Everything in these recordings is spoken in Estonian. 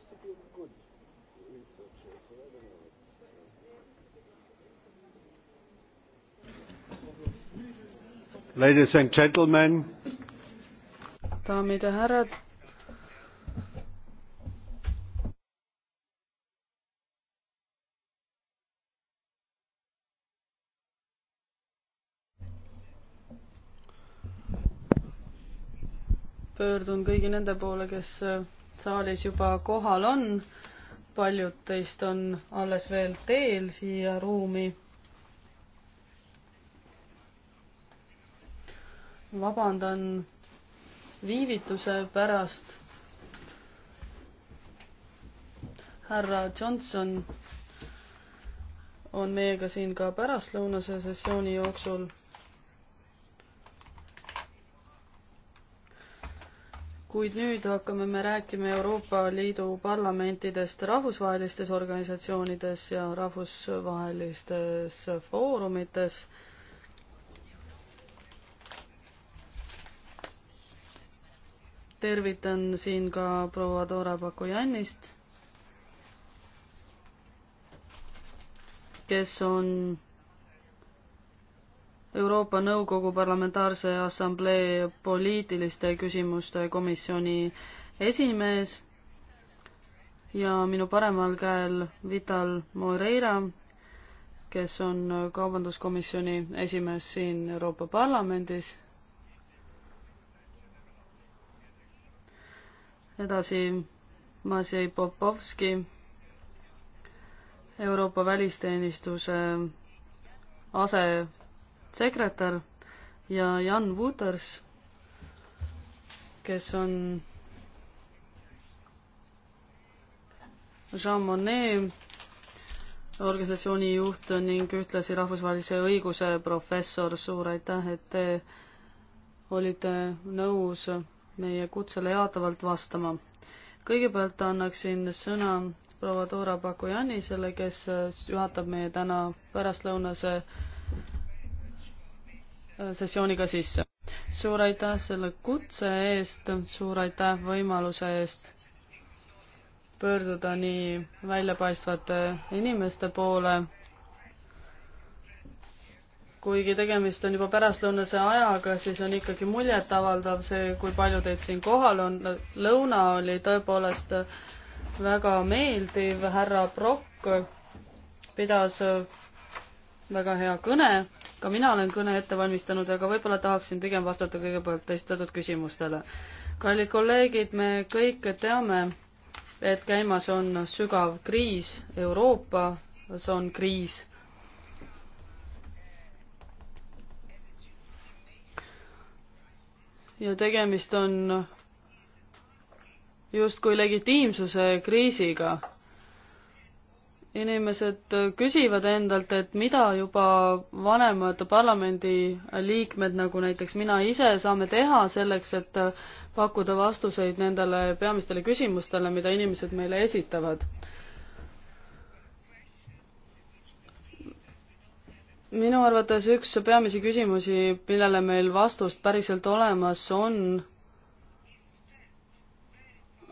supposed to be good researchers, so I don't know. Ladies and gentlemen. daamid ja härrad. pöördun kõigi nende poole, kes saalis juba kohal on, paljud teist on alles veel teel siia ruumi. vabandan viivituse pärast. härra Johnson on meiega siin ka pärastlõunase sessiooni jooksul kuid nüüd hakkame me rääkima Euroopa Liidu parlamentidest rahvusvahelistes organisatsioonides ja rahvusvahelistes foorumites tervitan siin ka proua Dora Bakojannist, kes on Euroopa Nõukogu Parlamentaarse Assamblee poliitiliste küsimuste komisjoni esimees ja minu paremal käel Vital Moreira, kes on Kaubanduskomisjoni esimees siin Euroopa Parlamendis. edasi Masei Popovski, Euroopa Välisteenistuse ase sekretär ja Jan Wouters, kes on Jean Monnet organisatsiooni juht ning ühtlasi rahvusvahelise õiguse professor, suur aitäh, et te olite nõus meie kutsele jaatavalt vastama. kõigepealt annaksin sõna proua Dora Bakujanisele, kes juhatab meie täna pärastlõunase sessiooniga sisse. suur aitäh selle kutse eest, suur aitäh võimaluse eest pöörduda nii väljapaistvate inimeste poole, kuigi tegemist on juba pärastlõunase ajaga, siis on ikkagi muljetavaldav see, kui palju teid siin kohal on. lõuna oli tõepoolest väga meeldiv, härra Prokk pidas väga hea kõne ka mina olen kõne ette valmistanud, aga võib-olla tahaksin pigem vastata kõigepealt esitatud küsimustele. kallid kolleegid, me kõik teame, et käimas on sügav kriis Euroopas, on kriis. ja tegemist on justkui legitiimsuse kriisiga inimesed küsivad endalt, et mida juba vanemad parlamendiliikmed, nagu näiteks mina ise, saame teha selleks, et pakkuda vastuseid nendele peamistele küsimustele, mida inimesed meile esitavad. minu arvates üks peamisi küsimusi, millele meil vastust päriselt olemas on,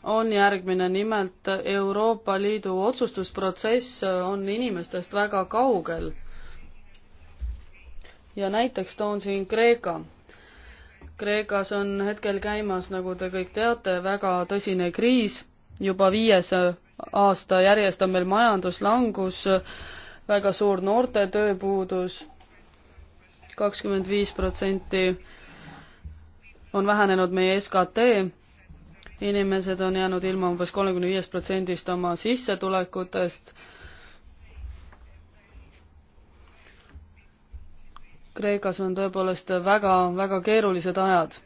on järgmine, nimelt Euroopa Liidu otsustusprotsess on inimestest väga kaugel. ja näiteks toon siin Kreeka. Kreekas on hetkel käimas, nagu te kõik teate, väga tõsine kriis, juba viies aasta järjest on meil majanduslangus, väga suur noorte tööpuudus, kakskümmend viis protsenti on vähenenud meie SKT inimesed on jäänud ilma umbes kolmekümne viiest protsendist oma sissetulekutest. Kreekas on tõepoolest väga-väga keerulised ajad.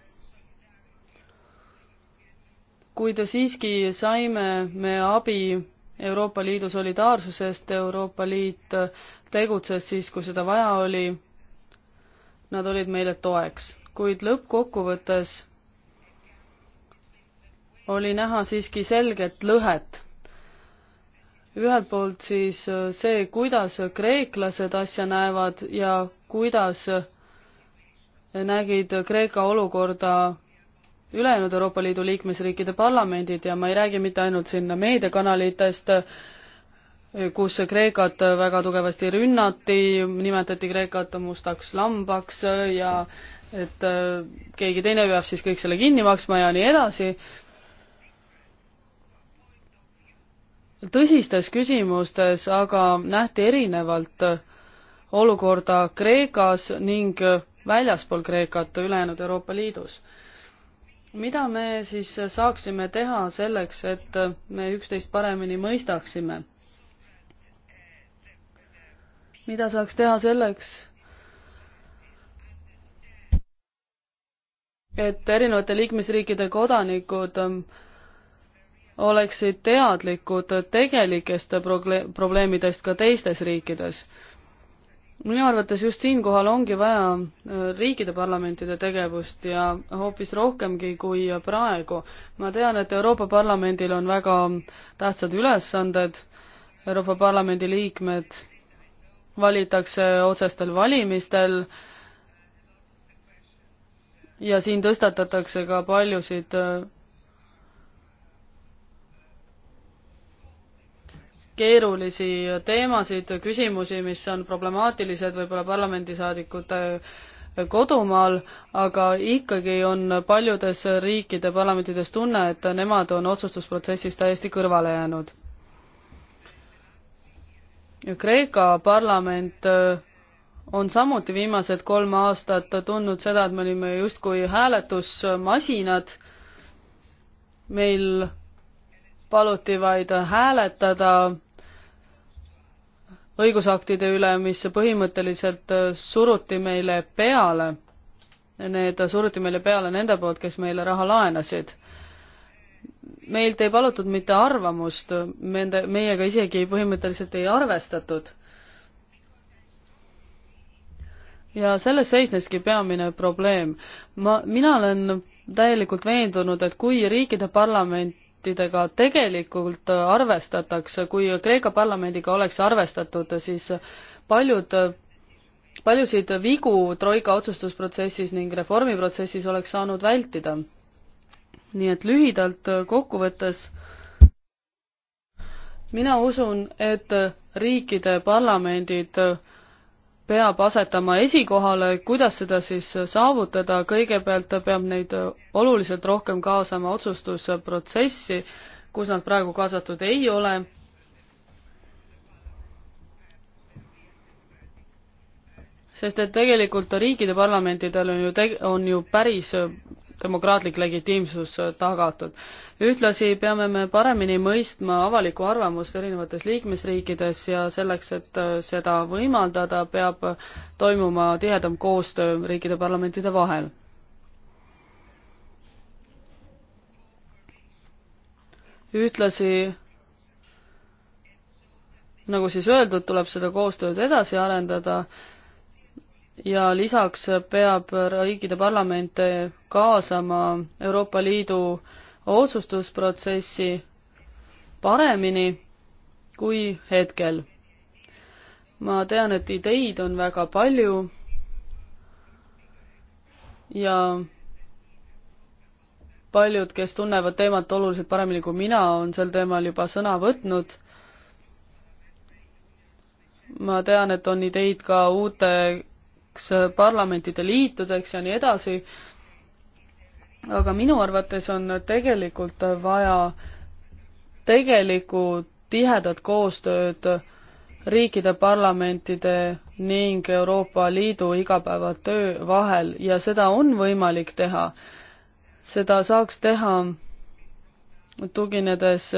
kuid siiski saime me abi Euroopa Liidu solidaarsusest, Euroopa Liit tegutses siis, kui seda vaja oli. Nad olid meile toeks, kuid lõppkokkuvõttes oli näha siiski selget lõhet. ühelt poolt siis äh, see, kuidas kreeklased asja näevad ja kuidas äh, nägid Kreeka olukorda ülejäänud Euroopa Liidu liikmesriikide parlamendid ja ma ei räägi mitte ainult siin meediakanalitest, äh, kus Kreekat väga tugevasti rünnati, nimetati Kreekat mustaks lambaks ja et keegi teine peab siis kõik selle kinni maksma ja nii edasi tõsistes küsimustes, aga nähti erinevalt olukorda Kreekas ning väljaspool Kreekat ülejäänud Euroopa Liidus. mida me siis saaksime teha selleks, et me üksteist paremini mõistaksime? mida saaks teha selleks, et erinevate liikmesriikide kodanikud oleksid teadlikud tegelikest probleemidest ka teistes riikides. minu arvates just siinkohal ongi vaja äh, riikide parlamentide tegevust ja hoopis rohkemgi kui praegu. ma tean, et Euroopa Parlamendil on väga tähtsad ülesanded, Euroopa Parlamendi liikmed valitakse otsestel valimistel ja siin tõstatatakse ka paljusid äh, keerulisi teemasid, küsimusi, mis on problemaatilised võib-olla parlamendisaadikute äh, kodumaal, aga ikkagi on paljudes riikide parlamentides tunne, et nemad on otsustusprotsessist täiesti kõrvale jäänud. Kreeka parlament äh, on samuti viimased kolm aastat tundnud seda, et me olime justkui hääletusmasinad, meil paluti vaid hääletada õigusaktide üle, mis põhimõtteliselt äh, suruti meile peale. Need suruti meile peale nende poolt, kes meile raha laenasid. meilt ei palutud mitte arvamust, nende, meiega isegi põhimõtteliselt ei arvestatud. ja selles seisneski peamine probleem. ma, mina olen täielikult veendunud, et kui riikide parlament kandidaatidega tegelikult arvestatakse, kui Kreeka parlamendiga oleks arvestatud, siis paljud, paljusid vigu Troika otsustusprotsessis ning reformiprotsessis oleks saanud vältida. nii et lühidalt kokkuvõttes mina usun, et riikide parlamendid peab asetama esikohale, kuidas seda siis saavutada, kõigepealt ta peab neid oluliselt rohkem kaasama otsustusprotsessi, kus nad praegu kaasatud ei ole. sest et tegelikult riikide parlamentidel on ju teg-, on ju päris demokraatlik legitiimsus tagatud ühtlasi peame me paremini mõistma avalikku arvamust erinevates liikmesriikides ja selleks, et äh, seda võimaldada, peab toimuma tihedam koostöö riikide parlamentide vahel. ühtlasi nagu siis öeldud, tuleb seda koostööd edasi arendada ja lisaks peab riikide parlamente kaasama Euroopa Liidu äh, otsustusprotsessi paremini kui hetkel. ma tean, et ideid on väga palju ja paljud, kes tunnevad teemat oluliselt paremini kui mina, on sel teemal juba sõna võtnud. ma tean, et on ideid ka uuteks parlamentide liitudeks ja nii edasi aga minu arvates on tegelikult vaja tegelikku tihedat koostööd riikide parlamentide ning Euroopa Liidu igapäevatöö vahel ja seda on võimalik teha. seda saaks teha tuginedes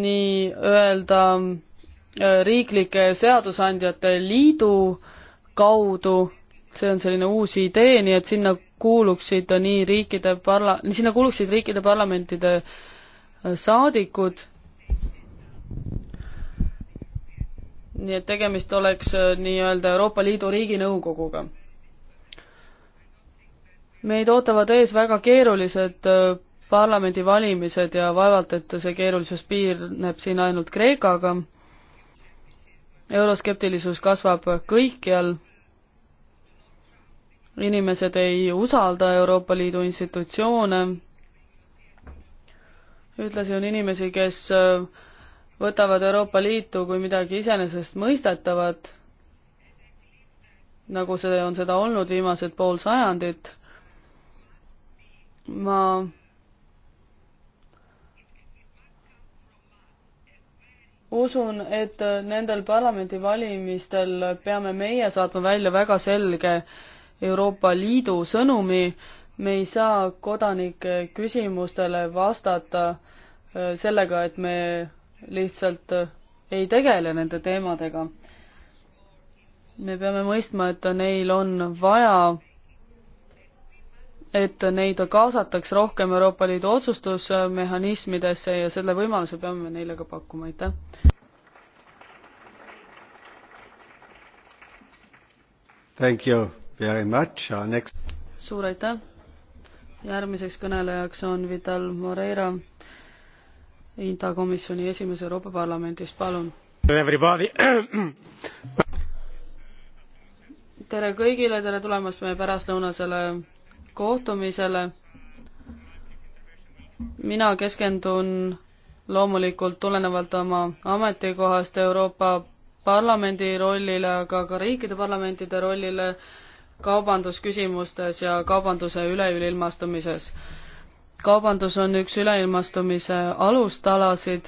nii-öelda äh, riiklike seadusandjate liidu äh, kaudu, see on selline uus idee, nii et sinna kuuluksid nii riikide parla-, sinna kuuluksid riikide parlamentide äh, saadikud, nii et tegemist oleks äh, nii-öelda Euroopa Liidu riiginõukoguga. meid ootavad ees väga keerulised äh, parlamendivalimised ja vaevalt, et see keerulisus piirneb siin ainult Kreekaga euroskeptilisus kasvab kõikjal inimesed ei usalda Euroopa Liidu institutsioone, ühtlasi on inimesi, kes äh, võtavad Euroopa Liitu kui midagi iseenesestmõistetavat, nagu see on seda olnud viimased pool sajandit, ma usun, et nendel parlamendivalimistel peame meie saatma välja väga selge äh, Euroopa Liidu sõnumi, me ei saa kodanike küsimustele vastata äh, sellega, et me lihtsalt äh, ei tegele nende teemadega. me peame mõistma, et neil on vaja, et neid kaasataks rohkem Euroopa Liidu otsustusmehhanismidesse ja selle võimaluse peame neile ka pakkuma, aitäh. Thank you suur aitäh. järgmiseks kõnelejaks on Vital Moreira, Inta komisjoni esimees Euroopa Parlamendis, palun. tere kõigile, tere tulemast meie pärastlõunasele kohtumisele. mina keskendun loomulikult tulenevalt oma ametikohast Euroopa Parlamendi rollile, aga ka riikide parlamentide rollile kaubandusküsimustes ja kaubanduse üleüleilmastumises. kaubandus on üks üleilmastumise alustalasid.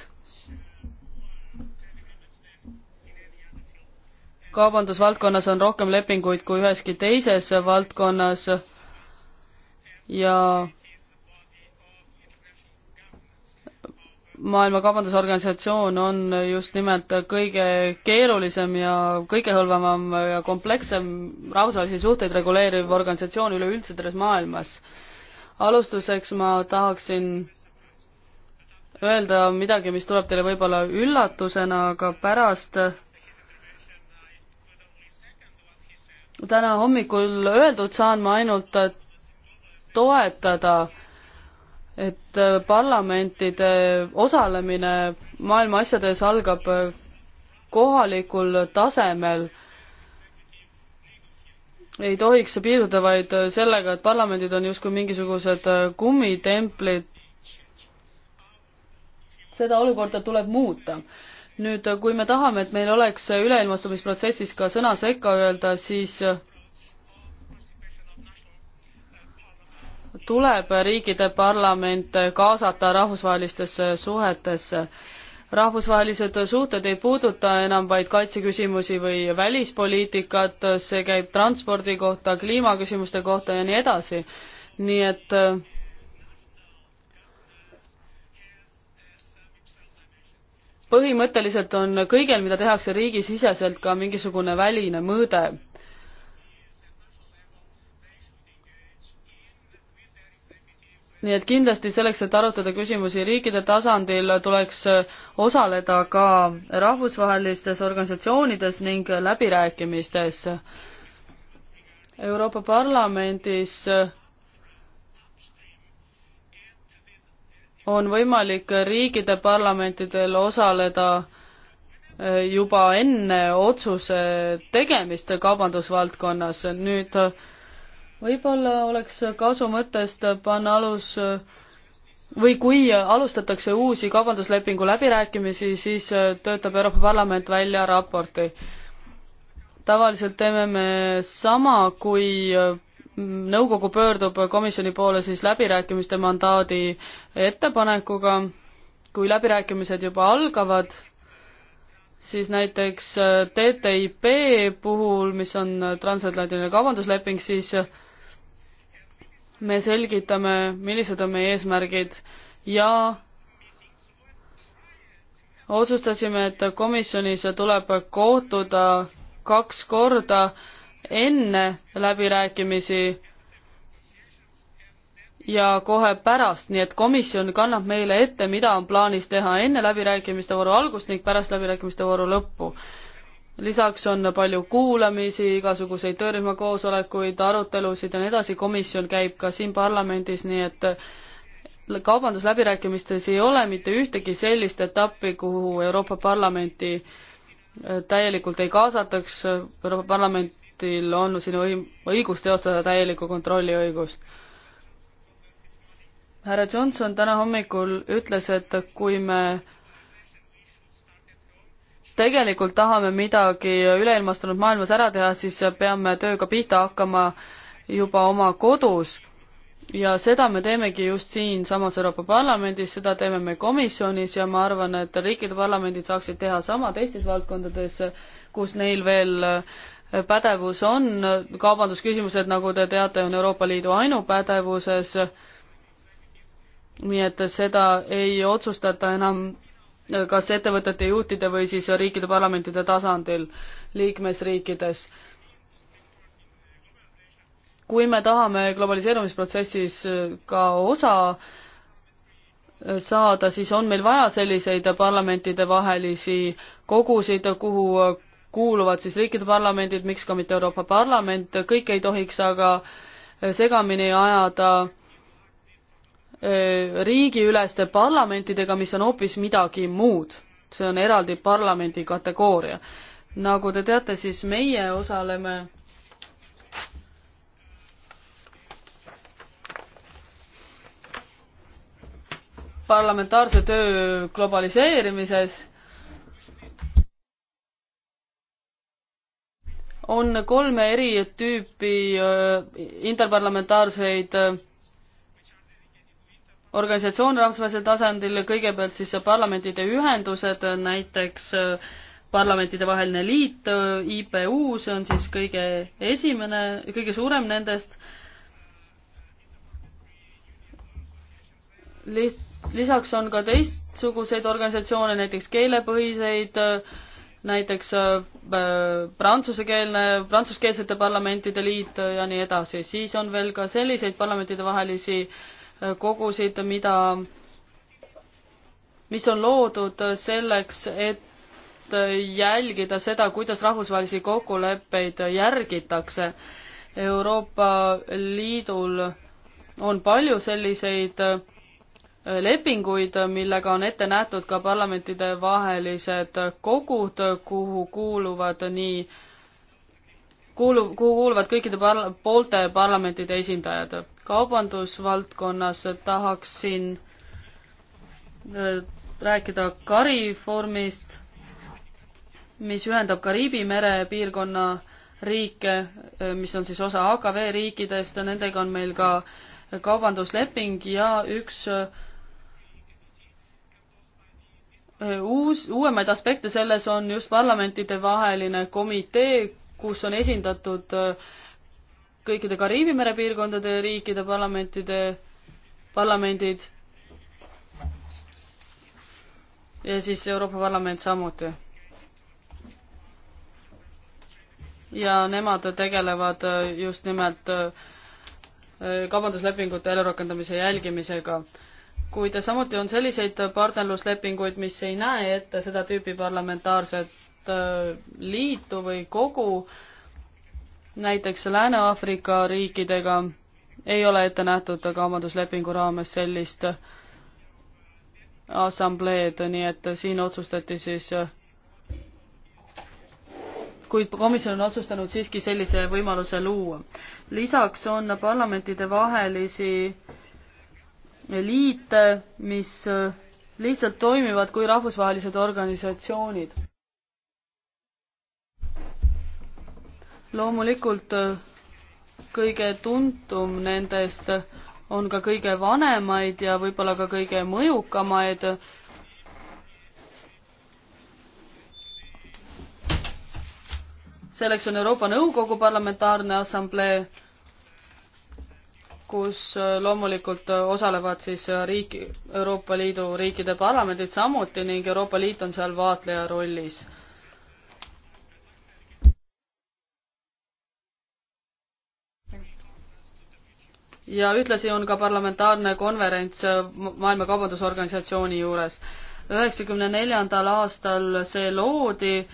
kaubandusvaldkonnas on rohkem lepinguid kui üheski teises valdkonnas ja maailma Kaubandusorganisatsioon on just nimelt kõige keerulisem ja kõige hõlvavam ja komplekssem rahvusvahelisi suhteid reguleeriv organisatsioon üleüldse terves maailmas. alustuseks ma tahaksin öelda midagi, mis tuleb teile võib-olla üllatusena, aga pärast täna hommikul öeldud saan ma ainult toetada äh, et äh, parlamentide osalemine maailma asjades algab äh, kohalikul tasemel. ei tohiks see piirduda vaid äh, sellega, et parlamendid on justkui mingisugused kummitemplid. seda olukorda tuleb muuta nüüd, kui me tahame, et meil oleks üleilmastumisprotsessis ka sõna sekka öelda, siis tuleb riikide parlamente kaasata rahvusvahelistesse suhetesse. rahvusvahelised suhted ei puuduta enam vaid kaitseküsimusi või välispoliitikat, see käib transpordi kohta, kliimaküsimuste kohta ja nii edasi. nii et põhimõtteliselt on kõigel, mida tehakse riigisiseselt, ka mingisugune väline mõõde nii et kindlasti selleks, et arutada küsimusi riikide tasandil, tuleks äh, osaleda ka rahvusvahelistes organisatsioonides ning läbirääkimistes. Euroopa Parlamendis äh, on võimalik riikide parlamentidel osaleda äh, juba enne otsuse tegemist kaubandusvaldkonnas, nüüd võib-olla oleks kasu mõttest panna alus või kui alustatakse uusi kaubanduslepingu läbirääkimisi, siis töötab Euroopa Parlament välja raporti. tavaliselt teeme me sama, kui nõukogu pöördub komisjoni poole siis läbirääkimiste mandaadi ettepanekuga, kui läbirääkimised juba algavad, siis näiteks TTIP puhul, mis on transatlantiline kaubandusleping, siis me selgitame, millised on meie eesmärgid ja otsustasime, et komisjonis tuleb kohtuda kaks korda enne läbirääkimisi ja kohe pärast, nii et komisjon kannab meile ette, mida on plaanis teha enne läbirääkimiste vooru algust ning pärast läbirääkimiste vooru lõppu lisaks on palju kuulamisi, igasuguseid töörühmakoosolekuid, arutelusid ja nii edasi, komisjon käib ka siin parlamendis, nii et kaubandusläbirääkimistes ei ole mitte ühtegi sellist etappi, kuhu Euroopa Parlamenti äh, täielikult ei kaasataks, Euroopa Parlamentil on siin õigus teostada täielikku kontrolliõigust. härra Johnson täna hommikul ütles, et kui me tegelikult tahame midagi üleilmastunud maailmas ära teha, siis peame tööga pihta hakkama juba oma kodus. ja seda me teemegi just siinsamas Euroopa Parlamendis, seda teeme me komisjonis ja ma arvan, et riikide parlamendid saaksid teha sama teistes valdkondades, kus neil veel äh, pädevus on, kaubandusküsimused, nagu te teate, on Euroopa Liidu ainupädevuses, nii et seda ei otsustata enam kas ettevõtete juhtide või siis riikide parlamentide tasandil liikmesriikides. kui me tahame globaliseerumisprotsessis äh, ka osa äh, saada, siis on meil vaja selliseid parlamentidevahelisi kogusid, kuhu äh, kuuluvad siis riikide parlamendid, miks ka mitte Euroopa Parlament, kõik ei tohiks aga segamini ajada äh, riigiüleste parlamentidega, mis on hoopis midagi muud. see on eraldi parlamendi kategooria. nagu te teate, siis meie osaleme parlamentaarse töö globaliseerimises on kolme eri tüüpi interparlamentaarseid organisatsioon rahvusvahelisel tasandil, kõigepealt siis parlamentide ühendused, näiteks äh, parlamentidevaheline liit, äh, IPU, see on siis kõige esimene, kõige suurem nendest. lisaks on ka teistsuguseid organisatsioone, näiteks keelepõhiseid, äh, näiteks prantsusekeelne, prantsuskeelsete parlamentide liit ja nii edasi. siis on veel ka selliseid parlamentidevahelisi äh, kogusid, mida, mis on loodud selleks, et jälgida seda, kuidas rahvusvahelisi kokkuleppeid järgitakse. Euroopa Liidul on palju selliseid lepinguid, millega on ette nähtud ka parlamentide vahelised kogud, kuhu kuuluvad nii, kuulu-, kuhu kuuluvad kõikide par-, poolte parlamentide esindajad kaubandusvaldkonnas tahaksin äh, rääkida Kariformist, mis ühendab Kariibi mere piirkonna riike, äh, mis on siis osa AKV riikidest ja nendega on meil ka kaubandusleping ja üks äh, uus, uuemaid aspekte selles on just parlamentidevaheline komitee, kus on esindatud äh, kõikide Kariibi mere piirkondade riikide parlamentide, parlamendid. ja siis Euroopa Parlament samuti. ja nemad tegelevad äh, just nimelt äh, kaubanduslepingute ellurakendamise jälgimisega kuid samuti on selliseid partnerluslepinguid, mis ei näe ette seda tüüpi parlamentaarset äh, liitu või kogu, näiteks Lääne-Aafrika riikidega ei ole ette nähtud kaubanduslepingu raames sellist assambleed, nii et siin otsustati siis, kuid komisjon on otsustanud siiski sellise võimaluse luua. lisaks on parlamentidevahelisi liite, mis lihtsalt toimivad kui rahvusvahelised organisatsioonid loomulikult äh, kõige tuntum nendest on ka kõige vanemaid ja võib-olla ka kõige mõjukamaid. selleks on Euroopa Nõukogu Parlamentaarne Assamblee, kus äh, loomulikult äh, osalevad siis riiki, Euroopa Liidu riikide parlamendid samuti ning Euroopa Liit on seal vaatleja rollis ja ühtlasi on ka parlamentaarne konverents Maailma Kaubandusorganisatsiooni juures. üheksakümne neljandal aastal see loodi,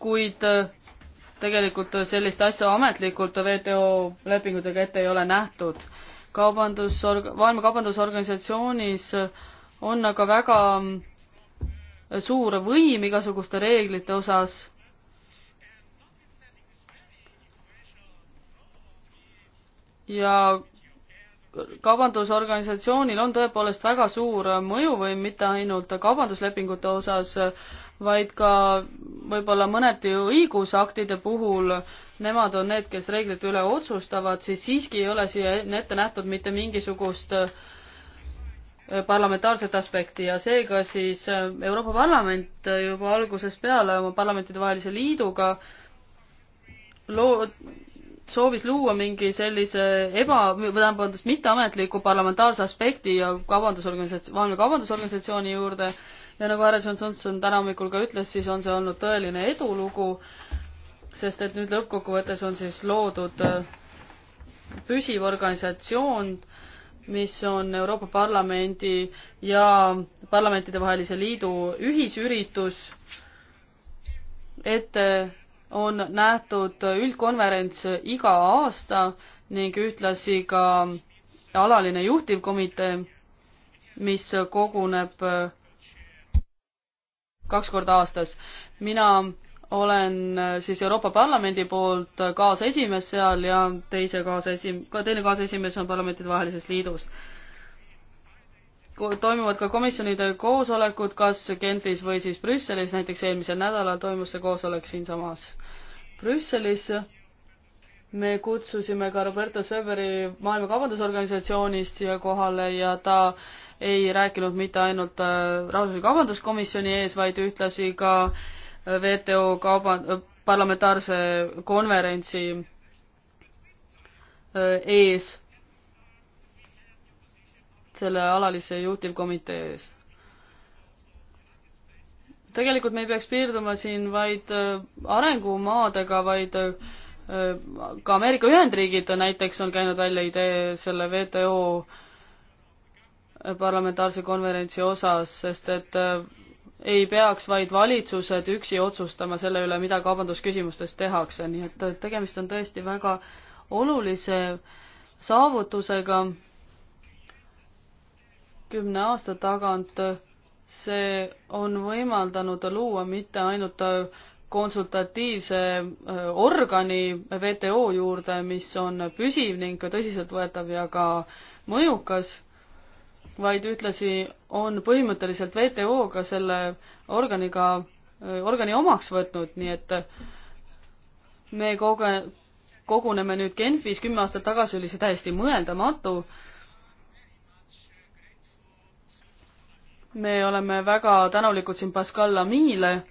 kuid tegelikult sellist asja ametlikult WTO lepingutega ette ei ole nähtud. kaubandus, Maailma Kaubandusorganisatsioonis on aga väga suur võim igasuguste reeglite osas ja kaubandusorganisatsioonil on tõepoolest väga suur mõjuvõim mitte ainult kaubanduslepingute osas, vaid ka võib-olla mõneti õigusaktide puhul, nemad on need, kes reeglite üle otsustavad, siis siiski ei ole siia ette nähtud mitte mingisugust eh, parlamentaarset aspekti ja seega siis eh, Euroopa Parlament eh, juba algusest peale oma parlamentidevahelise liiduga loo-, soovis luua mingi sellise eba, vabandust, mitteametliku parlamentaarse aspekti ja kaubandusorganisatsioon, maailma kaubandusorganisatsiooni juurde ja nagu härra Johnson täna hommikul ka ütles, siis on see olnud tõeline edulugu, sest et nüüd lõppkokkuvõttes on siis loodud äh, püsiv organisatsioon, mis on Euroopa Parlamendi ja Parlamentidevahelise Liidu ühisüritus, et äh, on nähtud üldkonverents iga aasta ning ühtlasi ka alaline juhtivkomitee, mis koguneb kaks korda aastas. mina olen siis Euroopa Parlamendi poolt kaasesimees seal ja teise kaasesi-, ka teine kaasesimees on Parlamentidevahelisest Liidust toimuvad ka komisjonide koosolekud, kas Genfis või siis Brüsselis, näiteks eelmisel nädalal toimus see koosolek siinsamas Brüsselis. me kutsusime ka Roberto Sveberi Maailma Kaubandusorganisatsioonist siia kohale ja ta ei rääkinud mitte ainult äh, Rahvusvahelise Kaubanduskomisjoni ees, vaid ühtlasi ka äh, WTO kauba-, parlamentaarse konverentsi äh, ees selle alalise juhtivkomitee ees. tegelikult me ei peaks piirduma siin vaid äh, arengumaadega, vaid äh, ka Ameerika Ühendriigid näiteks on käinud välja idee selle WTO äh, parlamentaarse konverentsi osas, sest et ei peaks vaid valitsused üksi otsustama selle üle, mida kaubandusküsimustes tehakse, nii et tegemist on tõesti väga olulise saavutusega kümne aasta tagant, see on võimaldanud luua mitte ainult konsultatiivse äh, organi WTO juurde, mis on püsiv ning tõsiseltvõetav ja ka mõjukas, vaid ühtlasi on põhimõtteliselt WTO-ga selle organiga, äh, organi omaks võtnud, nii et me koge-, koguneme nüüd Genfis, kümme aastat tagasi oli see täiesti mõeldamatu me oleme väga tänulikud siin Pascal Lamile.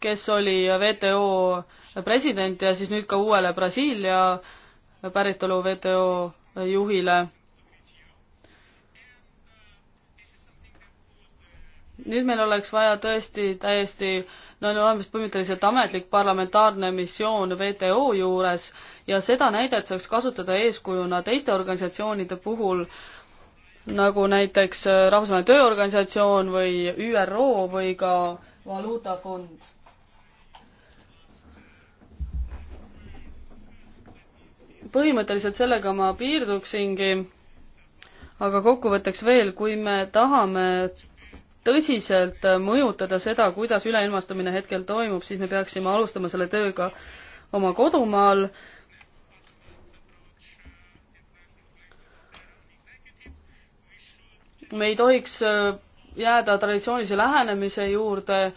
kes oli WTO president ja siis nüüd ka uuele Brasiilia päritolu WTO juhile nüüd meil oleks vaja tõesti täiesti no olemas põhimõtteliselt ametlik parlamentaarne missioon WTO juures ja seda näidet saaks kasutada eeskujuna teiste organisatsioonide puhul, nagu näiteks äh, Rahvusvaheline Tööorganisatsioon või ÜRO või ka Valuutafond. põhimõtteliselt sellega ma piirduksingi, aga kokkuvõtteks veel, kui me tahame tõsiselt äh, mõjutada seda, kuidas üleilmastumine hetkel toimub, siis me peaksime alustama selle tööga oma kodumaal. me ei tohiks äh, jääda traditsioonilise lähenemise juurde,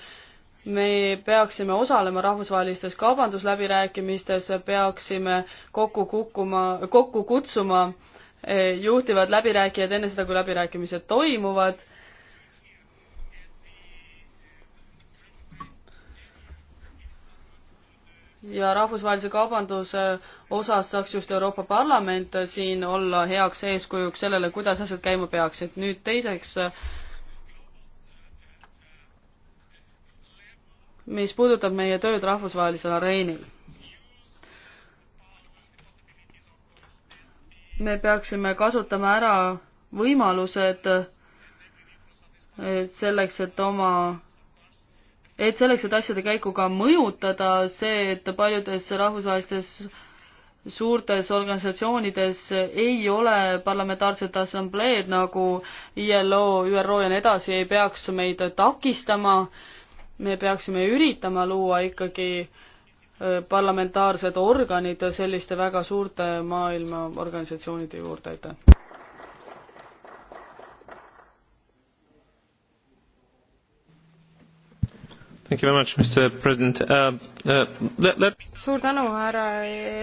me peaksime osalema rahvusvahelistes kaubandusläbirääkimistes, peaksime kokku kukkuma, kokku kutsuma äh, juhtivad läbirääkijad enne seda, kui läbirääkimised toimuvad ja rahvusvahelise kaubanduse osas saaks just Euroopa Parlament siin olla heaks eeskujuks sellele, kuidas asjad käima peaksid. nüüd teiseks, mis puudutab meie tööd rahvusvahelisel areenil. me peaksime kasutama ära võimalused selleks, et oma et selleks, et asjade käiku ka mõjutada, see, et paljudes rahvusvahelistes suurtes organisatsioonides ei ole parlamentaarsed assambleed nagu ILO, ÜRO ja nii edasi, ei peaks meid takistama. me peaksime üritama luua ikkagi parlamentaarsed organid selliste väga suurte maailma organisatsioonide juurde, aitäh. Much, uh, uh, let, let... suur tänu, härra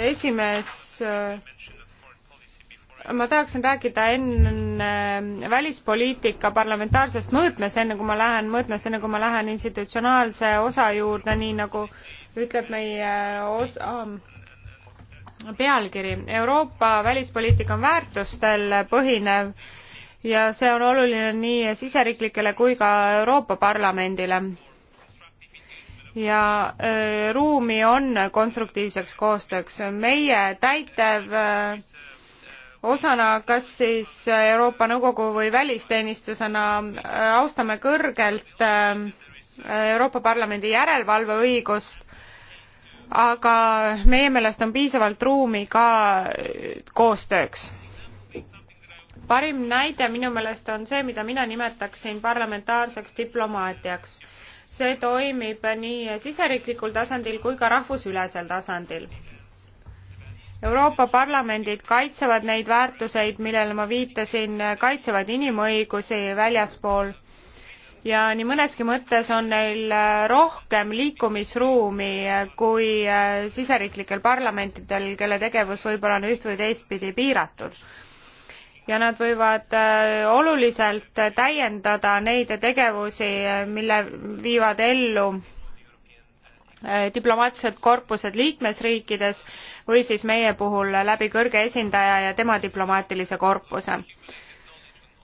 esimees. ma tahaksin rääkida enne välispoliitika parlamentaarsest mõõtmes, enne kui ma lähen mõõtmes, enne kui ma lähen institutsionaalse osa juurde, nii nagu ütleb meie osa ähm, pealkiri. Euroopa välispoliitika on väärtustel põhinev ja see on oluline nii siseriiklikele kui ka Euroopa Parlamendile ja öö, äh, ruumi on konstruktiivseks koostööks. meie täitev öö, äh, osana kas siis Euroopa Nõukogu või välisteenistusena äh, austame kõrgelt Euroopa Parlamendi järelevalveõigust, aga meie meelest on piisavalt ruumi ka koostööks. parim näide minu meelest on see, mida mina nimetaksin parlamentaarseks diplomaatiaks see toimib nii siseriiklikul tasandil kui ka rahvusülesel tasandil. Euroopa parlamendid kaitsevad neid väärtuseid, millele ma viitasin, kaitsevad inimõigusi väljaspool ja nii mõneski mõttes on neil rohkem liikumisruumi kui siseriiklikel parlamentidel, kelle tegevus võib-olla on üht või teistpidi piiratud ja nad võivad äh, oluliselt täiendada neid tegevusi, mille viivad ellu äh, diplomaatilised korpused liikmesriikides või siis meie puhul läbi kõrge esindaja ja tema diplomaatilise korpuse.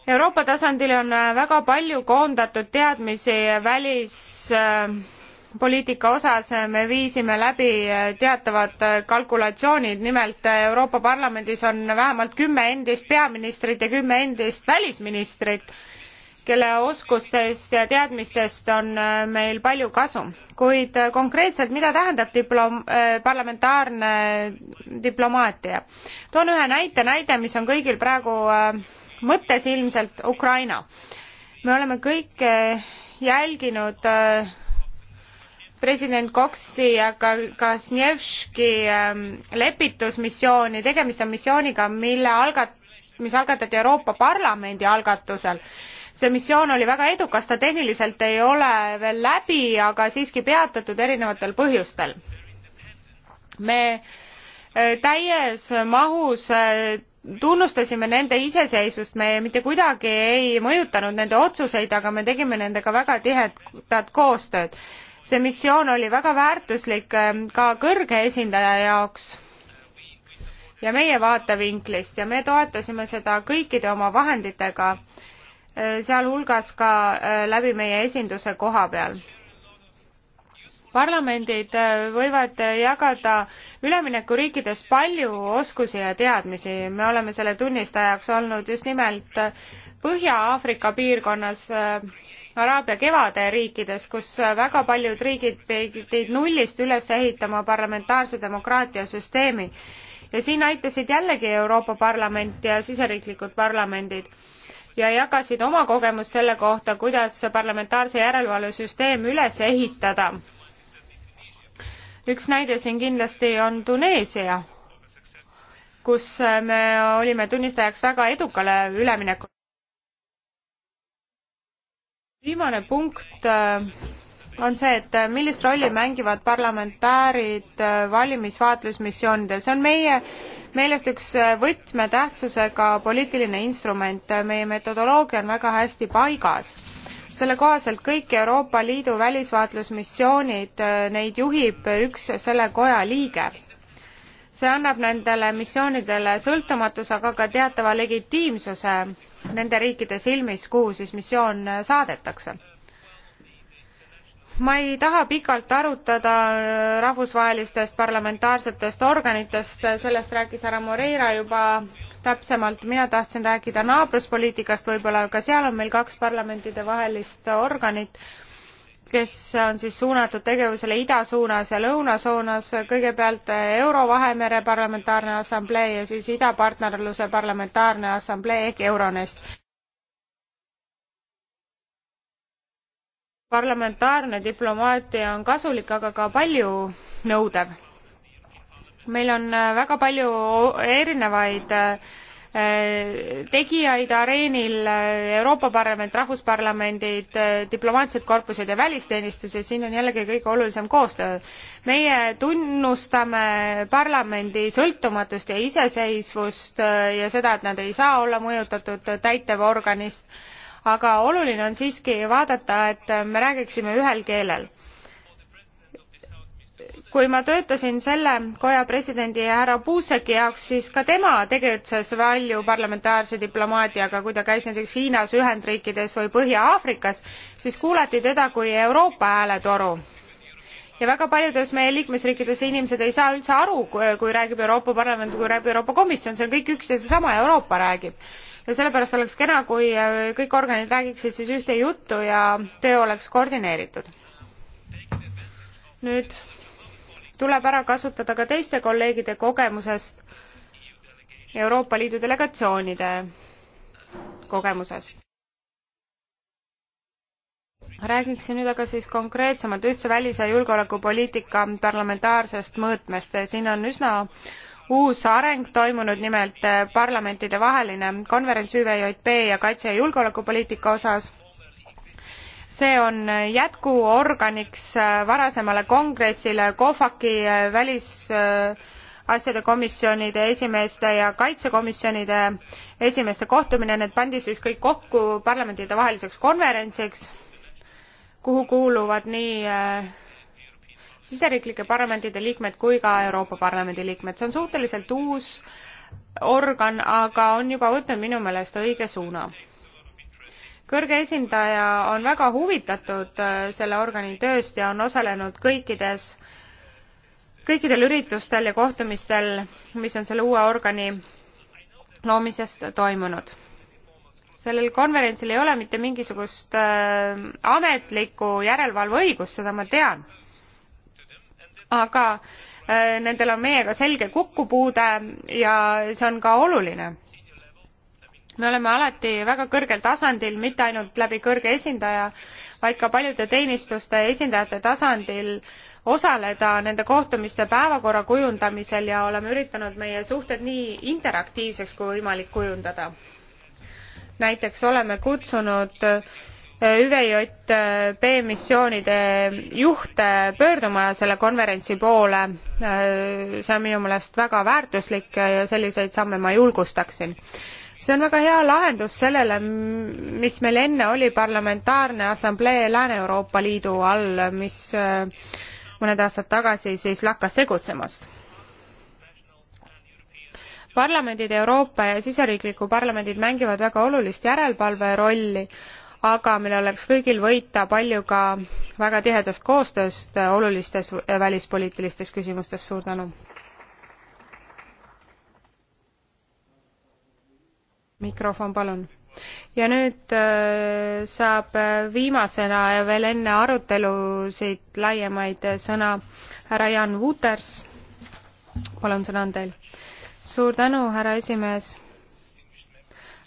Euroopa tasandil on äh, väga palju koondatud teadmisi välis äh, poliitika osas me viisime läbi teatavad kalkulatsioonid nimelt euroopa parlamendis on vähemalt kümme endist peaministrit ja kümme endist välisministrit kelle oskustest ja teadmistest on äh, meil palju kasu kuid äh, konkreetselt mida tähendab diplom- äh, parlamentaarne diplomaatia toon ühe näite näide mis on kõigil praegu mõttes ilmselt ukraina me oleme kõik jälginud äh, president Coxi ja ka Kasnevski ähm, lepitusmissiooni, tegemist on missiooniga, mille algat-, mis algatati Euroopa Parlamendi algatusel. see missioon oli väga edukas, ta tehniliselt ei ole veel läbi, aga siiski peatatud erinevatel põhjustel. me äh, täies mahus äh, tunnustasime nende iseseisvust, me mitte kuidagi ei mõjutanud nende otsuseid, aga me tegime nendega väga tihedat koostööd see missioon oli väga väärtuslik ähm, ka kõrge esindaja jaoks ja meie vaatevinklist ja me toetasime seda kõikide oma vahenditega, äh, sealhulgas ka äh, läbi meie esinduse koha peal. parlamendid äh, võivad jagada üleminekuriikides palju oskusi ja teadmisi, me oleme selle tunnistajaks olnud just nimelt Põhja-Aafrika piirkonnas Araabia kevade riikides, kus väga paljud riigid pidid nullist üles ehitama parlamentaarse demokraatia süsteemi. ja siin aitasid jällegi Euroopa Parlament ja siseriiklikud parlamendid ja jagasid oma kogemust selle kohta, kuidas parlamentaarse järelevalve süsteem üles ehitada. üks näide siin kindlasti on Tuneesia, kus me olime tunnistajaks väga edukale üleminekule viimane punkt äh, on see, et äh, millist rolli mängivad parlamentäärid äh, valimisvaatlusmissioonidel, see on meie meelest üks võtmetähtsusega poliitiline instrument, meie metodoloogia on väga hästi paigas. selle kohaselt kõik Euroopa Liidu välisvaatlusmissioonid, neid juhib üks selle koja liige see annab nendele missioonidele sõltumatuse, aga ka teatava legitiimsuse nende riikide silmis, kuhu siis missioon saadetakse. ma ei taha pikalt arutada rahvusvahelistest parlamentaarsetest organitest, sellest rääkis härra Moreira juba täpsemalt, mina tahtsin rääkida naabruspoliitikast, võib-olla ka seal on meil kaks parlamentidevahelist organit kes on siis suunatud tegevusele idasuunas ja lõunasuunas, kõigepealt Euro-Vahemere Parlamentaarne Assamblee ja siis Idapartnerluse Parlamentaarne Assamblee ehk Euronest. parlamentaarne diplomaatia on kasulik, aga ka palju nõudev. meil on väga palju erinevaid äh, Äh, tegijaid areenil, äh, Euroopa Parlament, rahvusparlamendid, äh, diplomaatilised korpused ja välisteenistus ja siin on jällegi kõige olulisem koostöö. meie tunnustame parlamendi sõltumatust ja iseseisvust ja seda, et nad ei saa olla mõjutatud täitevorganist, aga oluline on siiski vaadata, et me räägiksime ühel keelel kui ma töötasin selle koja presidendi härra Puuseki jaoks, siis ka tema tegutses palju parlamentaarse diplomaatiaga, kui ta käis näiteks Hiinas, Ühendriikides või Põhja-Aafrikas, siis kuulati teda kui Euroopa hääletoru. ja väga paljudes meie liikmesriikides inimesed ei saa üldse aru, kui räägib Euroopa Parlament, kui räägib Euroopa Komisjon, see on kõik üks ja seesama, Euroopa räägib ja sellepärast oleks kena, kui kõik organid räägiksid siis ühte juttu ja töö oleks koordineeritud. nüüd tuleb ära kasutada ka teiste kolleegide kogemusest, Euroopa Liidu delegatsioonide kogemusest. räägiksin nüüd aga siis konkreetsemalt ühtse välis- ja julgeolekupoliitika parlamentaarsest mõõtmest. siin on üsna uus areng toimunud nimelt parlamentidevaheline konverents ÜVJP ja kaitse- ja julgeolekupoliitika osas see on jätkuorganiks äh, varasemale kongressile cofac'i äh, välisasjade komisjonide esimeeste ja kaitsekomisjonide esimeeste kohtumine need pandi siis kõik kokku parlamentidevaheliseks konverentsiks kuhu kuuluvad nii äh, siseriiklike parlamentide liikmed kui ka euroopa parlamendi liikmed see on suhteliselt uus organ aga on juba võtnud minu meelest õige suuna kõrge esindaja on väga huvitatud äh, selle organi tööst ja on osalenud kõikides, kõikidel üritustel ja kohtumistel, mis on selle uue organi loomisest toimunud. sellel konverentsil ei ole mitte mingisugust äh, ametlikku järelevalveõigust, seda ma tean. aga äh, nendel on meiega selge kokkupuude ja see on ka oluline me oleme alati väga kõrgel tasandil, mitte ainult läbi kõrge esindaja, vaid ka paljude teenistuste esindajate tasandil osaleda nende kohtumiste päevakorra kujundamisel ja oleme üritanud meie suhted nii interaktiivseks kui võimalik kujundada. näiteks oleme kutsunud eh, üvjp missioonide juhte pöörduma selle konverentsi poole eh, see on minu meelest väga väärtuslik ja selliseid samme ma julgustaksin see on väga hea lahendus sellele, mis meil enne oli parlamentaarne assamblee Lääne-Euroopa Liidu all, mis äh, mõned aastad tagasi siis lakkas tegutsemast. parlamendid Euroopa ja siseriikliku parlamendid mängivad väga olulist järelevalve rolli, aga meil oleks kõigil võita palju ka väga tihedast koostööst olulistes välispoliitilistes küsimustes, suur tänu! mikrofon, palun. ja nüüd äh, saab äh, viimasena veel enne arutelusid laiemaid äh, sõna härra Jan Wuters. palun, sõna on teil. suur tänu, härra esimees.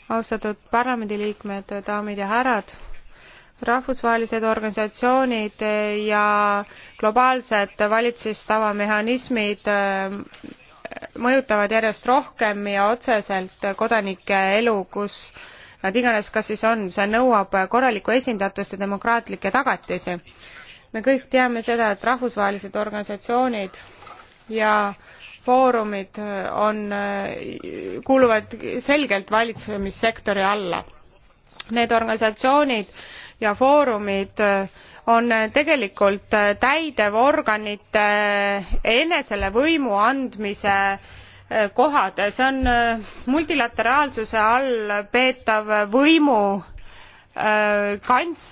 austatud parlamendiliikmed, daamid ja härrad rahvusvahelised organisatsioonid ja globaalsed valitsustavamehhanismid mõjutavad järjest rohkem ja otseselt kodanike elu, kus nad iganes kas siis on, see nõuab korralikku esindatust ja demokraatlikke tagatisi. me kõik teame seda, et rahvusvahelised organisatsioonid ja foorumid on, kuuluvad selgelt valitsemissektori alla. Need organisatsioonid ja foorumid äh, on tegelikult täidevorganite enesele võimu andmise eh, kohad see on eh, multilateraalsuse all peetav võimu eh, kants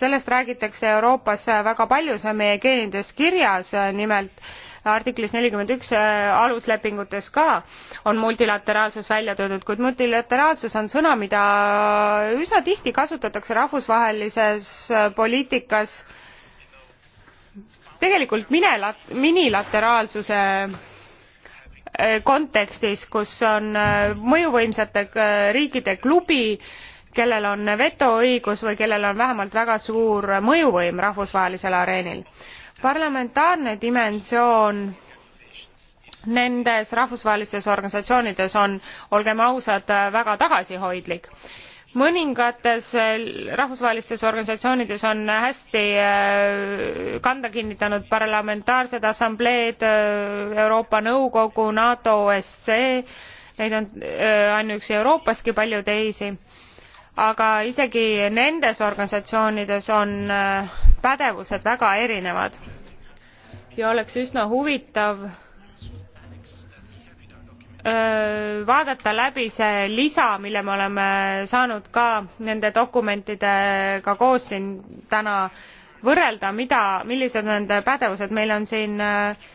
sellest räägitakse euroopas väga palju see on meie geenides kirjas nimelt artiklis nelikümmend üks äh, aluslepingutes ka on multilateraalsus välja toodud, kuid multilateraalsus on sõna, mida üsna tihti kasutatakse rahvusvahelises äh, poliitikas tegelikult minelat-, minilateraalsuse äh, kontekstis, kus on mõjuvõimsate riikide klubi, kellel on vetoõigus või kellel on vähemalt väga suur mõjuvõim rahvusvahelisel areenil parlamentaarne dimensioon nendes rahvusvahelistes organisatsioonides on olgem ausad väga tagasihoidlik mõningates eh, rahvusvahelistes organisatsioonides on hästi eh, kanda kinnitanud parlamentaarsed assambleed eh, euroopa nõukogu nato osce neid on ainuüksi euroopaski palju teisi aga isegi nendes organisatsioonides on äh, pädevused väga erinevad ja oleks üsna huvitav äh, vaadata läbi see lisa, mille me oleme saanud ka nende dokumentidega koos siin täna võrrelda, mida, millised on nende pädevused, meil on siin äh,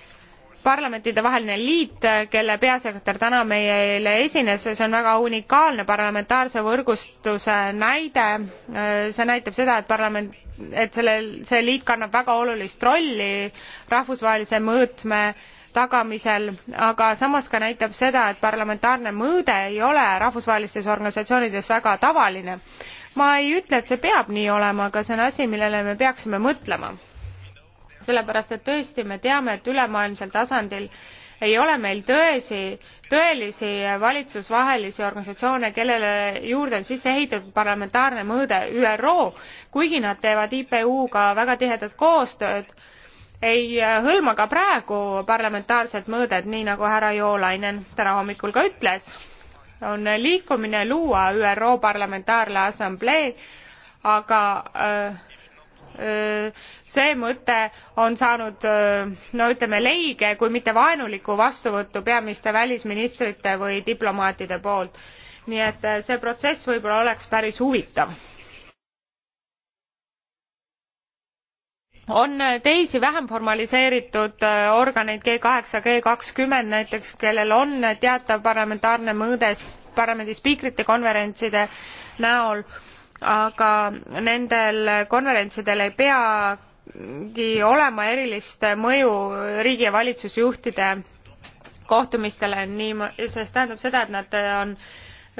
parlamentidevaheline liit, kelle peasekretär täna meile esines, see on väga unikaalne parlamentaarse võrgustuse näide. see näitab seda, et parlament, et sellel, see liit kannab väga olulist rolli rahvusvahelise mõõtme tagamisel, aga samas ka näitab seda, et parlamentaarne mõõde ei ole rahvusvahelistes organisatsioonides väga tavaline. ma ei ütle, et see peab nii olema, aga see on asi, millele me peaksime mõtlema sellepärast et tõesti me teame, et ülemaailmsel tasandil ei ole meil tõesi, tõelisi valitsusvahelisi organisatsioone, kellele juurde on sisse ehitatud parlamentaarne mõõde ÜRO, kuigi nad teevad IPU-ga väga tihedat koostööd, ei hõlma ka praegu parlamentaarset mõõdet, nii nagu härra Joolainen täna hommikul ka ütles. on liikumine luua ÜRO Parlamentaarne Assamblee, aga äh, see mõte on saanud no ütleme leige kui mitte vaenulikku vastuvõttu peamiste välisministrite või diplomaatide poolt nii et see protsess võib-olla oleks päris huvitav on teisi vähem formaliseeritud organeid g g näiteks kellel on teatav parlamentaarne mõõde parlamendi spiikrite konverentside näol aga nendel konverentsidel ei peagi olema erilist mõju riigi ja valitsusjuhtide kohtumistele, nii, sest tähendab seda, et nad on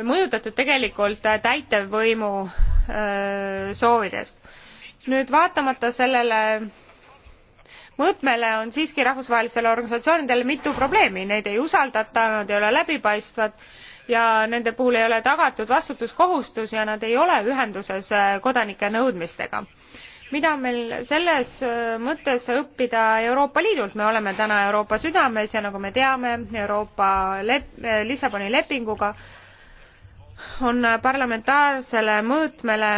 mõjutatud tegelikult täitevvõimu soovidest. nüüd vaatamata sellele mõõtmele on siiski rahvusvahelistel organisatsioonidel mitu probleemi neid ei usaldata nad ei ole läbipaistvad ja nende puhul ei ole tagatud vastutuskohustus ja nad ei ole ühenduses äh, kodanike nõudmistega mida meil selles äh, mõttes õppida Euroopa Liidult, me oleme täna Euroopa südames ja nagu me teame, Euroopa lep-, äh, Lissaboni lepinguga on parlamentaarsele mõõtmele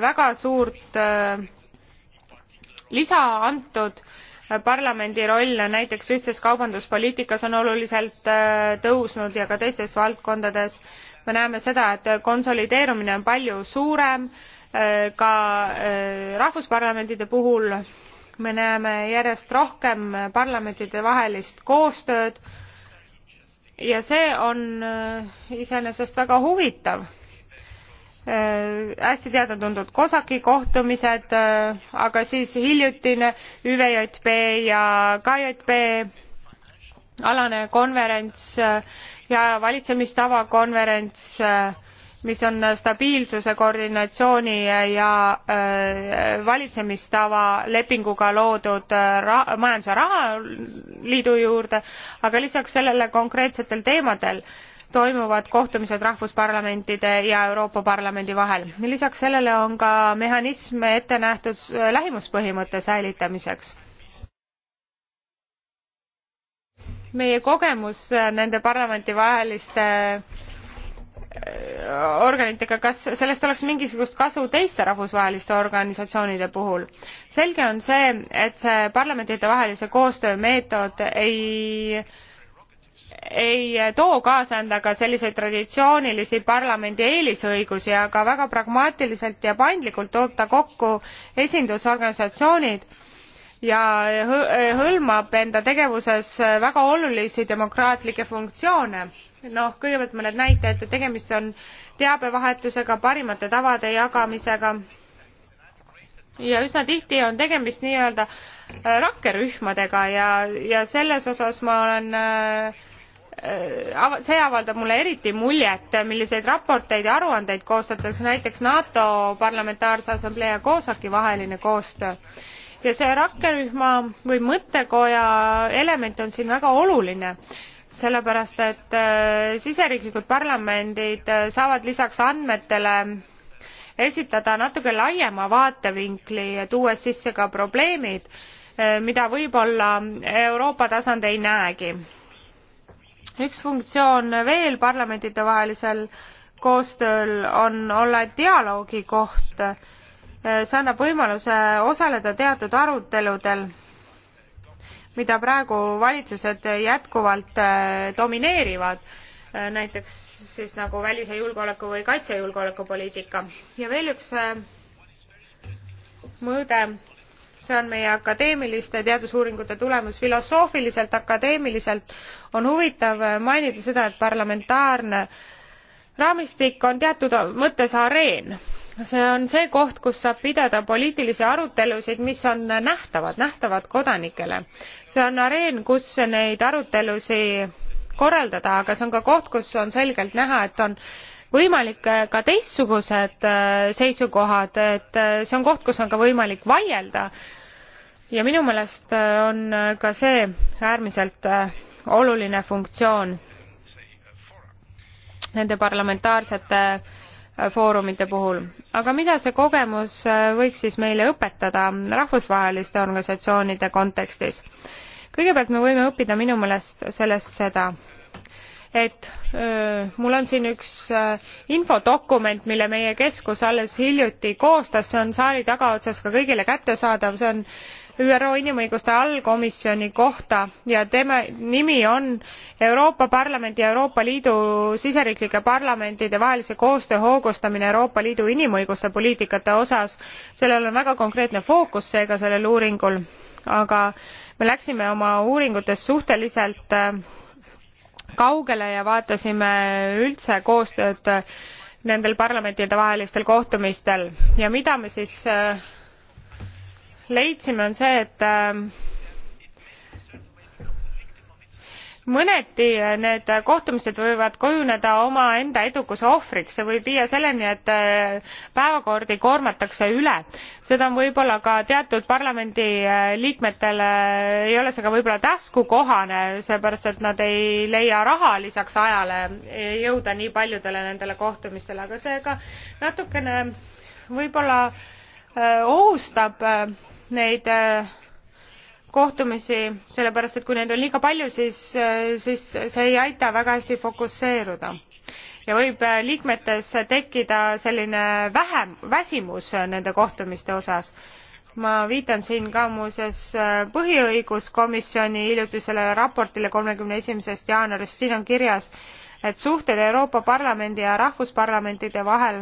väga suurt lisa antud parlamendi roll näiteks ühtses kaubanduspoliitikas on oluliselt äh, tõusnud ja ka teistes valdkondades me näeme seda et konsolideerumine on palju suurem äh, ka äh, rahvusparlamentide puhul me näeme järjest rohkem parlamentide vahelist koostööd ja see on iseenesest väga huvitav Äh, hästi teada-tuntud COSAC-i kohtumised, äh, aga siis hiljutine ÜVJP ja KJP alane konverents äh, ja valitsemistava konverents, mis on stabiilsuse, koordinatsiooni ja valitsemistava lepinguga loodud ra-, majandus- ja rahaliidu juurde, aga lisaks sellele konkreetsetel teemadel toimuvad kohtumised rahvusparlamentide ja Euroopa Parlamendi vahel. lisaks sellele on ka mehhanism ette nähtud äh, lähimuspõhimõtte säilitamiseks meie kogemus äh, nende parlamentivaheliste äh, organitega kas sellest oleks mingisugust kasu teiste rahvusvaheliste organisatsioonide puhul selge on see et see parlamentidevahelise koostöö meetod ei ei too kaasa endaga selliseid traditsioonilisi parlamendi eelisõigusi, aga väga pragmaatiliselt ja paindlikult toob ta kokku esindusorganisatsioonid ja hõlmab enda tegevuses väga olulisi demokraatlikke funktsioone. noh, kõigepealt mõned näited, tegemist on teabevahetusega, parimate tavade jagamisega ja üsna tihti on tegemist nii-öelda äh, rakkerühmadega ja, ja selles osas ma olen äh, äh, see avaldab mulle eriti muljet, milliseid raporteid ja aruandeid koostatakse, näiteks NATO Parlamentaarse Assamblee ja COSAC-i vaheline koostöö. ja see rakkerühma või mõttekoja element on siin väga oluline sellepärast et siseriiklikud parlamendid saavad lisaks andmetele esitada natuke laiema vaatevinkli, tuues sisse ka probleemid, eh, mida võib-olla Euroopa tasand ei näegi. üks funktsioon veel parlamentidevahelisel koostööl on olla dialoogi koht. Eh, see annab võimaluse osaleda teatud aruteludel, mida praegu valitsused jätkuvalt eh, domineerivad Äh, näiteks siis nagu välis- ja julgeoleku või kaitse- ja julgeolekupoliitika. ja veel üks äh, mõõde, see on meie akadeemiliste teadusuuringute tulemus. filosoofiliselt, akadeemiliselt on huvitav äh, mainida seda, et parlamentaarne raamistik on teatud mõttes areen see on see koht kus saab pidada poliitilisi arutelusid mis on nähtavad nähtavad kodanikele see on areen kus neid arutelusid korraldada, aga see on ka koht, kus on selgelt näha, et on võimalik äh, ka teistsugused äh, seisukohad, et äh, see on koht, kus on ka võimalik vaielda. ja minu meelest on ka see äärmiselt oluline funktsioon nende parlamentaarsete foorumite puhul. aga mida see kogemus võiks siis meile õpetada rahvusvaheliste organisatsioonide kontekstis? kõigepealt me võime õppida minu meelest sellest seda, et öö, mul on siin üks öö, infodokument, mille meie keskus alles hiljuti koostas, see on saali tagaotsas ka kõigile kättesaadav, see on ÜRO inimõiguste allkomisjoni kohta ja tema nimi on Euroopa Parlamendi ja Euroopa Liidu siseriiklike parlamentide vahelise koostöö hoogustamine Euroopa Liidu inimõiguste poliitikate osas. sellel on väga konkreetne fookus seega sellel uuringul, aga öö, me läksime oma uuringutes suhteliselt äh, kaugele ja vaatasime üldse koostööd äh, nendel parlamentidevahelistel kohtumistel ja mida me siis äh, leidsime on see et mõneti eh, need kohtumised võivad kujuneda omaenda edukuse ohvriks see võib viia selleni et eh, päevakordi koormatakse üle seda on võibolla ka teatud parlamendi eh, liikmetele ei ole see ka võibolla taskukohane seepärast et nad ei leia raha lisaks ajale jõuda nii paljudele nendele kohtumistele aga see ka natukene võibolla ohustab neid kohtumisi, sellepärast et kui neid on liiga palju, siis, siis see ei aita väga hästi fokusseeruda. ja võib äh, liikmetes tekkida selline vähem, väsimus nende kohtumiste osas. ma viitan siin ka muuseas äh, põhiõiguskomisjoni hiljutisele raportile kolmekümne esimesest jaanuarist, siin on kirjas, et suhted Euroopa Parlamendi ja rahvusparlamentide vahel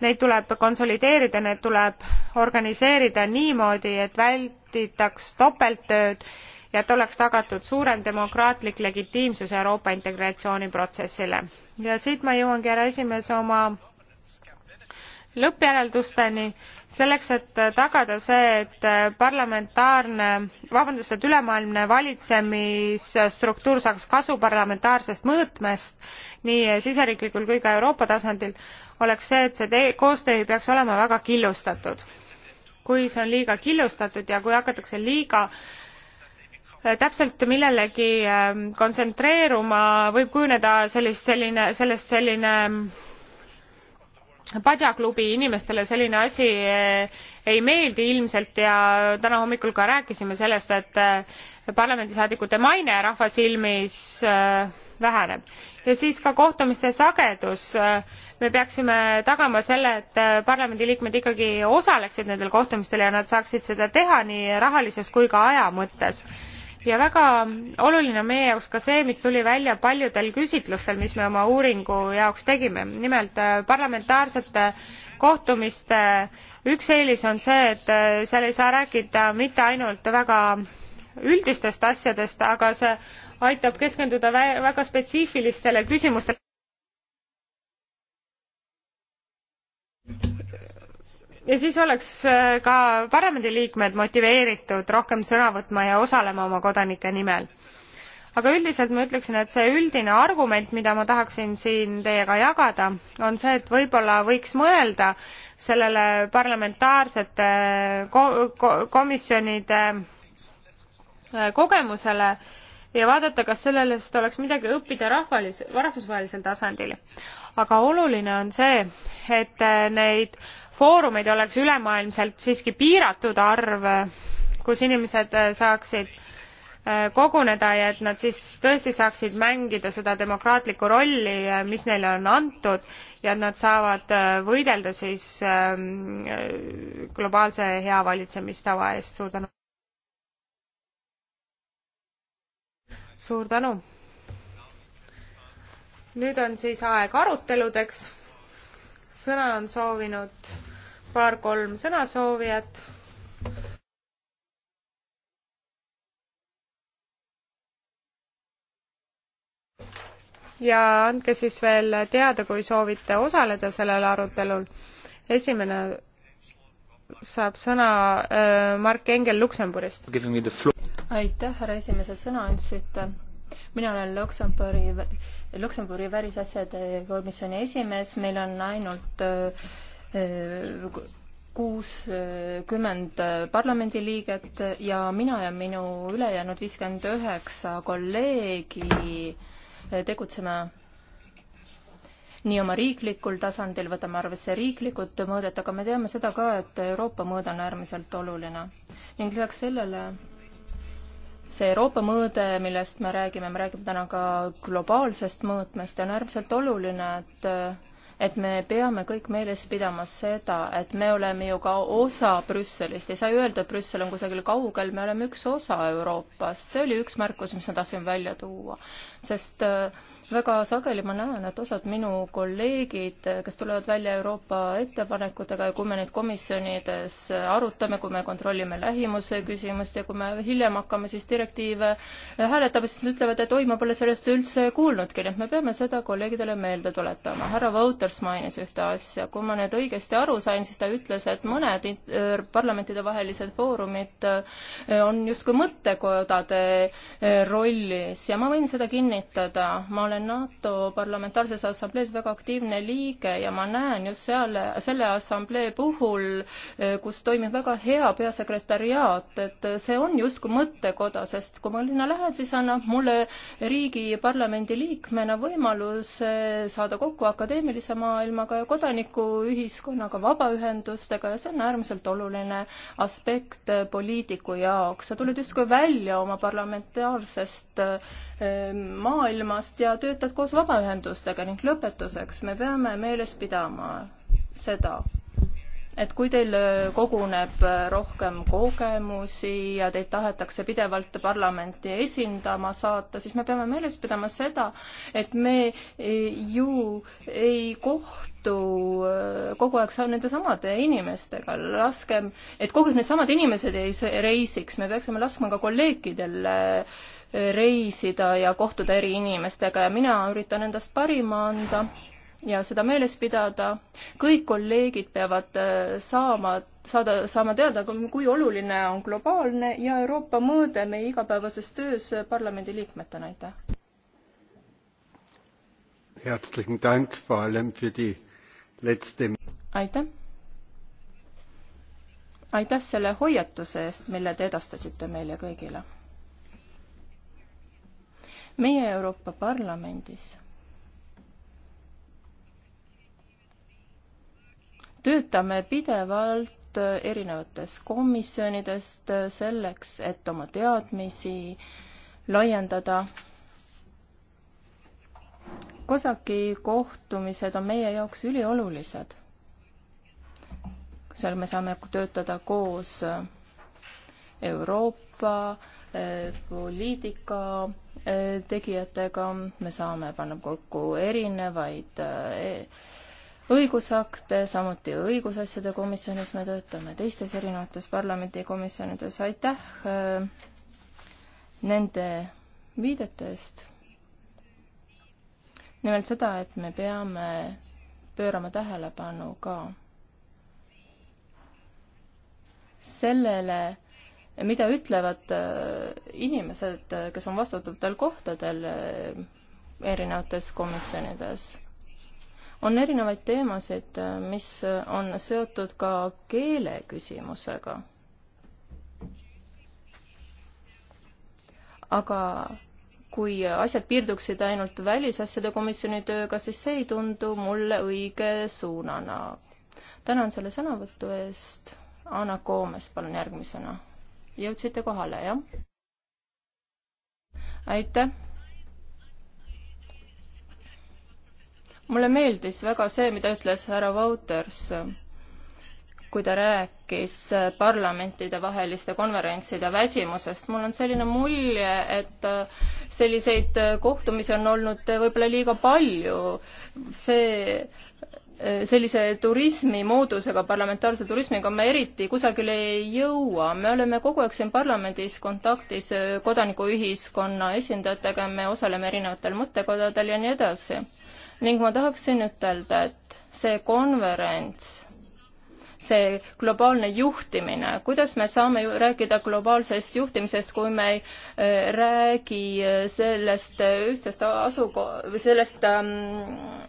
neid tuleb konsolideerida need tuleb organiseerida niimoodi et vält- vältitaks topelttööd ja et oleks tagatud suurem demokraatlik legitiimsus Euroopa integratsiooniprotsessile. ja siit ma jõuangi, härra esimees, oma lõppjäreldusteni selleks et tagada see et parlamentaarne vabandust et ülemaailmne valitsemisstruktuur saaks kasu parlamentaarsest mõõtmest nii siseriiklikul kui ka euroopa tasandil oleks see et see koostöö ei peaks olema väga killustatud kui see on liiga killustatud ja kui hakatakse liiga äh, täpselt millelegi ähm, kontsentreeruma, võib kujuneda sellist, selline, sellest selline mm, padjaklubi inimestele selline asi äh, ei meeldi ilmselt ja täna hommikul ka rääkisime sellest, et äh, parlamendisaadikute maine rahva silmis väheneb. ja siis ka kohtumiste sagedus me peaksime tagama selle et äh, parlamendiliikmed ikkagi osaleksid nendel kohtumistel ja nad saaksid seda teha nii rahalises kui ka aja mõttes ja väga oluline on meie jaoks ka see mis tuli välja paljudel küsitlustel mis me oma uuringu jaoks tegime nimelt äh, parlamentaarsete kohtumiste üks eelis on see et äh, seal ei saa rääkida mitte ainult väga üldistest asjadest aga see aitab keskenduda väga spetsiifilistele küsimustele ja siis oleks äh, ka parlamendiliikmed motiveeritud rohkem sõna võtma ja osalema oma kodanike nimel. aga üldiselt ma ütleksin, et see üldine argument, mida ma tahaksin siin teiega jagada, on see, et võib-olla võiks mõelda sellele parlamentaarsete äh, ko ko komisjonide äh, kogemusele ja vaadata, kas sellest oleks midagi õppida rahvalis-, rahvusvahelisel tasandil. aga oluline on see, et neid foorumeid oleks ülemaailmselt siiski piiratud arv, kus inimesed saaksid äh, koguneda ja et nad siis tõesti saaksid mängida seda demokraatlikku rolli, äh, mis neile on antud ja et nad saavad äh, võidelda siis ähm, globaalse hea valitsemistava eest. suur tänu. suur tänu. nüüd on siis aeg aruteludeks. sõna on soovinud paar-kolm sõnasoovijat ja andke siis veel teada, kui soovite osaleda sellel arutelul. esimene saab sõna äh, Mark Engel Luksemburist. aitäh, härra esimees, et sõna andsite. mina olen Luksemburi, Luksemburi välisasjade komisjoni esimees, meil on ainult äh, äh, kuuskümmend parlamendiliiget ja mina ja minu ülejäänud viiskümmend üheksa kolleegi tegutseme nii oma riiklikul tasandil, võtame arvesse riiklikud mõõdet, aga me teame seda ka, et Euroopa mõõde on äärmiselt oluline. ning lisaks sellele see Euroopa mõõde, millest me räägime, me räägime täna ka globaalsest mõõtmest ja on äärmiselt oluline, et et me peame kõik meeles pidama seda, et me oleme ju ka osa Brüsselist, ei saa ju öelda, et Brüssel on kusagil kaugel, me oleme üks osa Euroopast, see oli üks märkus, mis ma tahtsin välja tuua, sest äh, väga sageli ma näen, et osad minu kolleegid, kes tulevad välja Euroopa ettepanekutega ja kui me neid komisjonides arutame, kui me kontrollime lähimuse küsimust ja kui me hiljem hakkame siis direktiive hääletama, siis nad ütlevad, et oi, ma pole sellest üldse kuulnudki, nii et me peame seda kolleegidele meelde tuletama. härra Wouters mainis ühte asja, kui ma nüüd õigesti aru sain, siis ta ütles, et mõned parlamentidevahelised foorumid eh, on justkui mõttekodade eh, rollis ja ma võin seda kinnitada, ma olen olen NATO Parlamentaarses Assamblees väga aktiivne liige ja ma näen just seal, selle assamblee puhul, eh, kus toimib väga hea peasekretäriaat, et see on justkui mõttekoda, sest kui ma sinna lähen, siis annab mulle riigi parlamendi liikmena võimaluse saada kokku akadeemilise maailmaga ja kodanikuühiskonnaga, vabaühendustega ja see on äärmiselt oluline aspekt poliitiku jaoks. sa tuled justkui välja oma parlamentaarsest Ehm, maailmast ja töötad koos vabaühendustega ning lõpetuseks me peame meeles pidama seda, et kui teil koguneb rohkem kogemusi ja teid tahetakse pidevalt parlamenti esindama saata, siis me peame meeles pidama seda, et me e, ju ei kohtu kogu aeg nende samade inimestega, laskem, et kogu aeg needsamad inimesed ei reisiks, me peaksime laskma ka kolleegidel reisida ja kohtuda eri inimestega ja mina üritan endast parima anda ja seda meeles pidada. kõik kolleegid peavad äh, saama, saada, saama teada, kui oluline on globaalne ja Euroopa mõõde meie igapäevases töös parlamendiliikmetena, aitäh! herzlichen Dank vor allem für die letzte aitäh! aitäh selle hoiatuse eest, mille te edastasite meile kõigile! meie Euroopa Parlamendis töötame pidevalt erinevates komisjonidest selleks, et oma teadmisi laiendada. COSAC-i kohtumised on meie jaoks üliolulised. seal me saame töötada koos Euroopa Äh, poliitika äh, tegijatega, me saame panna kokku erinevaid äh, õigusakte, samuti õigusasjade komisjonis me töötame, teistes erinevates parlamendikomisjonides, aitäh nende viidete eest. nimelt seda, et me peame pöörama tähelepanu ka sellele, mida ütlevad äh, inimesed, äh, kes on vastutavatel kohtadel äh, erinevates komisjonides. on erinevaid teemasid, mis on seotud ka keele küsimusega. aga kui asjad piirduksid ainult välisasjade komisjoni tööga, siis see ei tundu mulle õige suunana. tänan selle sõnavõtu eest. Anna Koomes, palun järgmisena jõudsite kohale, jah? aitäh! mulle meeldis väga see, mida ütles härra Wouters, kui ta rääkis parlamentidevaheliste konverentside väsimusest. mul on selline mulje, et selliseid kohtumisi on olnud võib-olla liiga palju. see Äh, sellise turismimoodusega, parlamentaarse turismiga me eriti kusagile ei jõua, me oleme kogu aeg siin parlamendis kontaktis äh, kodanikuühiskonna esindajatega, me osaleme erinevatel mõttekodadel ja nii edasi. ning ma tahaksin ütelda, et see konverents, see globaalne juhtimine, kuidas me saame ju rääkida globaalsest juhtimisest, kui me ei äh, räägi sellest ühtsest asuko-, sellest ähm,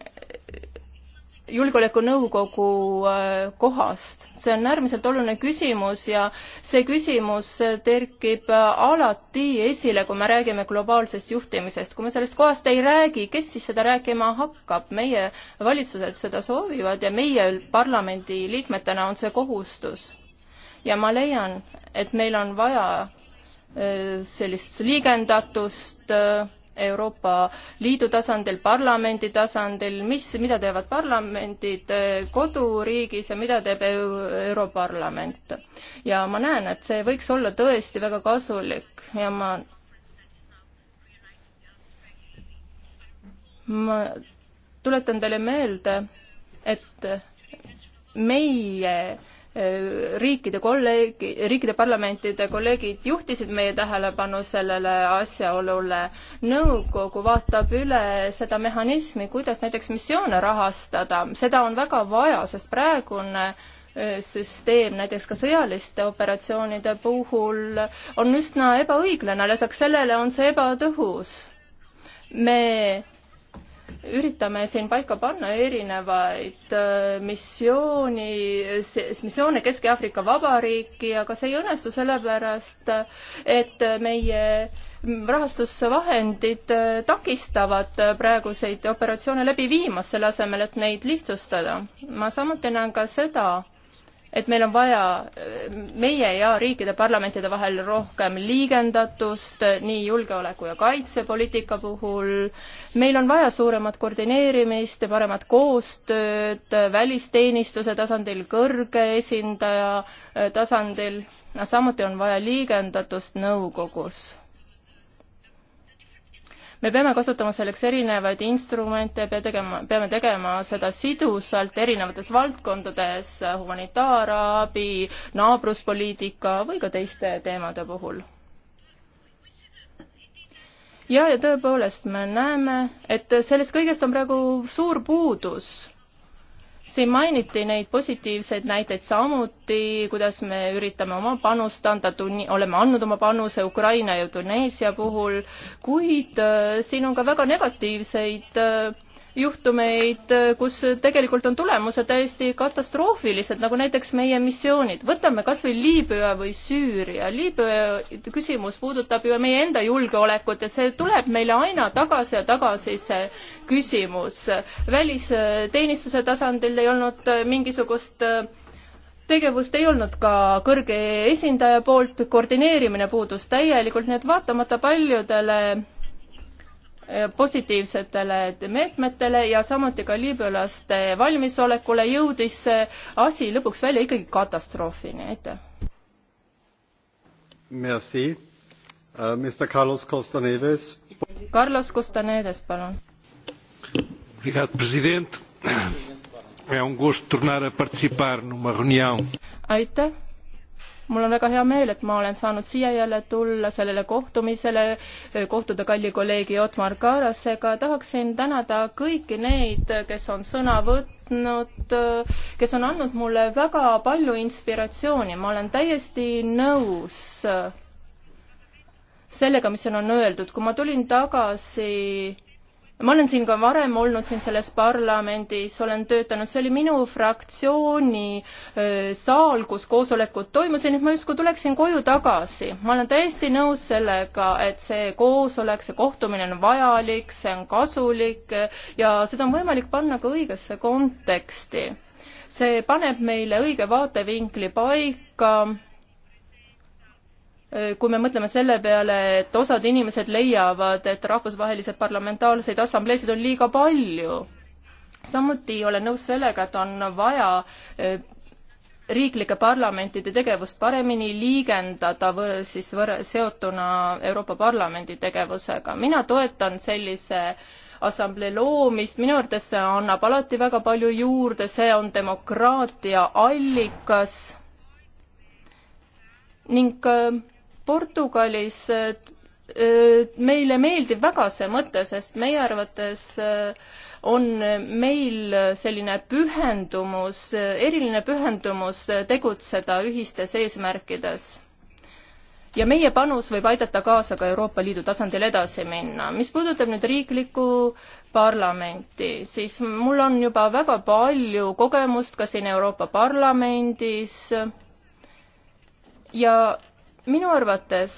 julgeolekunõukogu äh, kohast. see on äärmiselt oluline küsimus ja see küsimus äh, terkib äh, alati esile, kui me räägime globaalsest juhtimisest. kui me sellest kohast ei räägi, kes siis seda rääkima hakkab? meie valitsused seda soovivad ja meie parlamendi liikmetena on see kohustus. ja ma leian, et meil on vaja sellist liigendatust, Euroopa Liidu tasandil, parlamendi tasandil, mis, mida teevad parlamendid eh, koduriigis ja mida teeb Europarlament. ja ma näen, et see võiks olla tõesti väga kasulik ja ma ma tuletan teile meelde, et meie riikide kolleeg, riikide parlamentide kolleegid juhtisid meie tähelepanu sellele asjaolule. nõukogu vaatab üle seda mehhanismi, kuidas näiteks missioone rahastada, seda on väga vaja, sest praegune äh, süsteem näiteks ka sõjaliste operatsioonide puhul on üsna ebaõiglane, lisaks sellele on see ebatõhus. me üritame siin paika panna erinevaid äh, missiooni, missioone Kesk-Aafrika Vabariiki, aga see ei õnnestu sellepärast, et meie rahastusvahendid äh, takistavad äh, praeguseid operatsioone läbi viimast, selle asemel, et neid lihtsustada. ma samuti näen ka seda, et meil on vaja meie ja riikide parlamentide vahel rohkem liigendatust nii julgeoleku ja kaitsepoliitika puhul. meil on vaja suuremat koordineerimist ja paremat koostööd välisteenistuse tasandil, kõrge esindaja eh, tasandil. samuti on vaja liigendatust nõukogus me peame kasutama selleks erinevaid instrumente, pea tegema, peame tegema seda sidusalt erinevates valdkondades, humanitaarabi, naabruspoliitika või ka teiste teemade puhul. ja, ja tõepoolest, me näeme, et sellest kõigest on praegu suur puudus siin mainiti neid positiivseid näiteid samuti, kuidas me üritame oma panust anda, oleme andnud oma panuse Ukraina ja Tuneesia puhul, kuid äh, siin on ka väga negatiivseid äh, juhtumeid, kus tegelikult on tulemused täiesti katastroofilised, nagu näiteks meie missioonid. võtame kas või Liibüa või Süüria. Liibüa küsimus puudutab ju meie enda julgeolekut ja see tuleb meile aina tagasi ja tagasi, see küsimus. välisteenistuse tasandil ei olnud mingisugust tegevust ei olnud ka kõrge esindaja poolt, koordineerimine puudus täielikult, nii et vaatamata paljudele Eh, positiivsetele meetmetele ja samuti ka liibüalaste valmisolekule jõudis see asi lõpuks välja ikkagi katastroofini, aitäh. Merci uh,. Mr Carlos Costa Neves. Carlos Costa Neves, palun. Obrigado, president. É um gosto tornar a participar numa reunião. Aitäh mul on väga hea meel, et ma olen saanud siia jälle tulla sellele kohtumisele, kohtuda kalli kolleegi Otmar Kaarasega. tahaksin tänada kõiki neid, kes on sõna võtnud, kes on andnud mulle väga palju inspiratsiooni, ma olen täiesti nõus sellega, mis siin on öeldud. kui ma tulin tagasi ma olen siin ka varem olnud siin selles parlamendis, olen töötanud, see oli minu fraktsiooni saal, kus koosolekud toimusid, nüüd ma justkui tuleksin koju tagasi. ma olen täiesti nõus sellega, et see koosolek, see kohtumine on vajalik, see on kasulik ja seda on võimalik panna ka õigesse konteksti. see paneb meile õige vaatevinkli paika Äh, kui me mõtleme selle peale, et osad inimesed leiavad, et rahvusvahelisi parlamentaarseid assambleesid on liiga palju. samuti olen nõus sellega, et on vaja äh, riiklike parlamentide tegevust paremini liigendada võr-, siis võr-, seotuna Euroopa Parlamendi tegevusega. mina toetan sellise assamblee loomist, minu arvates see annab alati väga palju juurde, see on demokraatia allikas ning äh, Portugalis äh, äh, meile meeldib väga see mõte, sest meie arvates äh, on meil selline pühendumus, eriline pühendumus tegutseda ühistes eesmärkides ja meie panus võib aidata kaasa ka Euroopa Liidu tasandil edasi minna. mis puudutab nüüd riiklikku parlamenti, siis mul on juba väga palju kogemust ka siin Euroopa Parlamendis ja minu arvates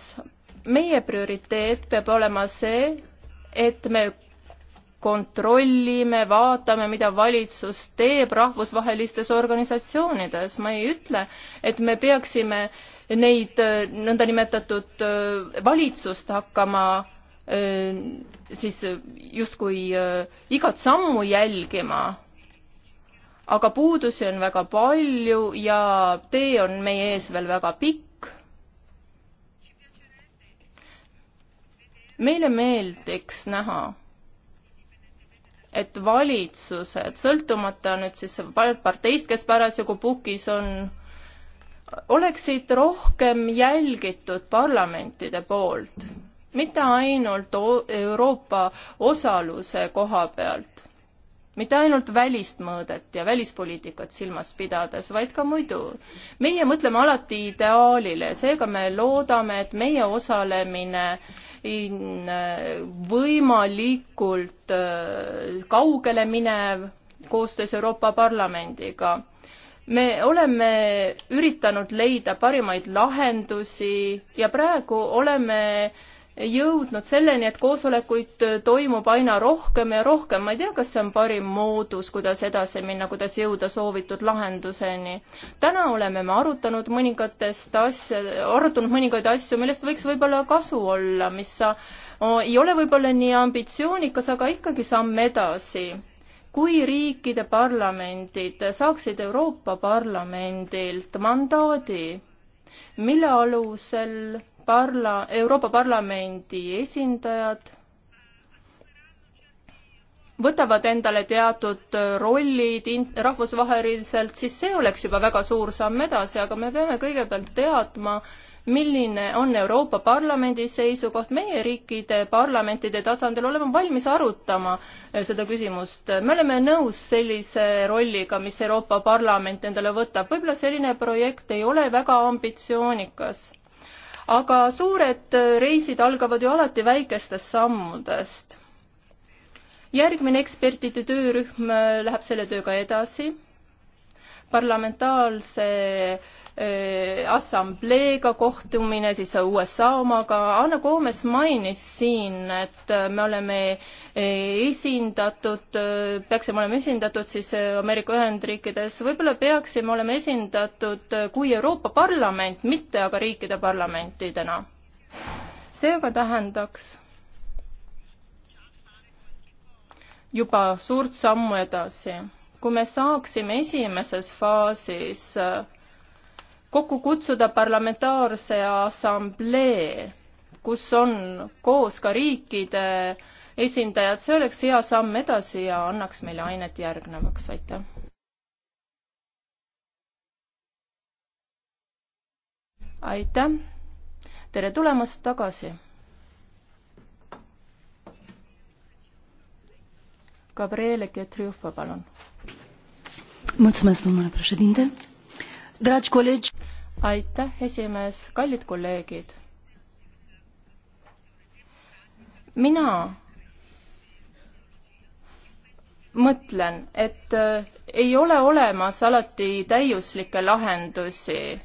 meie prioriteet peab olema see, et me kontrollime, vaatame, mida valitsus teeb rahvusvahelistes organisatsioonides. ma ei ütle, et me peaksime neid äh, nõndanimetatud äh, valitsust hakkama äh, siis justkui igat sammu jälgima, aga puudusi on väga palju ja tee on meie ees veel väga pikk meile meeldiks näha, et valitsused, sõltumata nüüd siis parteist, kes parasjagu pukis on, oleksid rohkem jälgitud parlamentide poolt, mitte ainult Euroopa osaluse koha pealt, mitte ainult välist mõõdet ja välispoliitikat silmas pidades, vaid ka muidu. meie mõtleme alati ideaalile, seega me loodame, et meie osalemine äh, Äh, võimalikult äh, kaugele minev koostöös Euroopa Parlamendiga. me oleme üritanud leida parimaid lahendusi ja praegu oleme äh, jõudnud selleni, et koosolekuid toimub aina rohkem ja rohkem, ma ei tea, kas see on parim moodus, kuidas edasi minna, kuidas jõuda soovitud lahenduseni. täna oleme me arutanud mõningatest asja, arutanud mõningaid asju, millest võiks võib-olla kasu olla, mis sa, ei ole võib-olla nii ambitsioonikas, aga ikkagi samm edasi. kui riikide parlamendid saaksid Euroopa Parlamendilt mandaadi, mille alusel parla-, Euroopa Parlamendi esindajad võtavad endale teatud rollid rahvusvaheliselt, siis see oleks juba väga suur samm edasi, aga me peame kõigepealt teadma, milline on Euroopa Parlamendi seisukoht, meie riikide parlamentide tasandil oleme valmis arutama eh, seda küsimust. me oleme nõus sellise rolliga, mis Euroopa Parlament endale võtab, võib-olla selline projekt ei ole väga ambitsioonikas aga suured reisid algavad ju alati väikestest sammudest. järgmine ekspertide töörühm läheb selle tööga edasi. parlamentaarse äh, assambleega kohtumine, siis USA omaga, Anna Koomes mainis siin, et me oleme esindatud, peaksime olema esindatud siis Ameerika Ühendriikides, võib-olla peaksime olema esindatud kui Euroopa Parlament, mitte aga riikide parlamentidena. see aga tähendaks juba suurt sammu edasi. kui me saaksime esimeses faasis kokku kutsuda parlamentaarse assamblee, kus on koos ka riikide äh, esindajad, see oleks hea samm edasi ja annaks meile ainet järgnevaks, aitäh. aitäh, tere tulemast tagasi. Gabriele Chetriufa, palun. mulțumesc, domnule președinte. Dragi colegi. aitäh, esimees, kallid kolleegid. mina mõtlen, et äh, ei ole olemas alati täiuslikke lahendusi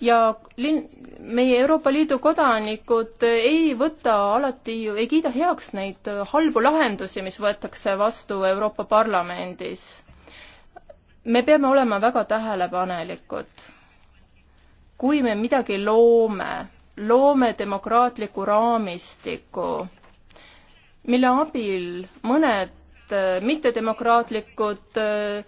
ja linn, meie Euroopa Liidu kodanikud ei võta alati, ei kiida heaks neid halbu lahendusi, mis võetakse vastu Euroopa Parlamendis. me peame olema väga tähelepanelikud. kui me midagi loome, loome demokraatliku raamistiku, mille abil mõned et äh, mittedemokraatlikud äh,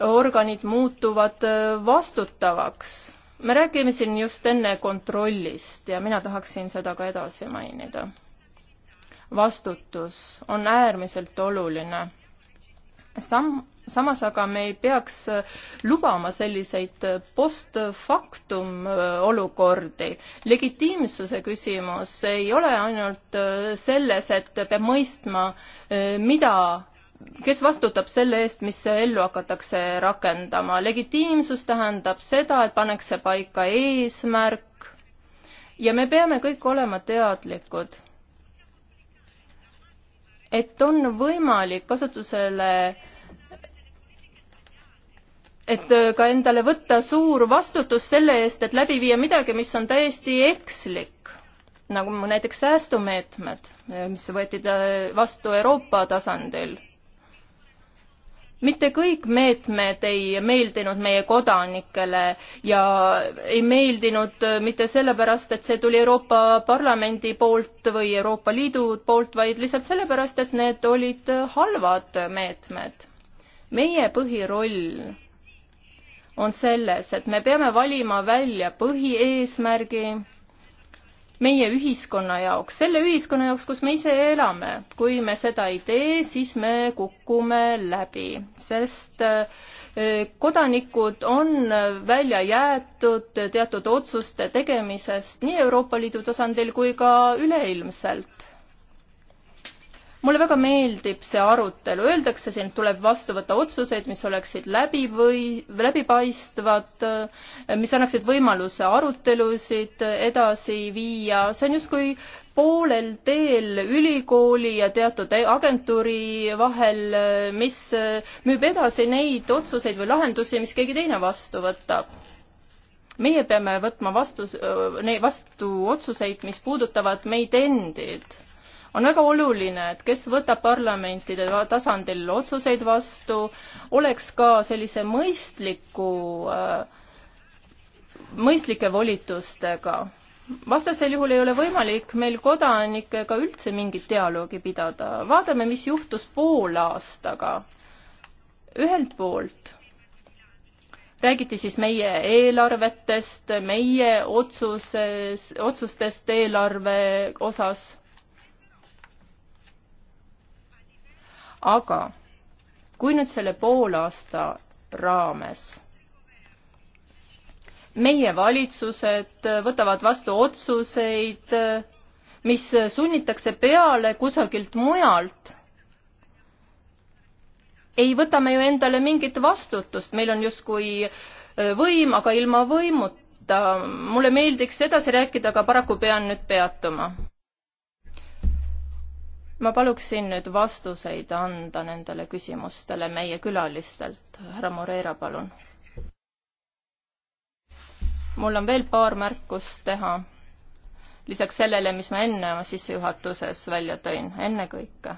organid muutuvad äh, vastutavaks. me räägime siin just enne kontrollist ja mina tahaksin seda ka edasi mainida. vastutus on äärmiselt oluline. samm, samas aga me ei peaks lubama selliseid post factum olukordi. legitiimsuse küsimus ei ole ainult selles, et peab mõistma, mida kes vastutab selle eest, mis ellu hakatakse rakendama. legitiimsus tähendab seda, et pannakse paika eesmärk ja me peame kõik olema teadlikud, et on võimalik kasutusele et ka endale võtta suur vastutus selle eest, et läbi viia midagi, mis on täiesti ekslik nagu näiteks säästumeetmed, mis võeti vastu Euroopa tasandil mitte kõik meetmed ei meeldinud meie kodanikele ja ei meeldinud mitte sellepärast, et see tuli Euroopa Parlamendi poolt või Euroopa Liidu poolt, vaid lihtsalt sellepärast, et need olid halvad meetmed. meie põhiroll on selles, et me peame valima välja põhieesmärgi meie ühiskonna jaoks, selle ühiskonna jaoks, kus me ise elame. kui me seda ei tee, siis me kukume läbi, sest äh, kodanikud on välja jäetud teatud otsuste tegemisest nii Euroopa Liidu tasandil kui ka üleilmselt mulle väga meeldib see arutelu, öeldakse siin, et tuleb vastu võtta otsuseid, mis oleksid läbi või läbipaistvad, mis annaksid võimaluse arutelusid edasi viia, see on justkui poolel teel ülikooli ja teatud agentuuri vahel, mis müüb edasi neid otsuseid või lahendusi, mis keegi teine vastu võtab meie peame võtma vastus, vastu otsuseid, mis puudutavad meid endid on väga oluline, et kes võtab parlamentide tasandil otsuseid vastu, oleks ka sellise mõistliku, äh, mõistlike volitustega. vastasel juhul ei ole võimalik meil kodanikega üldse mingit dialoogi pidada. vaatame, mis juhtus poole aastaga. ühelt poolt räägiti siis meie eelarvetest, meie otsuses, otsustest eelarve osas. aga kui nüüd selle poolaasta raames meie valitsused võtavad vastu otsuseid, mis sunnitakse peale kusagilt mujalt, ei võta me ju endale mingit vastutust, meil on justkui võim, aga ilma võimuta. mulle meeldiks edasi rääkida, aga paraku pean nüüd peatuma ma paluksin nüüd vastuseid anda nendele küsimustele meie külalistelt. härra Moreira, palun. mul on veel paar märkust teha. lisaks sellele, mis ma enne oma sissejuhatuses välja tõin, ennekõike.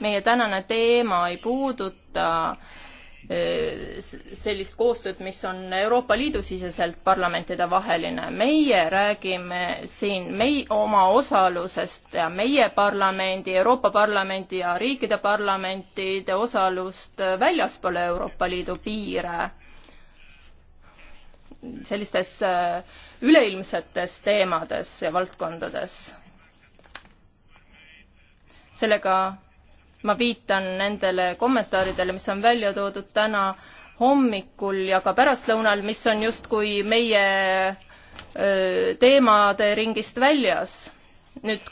meie tänane teema ei puuduta äh, Eh, sellist koostööd, mis on Euroopa Liidu siseselt parlamentide vaheline. meie räägime siin mei-, oma osalusest ja meie parlamendi, Euroopa Parlamendi ja riikide parlamentide osalust väljaspool Euroopa Liidu piire sellistes eh, üleilmsetes teemades ja valdkondades. sellega ma viitan nendele kommentaaridele, mis on välja toodud täna hommikul ja ka pärastlõunal, mis on justkui meie teemade ringist väljas. nüüd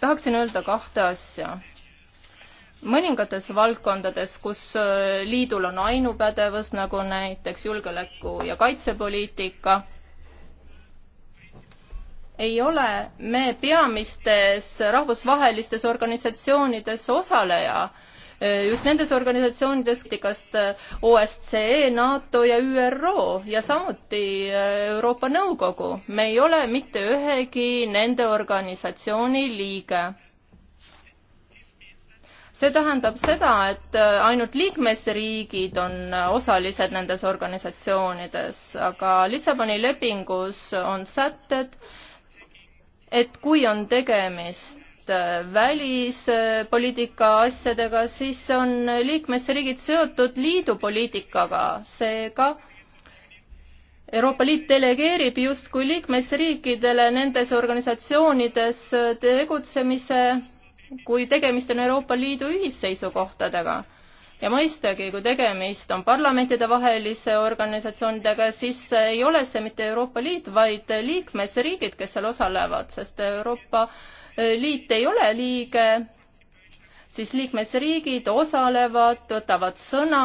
tahaksin öelda kahte asja. mõningates valdkondades, kus liidul on ainupädevus, nagu näiteks julgeoleku- ja kaitsepoliitika, ei ole me peamistes rahvusvahelistes organisatsioonides osaleja. just nendes organisatsioonides, kast OSCE, NATO ja ÜRO ja samuti Euroopa Nõukogu. me ei ole mitte ühegi nende organisatsiooni liige see tähendab seda, et ainult liikmesriigid on osalised nendes organisatsioonides, aga Lissaboni lepingus on sätted, et kui on tegemist äh, välispoliitika asjadega, siis on liikmesriigid seotud liidu poliitikaga, seega Euroopa Liit delegeerib justkui liikmesriikidele nendes organisatsioonides äh, tegutsemise, kui tegemist on Euroopa Liidu ühisseisukohtadega ja mõistagi, kui tegemist on parlamentidevahelise organisatsioonidega, siis ei ole see mitte Euroopa Liit, vaid liikmesriigid, kes seal osalevad, sest Euroopa eh, Liit ei ole liige, siis liikmesriigid osalevad, võtavad sõna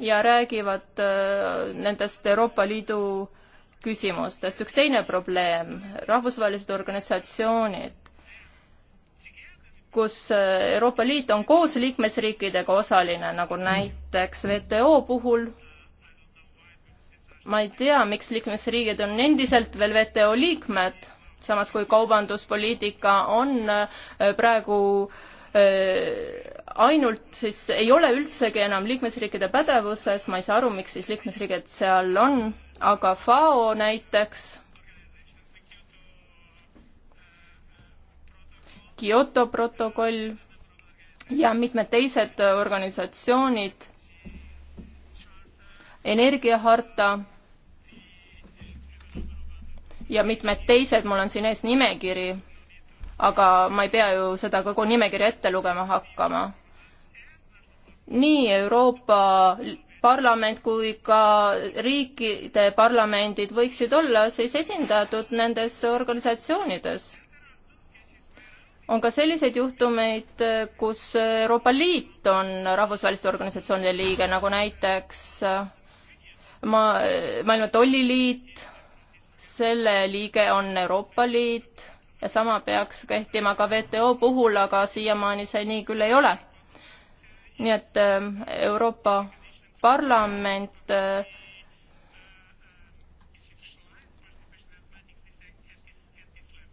ja räägivad eh, nendest Euroopa Liidu küsimustest. üks teine probleem, rahvusvahelised organisatsioonid kus äh, Euroopa Liit on koos liikmesriikidega osaline, nagu näiteks WTO puhul. ma ei tea, miks liikmesriigid on endiselt veel WTO liikmed, samas kui kaubanduspoliitika on äh, praegu äh, ainult siis ei ole üldsegi enam liikmesriikide pädevuses, ma ei saa aru, miks siis liikmesriigid seal on, aga FAO näiteks Kyoto protokoll ja mitmed teised organisatsioonid, energiaharta ja mitmed teised, mul on siin ees nimekiri, aga ma ei pea ju seda kogu nimekirja ette lugema hakkama. nii Euroopa parlament kui ka riikide parlamendid võiksid olla siis esindatud nendes organisatsioonides on ka selliseid juhtumeid, kus Euroopa Liit on rahvusvaheliste organisatsioonide liige, nagu näiteks äh, ma-, Maailma Tolliliit, selle liige on Euroopa Liit ja sama peaks kehtima ka WTO puhul, aga siiamaani see nii küll ei ole. nii et äh, Euroopa Parlament äh,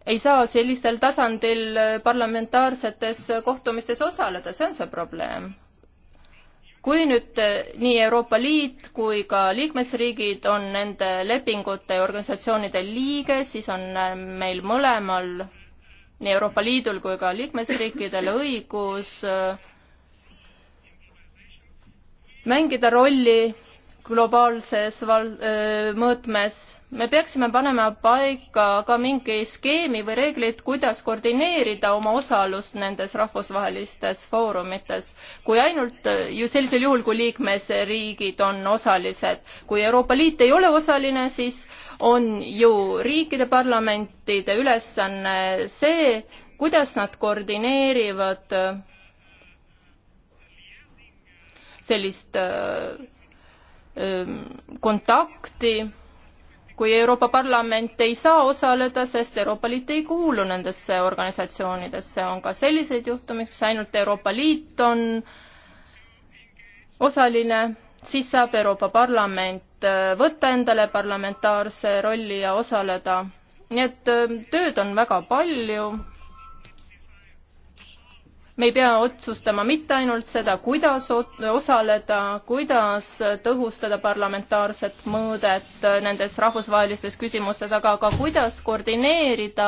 ei saa sellistel tasandil parlamentaarsetes kohtumistes osaleda, see on see probleem. kui nüüd eh, nii Euroopa Liit kui ka liikmesriigid on nende lepingute ja organisatsioonide liige, siis on eh, meil mõlemal, nii Euroopa Liidul kui ka liikmesriikidel õigus eh, mängida rolli globaalses val-, mõõtmes. me peaksime panema paika ka mingi skeemi või reeglid, kuidas koordineerida oma osalust nendes rahvusvahelistes foorumites. kui ainult ju sellisel juhul, kui liikmesriigid on osalised. kui Euroopa Liit ei ole osaline, siis on ju riikide parlamentide ülesanne see, kuidas nad koordineerivad sellist Ähm, kontakti, kui Euroopa Parlament ei saa osaleda, sest Euroopa Liit ei kuulu nendesse organisatsioonidesse, on ka selliseid juhtumeid, mis ainult Euroopa Liit on osaline, siis saab Euroopa Parlament äh, võtta endale parlamentaarse rolli ja osaleda. nii et ähm, tööd on väga palju me ei pea otsustama mitte ainult seda, kuidas osaleda, kuidas tõhustada parlamentaarset mõõdet nendes rahvusvahelistes küsimustes, aga ka kuidas koordineerida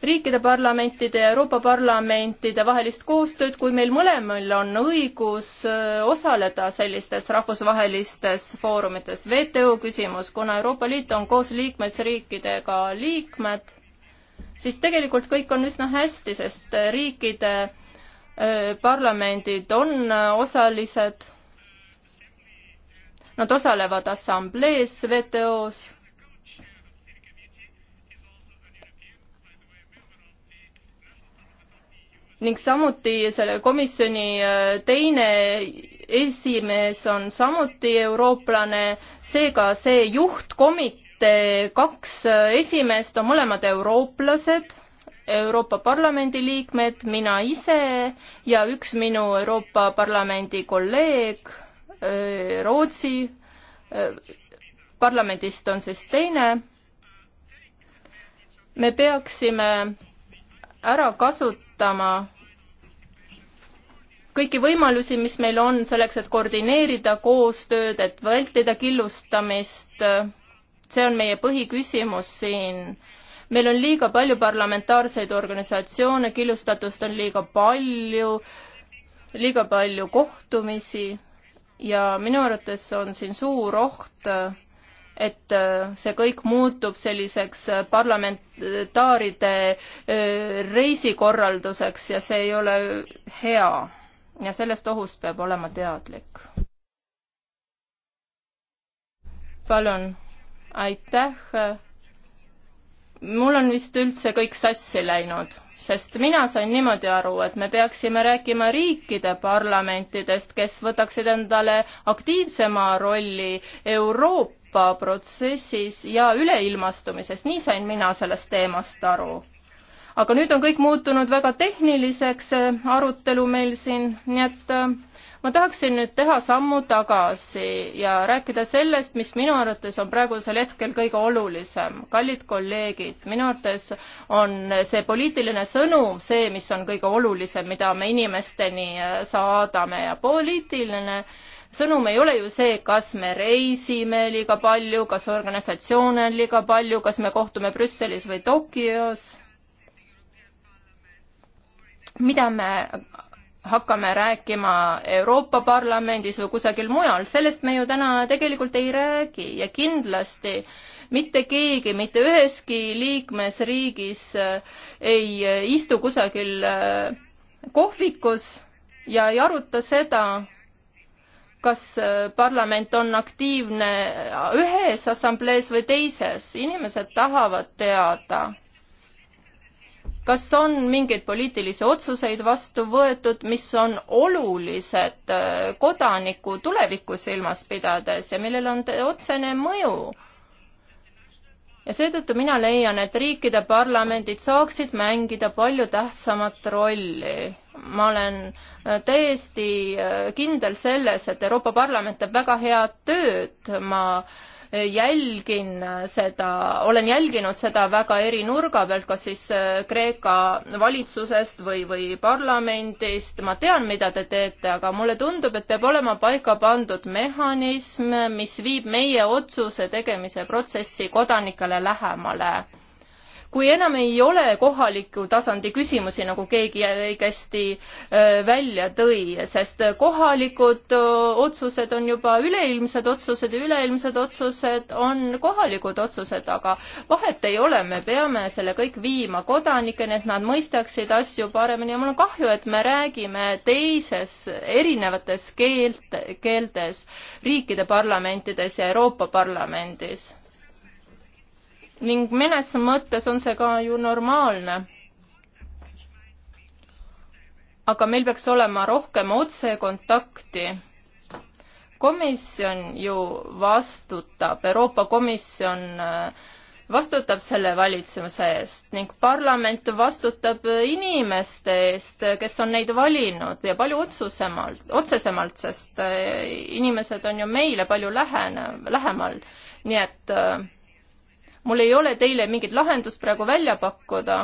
riikide parlamentide ja Euroopa parlamentide vahelist koostööd, kui meil mõlemal on õigus äh, osaleda sellistes rahvusvahelistes foorumites. WTO küsimus, kuna Euroopa Liit on koos liikmesriikidega liikmed, siis tegelikult kõik on üsna hästi, sest äh, riikide äh, parlamendid on äh, osalised. Nad osalevad assamblees WTO-s. ning samuti selle komisjoni teine esimees on samuti eurooplane, seega see juhtkomik-, kaks äh, esimest on mõlemad eurooplased, Euroopa Parlamendi liikmed, mina ise ja üks minu Euroopa Parlamendi kolleeg äh, Rootsi äh, parlamendist on siis teine. me peaksime ära kasutama kõiki võimalusi, mis meil on selleks, et koordineerida koostööd, et vältida killustamist see on meie põhiküsimus siin. meil on liiga palju parlamentaarseid organisatsioone, killustatust on liiga palju, liiga palju kohtumisi ja minu arvates on siin suur oht, et see kõik muutub selliseks parlamentaaride reisikorralduseks ja see ei ole hea. ja sellest ohust peab olema teadlik. palun aitäh. mul on vist üldse kõik sassi läinud, sest mina sain niimoodi aru, et me peaksime rääkima riikide parlamentidest, kes võtaksid endale aktiivsema rolli Euroopa protsessis ja üleilmastumises, nii sain mina sellest teemast aru aga nüüd on kõik muutunud väga tehniliseks, arutelu meil siin, nii et äh, ma tahaksin nüüd teha sammu tagasi ja rääkida sellest, mis minu arvates on praegusel hetkel kõige olulisem. kallid kolleegid, minu arvates on see poliitiline sõnum see, mis on kõige olulisem, mida me inimesteni äh, saadame ja poliitiline sõnum ei ole ju see, kas me reisime liiga palju, kas organisatsioone on liiga palju, kas me kohtume Brüsselis või Tokyos. mida me hakkame rääkima Euroopa Parlamendis või kusagil mujal, sellest me ju täna tegelikult ei räägi ja kindlasti mitte keegi mitte üheski liikmesriigis äh, ei äh, istu kusagil äh, kohvikus ja ei aruta seda, kas parlament on aktiivne ühes assamblees või teises, inimesed tahavad teada kas on mingeid poliitilisi otsuseid vastu võetud, mis on olulised äh, kodaniku tulevikku silmas pidades ja millel on otsene mõju? ja seetõttu mina leian, et riikide parlamendid saaksid mängida palju tähtsamat rolli. ma olen äh, täiesti äh, kindel selles, et Euroopa Parlament teeb väga head tööd, ma äh, jälgin seda, olen jälginud seda väga eri nurga pealt, kas siis äh, Kreeka valitsusest või, või parlamendist, ma tean, mida te teete, aga mulle tundub, et peab olema paika pandud mehhanism, mis viib meie otsuse tegemise protsessi kodanikele lähemale kui enam ei ole kohaliku tasandi küsimusi, nagu keegi õigesti välja tõi, sest kohalikud otsused on juba üleilmsed otsused ja üleilmsed otsused on kohalikud otsused, aga vahet ei ole, me peame selle kõik viima kodanikeni, et nad mõistaksid asju paremini ja mul on kahju, et me räägime teises, erinevates keelt, keeltes riikide parlamentides ja Euroopa Parlamendis ning mõnes mõttes on see ka ju normaalne. aga meil peaks olema rohkem otsekontakti. komisjon ju vastutab, Euroopa Komisjon äh, vastutab selle valitsemise eest ning parlament vastutab inimeste eest, kes on neid valinud ja palju otsusemalt, otsesemalt, sest äh, inimesed on ju meile palju lähene, lähemal. nii et äh, mul ei ole teile mingit lahendust praegu välja pakkuda,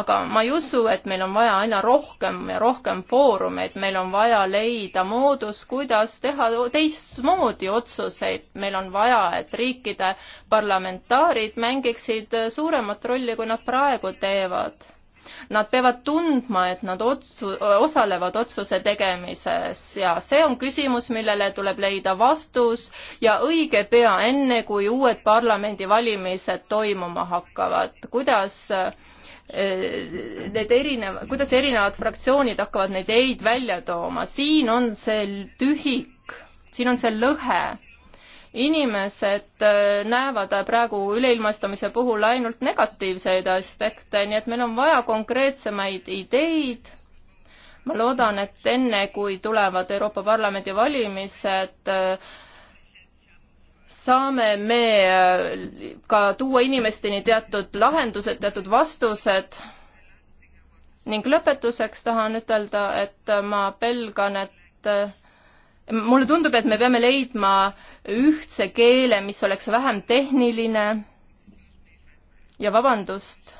aga ma ei usu, et meil on vaja aina rohkem ja rohkem foorumeid, meil on vaja leida moodus, kuidas teha teistmoodi otsuseid, meil on vaja, et riikide parlamentaarid mängiksid suuremat rolli, kui nad praegu teevad Nad peavad tundma, et nad otsu-, osalevad otsuse tegemises ja see on küsimus, millele tuleb leida vastus ja õige pea, enne kui uued parlamendivalimised toimuma hakkavad. kuidas eh, need erinev, kuidas erinevad fraktsioonid hakkavad neid ei-d välja tooma, siin on see tühik, siin on see lõhe inimesed äh, näevad praegu üleilmastumise puhul ainult negatiivseid aspekte, nii et meil on vaja konkreetsemaid ideid. ma loodan, et enne, kui tulevad Euroopa Parlamendi valimised, äh, saame me äh, ka tuua inimesteni teatud lahendused, teatud vastused ning lõpetuseks tahan ütelda, et ma pelgan, et mulle tundub, et me peame leidma ühtse keele, mis oleks vähem tehniline. ja vabandust,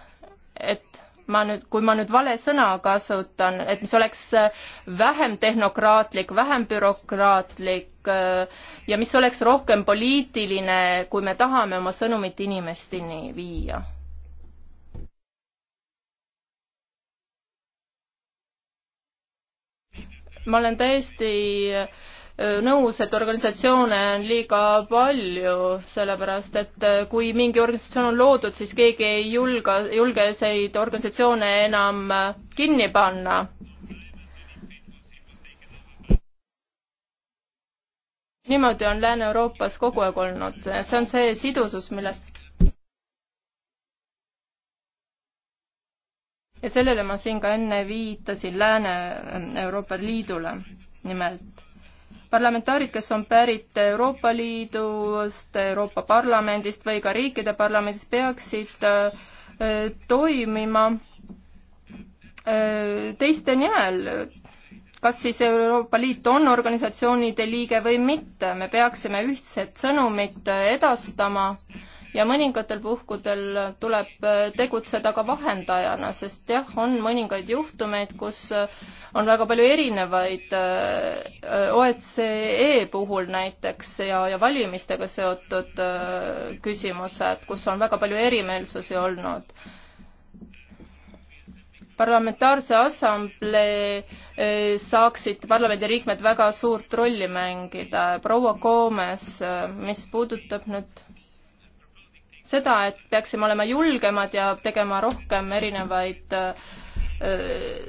et ma nüüd, kui ma nüüd vale sõna kasutan, et mis oleks vähem tehnokraatlik, vähem bürokraatlik äh, ja mis oleks rohkem poliitiline, kui me tahame oma sõnumit inimesteni viia ma olen täiesti nõus, et organisatsioone on liiga palju, sellepärast et kui mingi organisatsioon on loodud, siis keegi ei julga, julge neid organisatsioone enam kinni panna niimoodi on Lääne-Euroopas kogu aeg olnud, see on see sidusus, millest ja sellele ma siin ka enne viitasin Lääne-Euroopa Liidule nimelt parlamentaarid, kes on pärit Euroopa Liidust, Euroopa Parlamendist või ka riikide parlamendist, peaksid äh, toimima äh, teiste nimel, kas siis Euroopa Liit on organisatsioonide liige või mitte, me peaksime ühtset sõnumit edastama ja mõningatel puhkudel tuleb äh, tegutseda ka vahendajana, sest jah, on mõningaid juhtumeid, kus äh, on väga palju erinevaid äh, OECD e puhul näiteks ja, ja valimistega seotud küsimused, kus on väga palju erimeelsusi olnud parlamentaarse assamblee saaksid parlamendiliikmed väga suurt rolli mängida. proua Koomes, mis puudutab nüüd seda, et peaksime olema julgemad ja tegema rohkem erinevaid äh,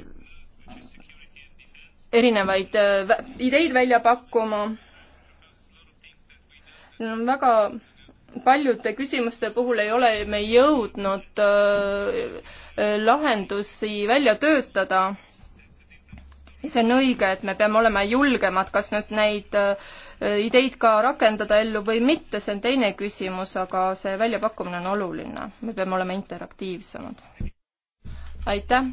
erinevaid äh, ideid välja pakkuma. on väga paljude küsimuste puhul ei ole me jõudnud äh, lahendusi välja töötada. see on õige, et me peame olema julgemad, kas nüüd neid äh, Äh, ideid ka rakendada ellu või mitte, see on teine küsimus, aga see väljapakkumine on oluline. me peame olema interaktiivsemad. aitäh!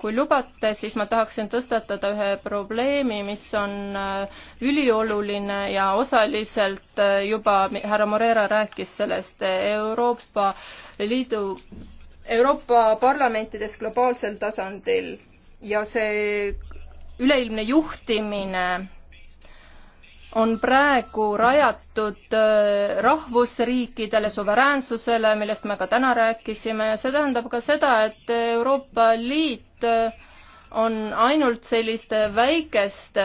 kui lubate, siis ma tahaksin tõstatada ühe probleemi, mis on äh, ülioluline ja osaliselt äh, juba härra Morera rääkis sellest Euroopa Liidu, Euroopa parlamentides globaalsel tasandil ja see üleilmne juhtimine on praegu rajatud äh, rahvusriikidele, suveräänsusele, millest me ka täna rääkisime ja see tähendab ka seda, et Euroopa Liit äh, on ainult selliste väikeste,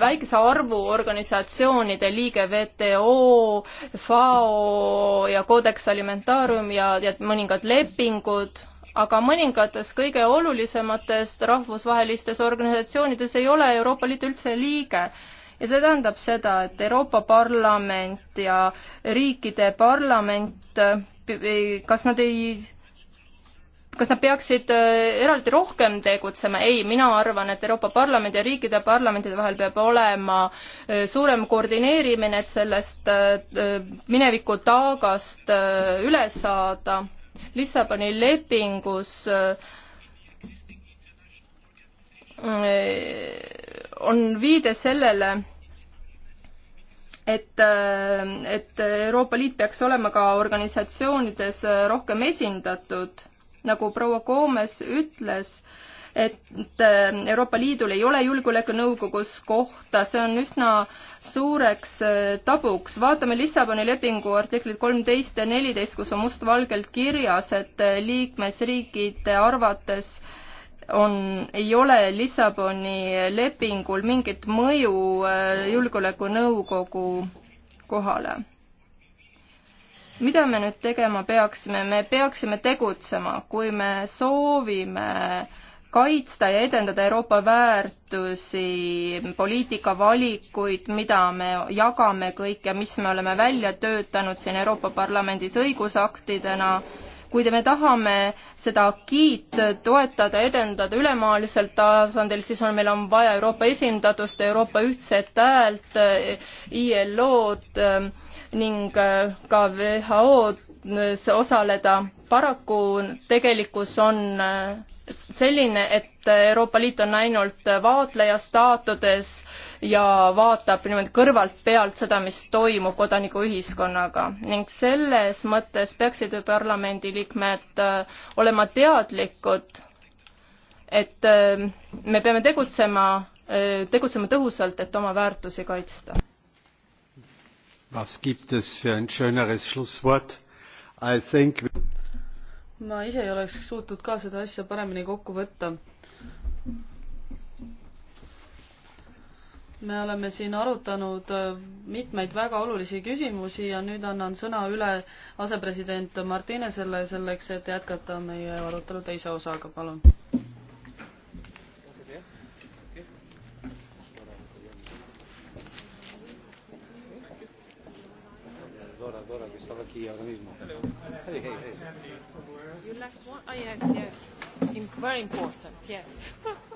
väikese arvu organisatsioonide liige, WTO, FAO ja Codex Alimentarium ja, ja mõningad lepingud aga mõningates kõige olulisematest rahvusvahelistes organisatsioonides ei ole Euroopa Liit üldse liige ja see tähendab seda, et Euroopa Parlament ja riikide parlament, eh, kas nad ei kas nad peaksid eh, eraldi rohkem tegutsema? ei, mina arvan, et Euroopa Parlamendi ja riikide parlamentide vahel peab olema eh, suurem koordineerimine, et sellest mineviku taagast üle saada. Lissaboni lepingus on viide sellele, et, et Euroopa Liit peaks olema ka organisatsioonides rohkem esindatud, nagu proua Koomes ütles, et Euroopa Liidul ei ole Julgeolekunõukogus kohta, see on üsna suureks tabuks. vaatame Lissaboni lepingu artiklit kolmteist ja neliteist, kus on mustvalgelt kirjas, et liikmesriikide arvates äh, on, ei ole Lissaboni lepingul mingit mõju äh, Julgeolekunõukogu kohale. mida me nüüd tegema peaksime, me peaksime tegutsema, kui me soovime kaitsta ja edendada Euroopa väärtusi, poliitikavalikuid, mida me jagame kõik ja mis me oleme välja töötanud siin Euroopa Parlamendis õigusaktidena, kui me tahame seda giid toetada, edendada ülemaailmsel tasandil, siis on, meil on vaja Euroopa esindatust, Euroopa ühtset häält, ILO-d ning ka WHO-s osaleda. paraku tegelikkus on selline, et Euroopa Liit on ainult vaatleja staatudes ja vaatab niimoodi kõrvalt pealt seda, mis toimub kodanikuühiskonnaga ning selles mõttes peaksid parlamendiliikmed äh, olema teadlikud, et äh, me peame tegutsema, äh, tegutsema tõhusalt, et oma väärtusi kaitsta. Was gibt es für ein schöneres Schlusswort? I think ma ise ei oleks suutnud ka seda asja paremini kokku võtta me oleme siin arutanud äh, mitmeid väga olulisi küsimusi ja nüüd annan sõna üle asepresident Martinesele selleks, et jätkata meie arutelu teise osaga, palun. Dora, Dora, que estaba aquí ahora mismo. Hey, hey, hey. You left one? Oh, yes, yes. In, very important, yes.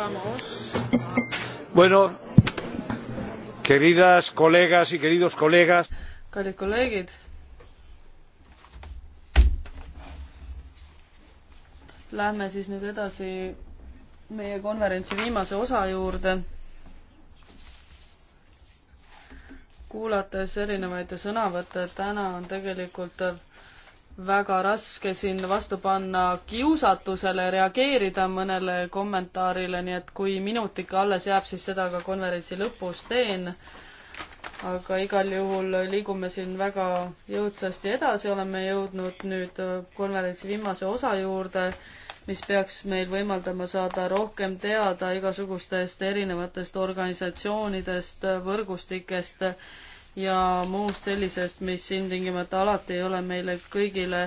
Vamos. Bueno, queridas colegas y queridos colegas. kallid kolleegid. Lähme siis nüüd edasi meie konverentsi viimase osa juurde. kuulates erinevaid sõnavõtte, täna on tegelikult väga raske siin vastu panna kiusatusele reageerida mõnele kommentaarile, nii et kui minut ikka alles jääb, siis seda ka konverentsi lõpus teen. aga igal juhul liigume siin väga jõudsasti edasi, oleme jõudnud nüüd konverentsi viimase osa juurde, mis peaks meil võimaldama saada rohkem teada igasugustest erinevatest organisatsioonidest, võrgustikest ja muust sellisest, mis ilmtingimata alati ei ole meile kõigile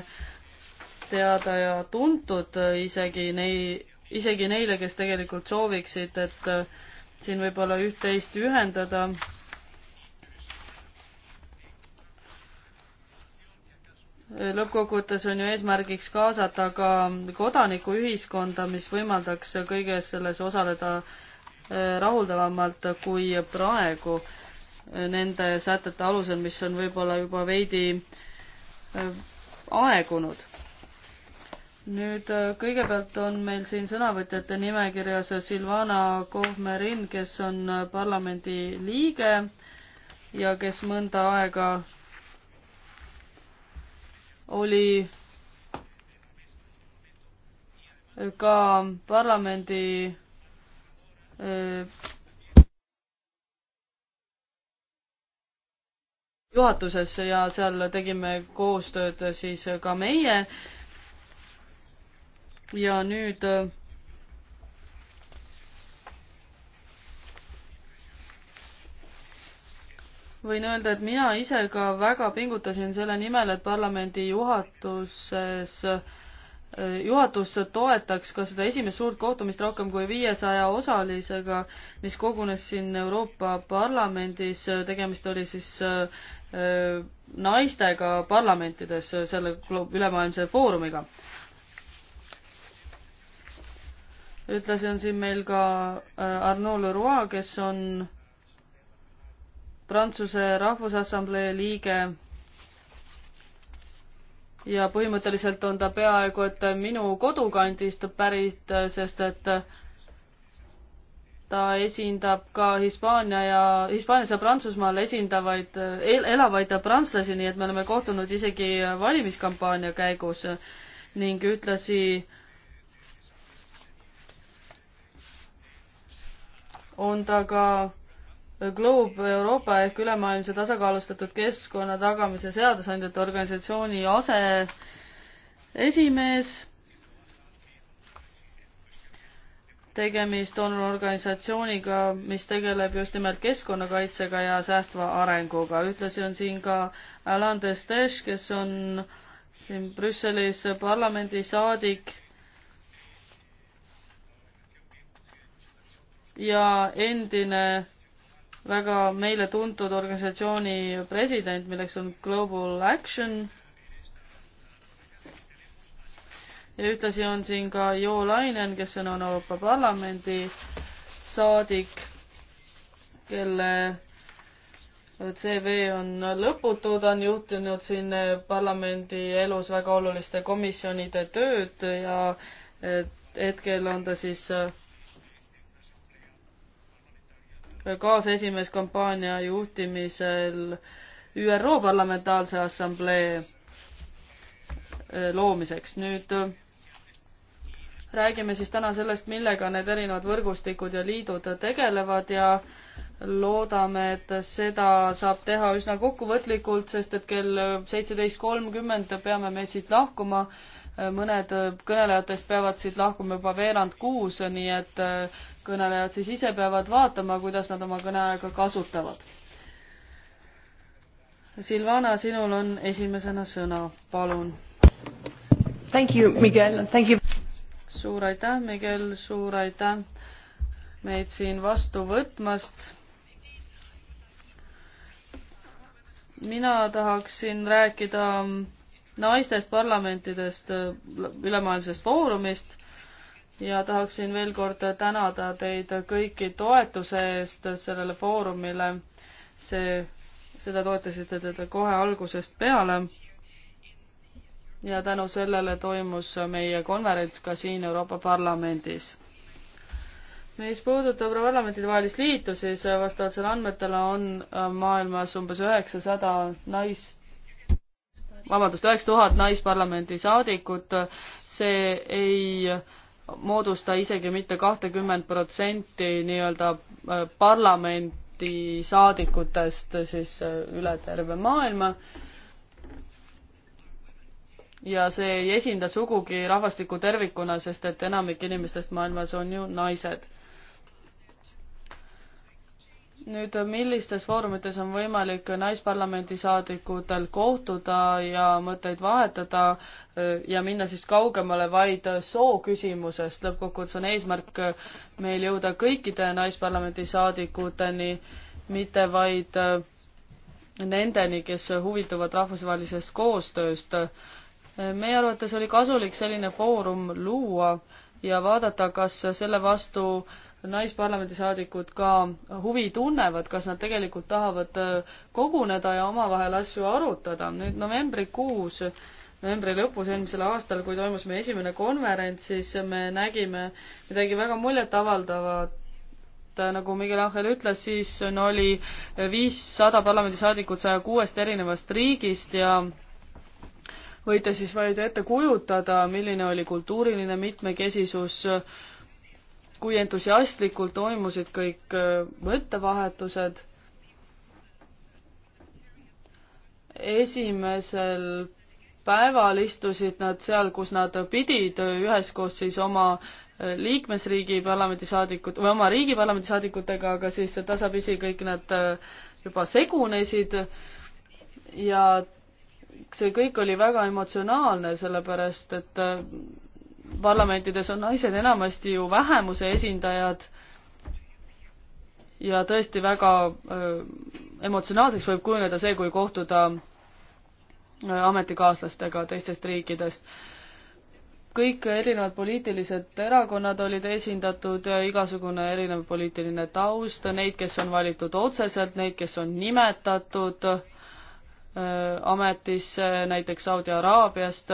teada ja tuntud, isegi nei-, isegi neile, kes tegelikult sooviksid, et äh, siin võib-olla üht-teist ühendada. lõppkokkuvõttes on ju eesmärgiks kaasata ka kodanikuühiskonda, mis võimaldaks kõiges selles osaleda äh, rahuldavamalt kui praegu nende sätete alusel, mis on võib-olla juba veidi äh, aegunud. nüüd äh, kõigepealt on meil siin sõnavõtjate nimekirjas Silvana Kohmerin, kes on äh, parlamendi liige ja kes mõnda aega oli ka parlamendi juhatuses ja seal tegime koostööd siis ka meie. ja nüüd äh, võin öelda, et mina ise ka väga pingutasin selle nimel, et parlamendi juhatuses äh, juhatus toetaks ka seda esimest suurt kohtumist rohkem kui viiesaja osalisega, mis kogunes siin Euroopa Parlamendis, tegemist oli siis äh, naistega parlamentides selle ülemaailmse foorumiga. ühtlasi on siin meil ka äh, Arnaud Leroy, kes on Prantsuse Rahvusassamblee liige ja põhimõtteliselt on ta peaaegu et minu kodukandist pärit, sest et ta esindab ka Hispaania ja, Hispaanias ja Prantsusmaal esindavaid el,, elavaid prantslasi, nii et me oleme kohtunud isegi valimiskampaania käigus ning ühtlasi on ta ka Globe Euroopa ehk ülemaailmse tasakaalustatud keskkonna tagamise seadusandjate organisatsiooni aseesimees. tegemist on organisatsiooniga, mis tegeleb just nimelt keskkonnakaitsega ja säästva arenguga. ühtlasi on siin ka Alain Destech, kes on siin Brüsselis parlamendisaadik ja endine väga meile tuntud organisatsiooni president, milleks on Global Action. ja ühtlasi on siin ka Jo Lainen, kes on Euroopa Parlamendi saadik, kelle CV on lõputu, ta on juhtinud siin parlamendi elus väga oluliste komisjonide tööd ja hetkel on ta siis äh, kaasesimees kampaania juhtimisel ÜRO Parlamentaarse Assamblee äh, loomiseks. nüüd äh, räägime siis täna sellest, millega need erinevad võrgustikud ja liidud tegelevad ja loodame, et seda saab teha üsna kokkuvõtlikult, sest et kell seitseteist kolmkümmend peame me siit lahkuma. Äh, mõned kõnelejatest peavad siit lahkuma juba veerand kuus, nii et kõnelejad siis ise peavad vaatama, kuidas nad oma kõneaega kasutavad. Silvana, sinul on esimesena sõna, palun. Thank you, Miguel, thank you. suur aitäh, Miguel, suur aitäh meid siin vastu võtmast. mina tahaksin rääkida naistest parlamentidest, ülemaailmsest foorumist ja tahaksin veel kord tänada teid kõiki toetuse eest sellele foorumile. see, seda toetasite te kohe algusest peale. ja tänu sellele toimus meie konverents ka siin Euroopa Parlamendis. mis puudutab parlamentide vahelist liitu, siis vastavalt selle andmetele on maailmas umbes üheksasada nais- nice vabandust, üheksa tuhat naisparlamendi saadikut, see ei moodusta isegi mitte kahtekümmend protsenti nii-öelda äh, parlamendi saadikutest siis äh, üle terve maailma. ja see ei esinda sugugi rahvastikku tervikuna, sest et enamik inimestest maailmas on ju naised nüüd, millistes foorumites on võimalik naisparlamendi saadikutel kohtuda ja mõtteid vahetada äh, ja minna siis kaugemale vaid soo küsimusest, lõppkokkuvõttes on eesmärk meil jõuda kõikide naisparlamendi saadikuteni, mitte vaid äh, nendeni, kes huvituvad rahvusvahelisest koostööst. Äh, meie arvates oli kasulik selline foorum luua ja vaadata, kas selle vastu naisparlamendisaadikud ka huvi tunnevad, kas nad tegelikult tahavad äh, koguneda ja omavahel asju arutada. nüüd novembrikuus, novembri lõpus eelmisel aastal, kui toimus meie esimene konverents, siis me nägime midagi väga muljetavaldavat, nagu Miguel Angel ütles, siis no oli viissada parlamendisaadikut saja kuuest erinevast riigist ja võite siis vaid ette kujutada, milline oli kultuuriline mitmekesisus äh, kui entusiastlikult toimusid kõik äh, mõttevahetused. esimesel päeval istusid nad seal, kus nad pidid, üheskoos siis oma äh, liikmesriigi parlamendisaadikud või oma riigi parlamendisaadikutega, aga siis tasapisi kõik nad äh, juba segunesid ja see kõik oli väga emotsionaalne, sellepärast et parlamentides on naised enamasti ju vähemuse esindajad ja tõesti väga öö, emotsionaalseks võib kujuneda see, kui kohtuda ametikaaslastega teistest riikidest. kõik erinevad poliitilised erakonnad olid esindatud ja igasugune erinev poliitiline taust, neid, kes on valitud otseselt, neid, kes on nimetatud öö, ametisse näiteks Saudi Araabiast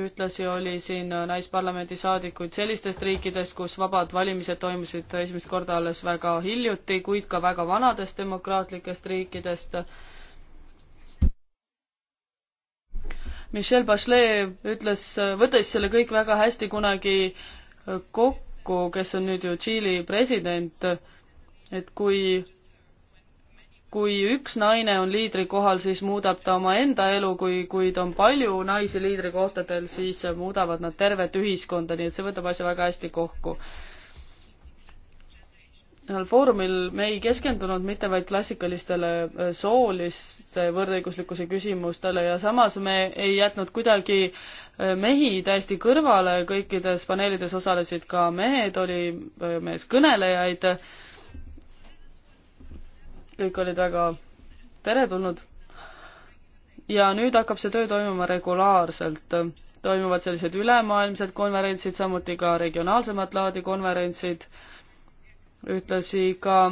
ühtlasi oli siin äh, naisparlamendi saadikuid sellistest riikidest, kus vabad valimised toimusid esimest korda alles väga hiljuti, kuid ka väga vanadest demokraatlikest riikidest. Michelle Bachelet ütles, äh, võttis selle kõik väga hästi kunagi äh, kokku, kes on nüüd ju Tšiili president, et kui kui üks naine on liidrikohal, siis muudab ta omaenda elu, kui, kuid on palju naisi liidrikohtadel, siis muudavad nad tervet ühiskonda, nii et see võtab asja väga hästi kokku. seal foorumil me ei keskendunud mitte vaid klassikalistele äh, soolise võrdõiguslikkuse küsimustele ja samas me ei jätnud kuidagi äh, mehi täiesti kõrvale, kõikides paneelides osalesid ka mehed, oli äh, meeskõnelejaid kõik olid väga teretulnud. ja nüüd hakkab see töö toimuma regulaarselt. toimuvad sellised ülemaailmsed konverentsid, samuti ka regionaalsemat laadi konverentsid. ühtlasi ka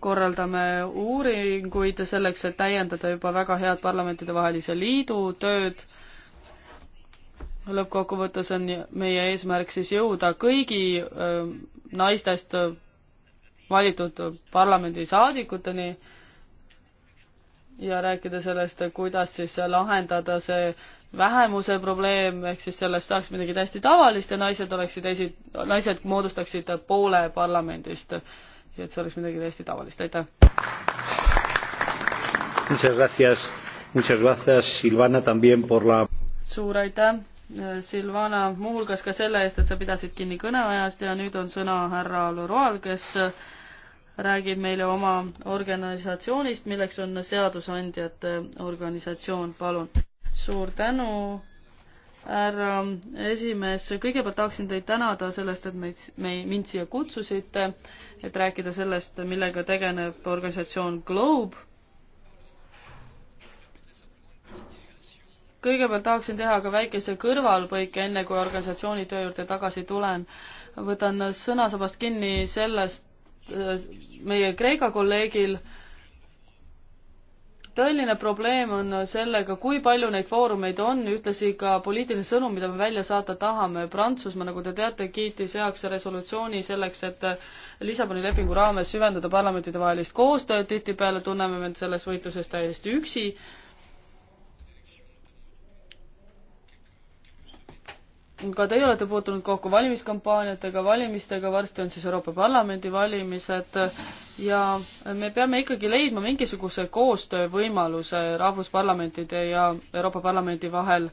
korraldame uuringuid selleks, et täiendada juba väga head parlamentidevahelise liidu tööd lõppkokkuvõttes on meie eesmärk siis jõuda kõigi äh, naistest valitud parlamendisaadikuteni ja rääkida sellest, kuidas siis lahendada see vähemuse probleem, ehk siis sellest saaks midagi täiesti tavalist ja naised oleksid esi-, naised moodustaksid poole parlamendist. ja et see oleks midagi täiesti tavalist, aitäh. suur aitäh, Silvana, muuhulgas ka selle eest, et sa pidasid kinni kõneajast ja nüüd on sõna härra Leroal, kes räägib meile oma organisatsioonist, milleks on seadusandjate organisatsioon, palun. suur tänu, härra esimees, kõigepealt tahaksin teid tänada sellest, et meid, me, mind siia kutsusite, et rääkida sellest, millega tegeleb organisatsioon Globe. kõigepealt tahaksin teha ka väikese kõrvalpõike, enne kui organisatsiooni töö juurde tagasi tulen. võtan sõnasabast kinni sellest, Äh, meie Kreeka kolleegil tõeline probleem on sellega, kui palju neid foorumeid on, ühtlasi ka poliitiline sõnum, mida me välja saata tahame. Prantsusmaa, nagu te teate, kiitis heaks resolutsiooni selleks, et Lissaboni lepingu raames süvendada parlamentidevahelist koostööd, tihtipeale tunneme me selles võitluses täiesti üksi ka teie olete puutunud kokku valimiskampaaniatega, valimistega, varsti on siis Euroopa Parlamendi valimised ja me peame ikkagi leidma mingisuguse koostöövõimaluse rahvusparlamentide ja Euroopa Parlamendi vahel.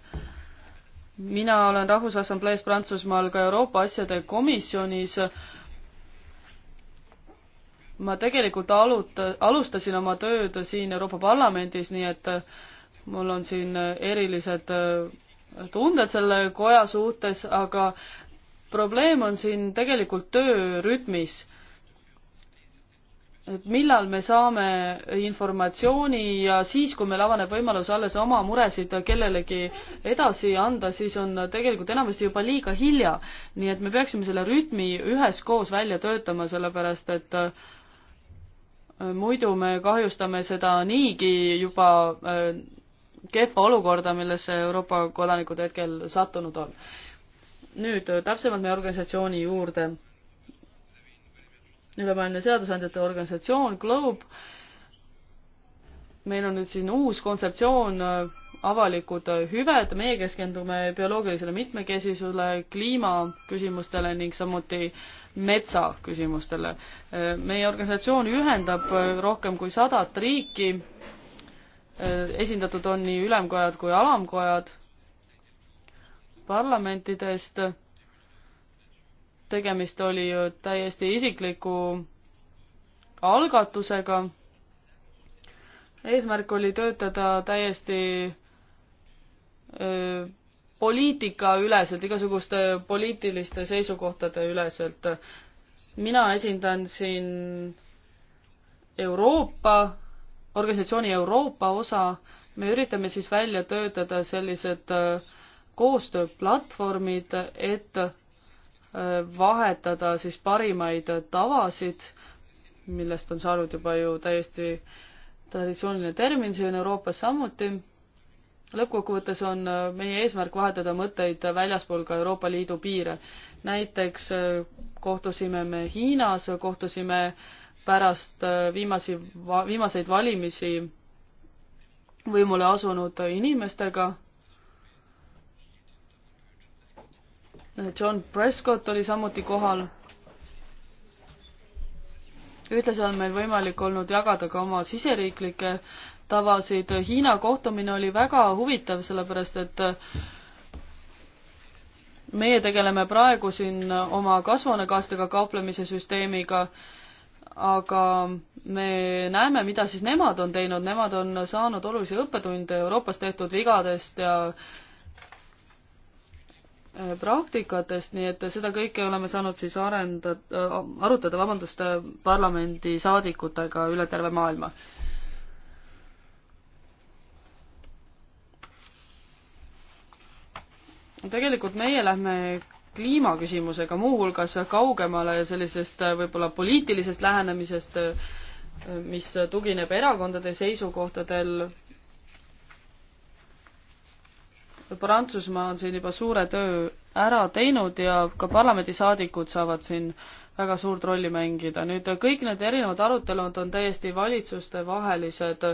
mina olen Rahvusassamblees Prantsusmaal ka Euroopa asjade komisjonis. ma tegelikult aluta-, alustasin oma tööd siin Euroopa Parlamendis, nii et mul on siin erilised tunded selle koja suhtes, aga probleem on siin tegelikult töörütmis. et millal me saame informatsiooni ja siis, kui meil avaneb võimalus alles oma muresid kellelegi edasi anda, siis on tegelikult enamasti juba liiga hilja. nii et me peaksime selle rütmi üheskoos välja töötama, sellepärast et äh, muidu me kahjustame seda niigi juba äh, kehva olukorda, millesse Euroopa kodanikud hetkel sattunud on. nüüd äh, täpsemalt meie organisatsiooni juurde. ülemaailmne seadusandjate organisatsioon Globe. meil on nüüd siin uus kontseptsioon, äh, avalikud äh, hüved, meie keskendume bioloogilisele mitmekesisusele, kliimaküsimustele ning samuti metsaküsimustele. meie organisatsioon ühendab rohkem kui sadat riiki Äh, esindatud on nii ülemkojad kui alamkojad parlamentidest. tegemist oli ju täiesti isikliku algatusega. eesmärk oli töötada täiesti öö, äh, poliitikaüleselt, igasuguste poliitiliste seisukohtade üleselt. mina esindan siin Euroopa organisatsiooni Euroopa osa, me üritame siis välja töötada sellised äh, koostööplatvormid, et äh, vahetada siis parimaid tavasid, millest on saanud juba ju täiesti traditsiooniline termin siin Euroopas samuti. lõppkokkuvõttes on äh, meie eesmärk vahetada mõtteid väljaspool ka Euroopa Liidu piire. näiteks kohtusime me Hiinas, kohtusime äh, pärast äh, viimasi, viimaseid valimisi võimule asunud inimestega. John Prescott oli samuti kohal. ühtlasi on meil võimalik olnud jagada ka oma siseriiklikke tavasid. Hiina kohtumine oli väga huvitav, sellepärast et äh, meie tegeleme praegu siin äh, oma kasvuhoonegaastega kauplemise süsteemiga aga me näeme, mida siis nemad on teinud, nemad on saanud olulisi õppetunde Euroopas tehtud vigadest ja äh, praktikatest, nii et seda kõike oleme saanud siis arendada, äh, arutada, vabandust, äh, parlamendisaadikutega üle terve maailma. tegelikult meie lähme kliimaküsimusega, muuhulgas kaugemale sellisest võib-olla poliitilisest lähenemisest, mis tugineb erakondade seisukohtadel. Prantsusmaa on siin juba suure töö ära teinud ja ka parlamendisaadikud saavad siin väga suurt rolli mängida. nüüd kõik need erinevad arutelud on täiesti valitsustevahelised.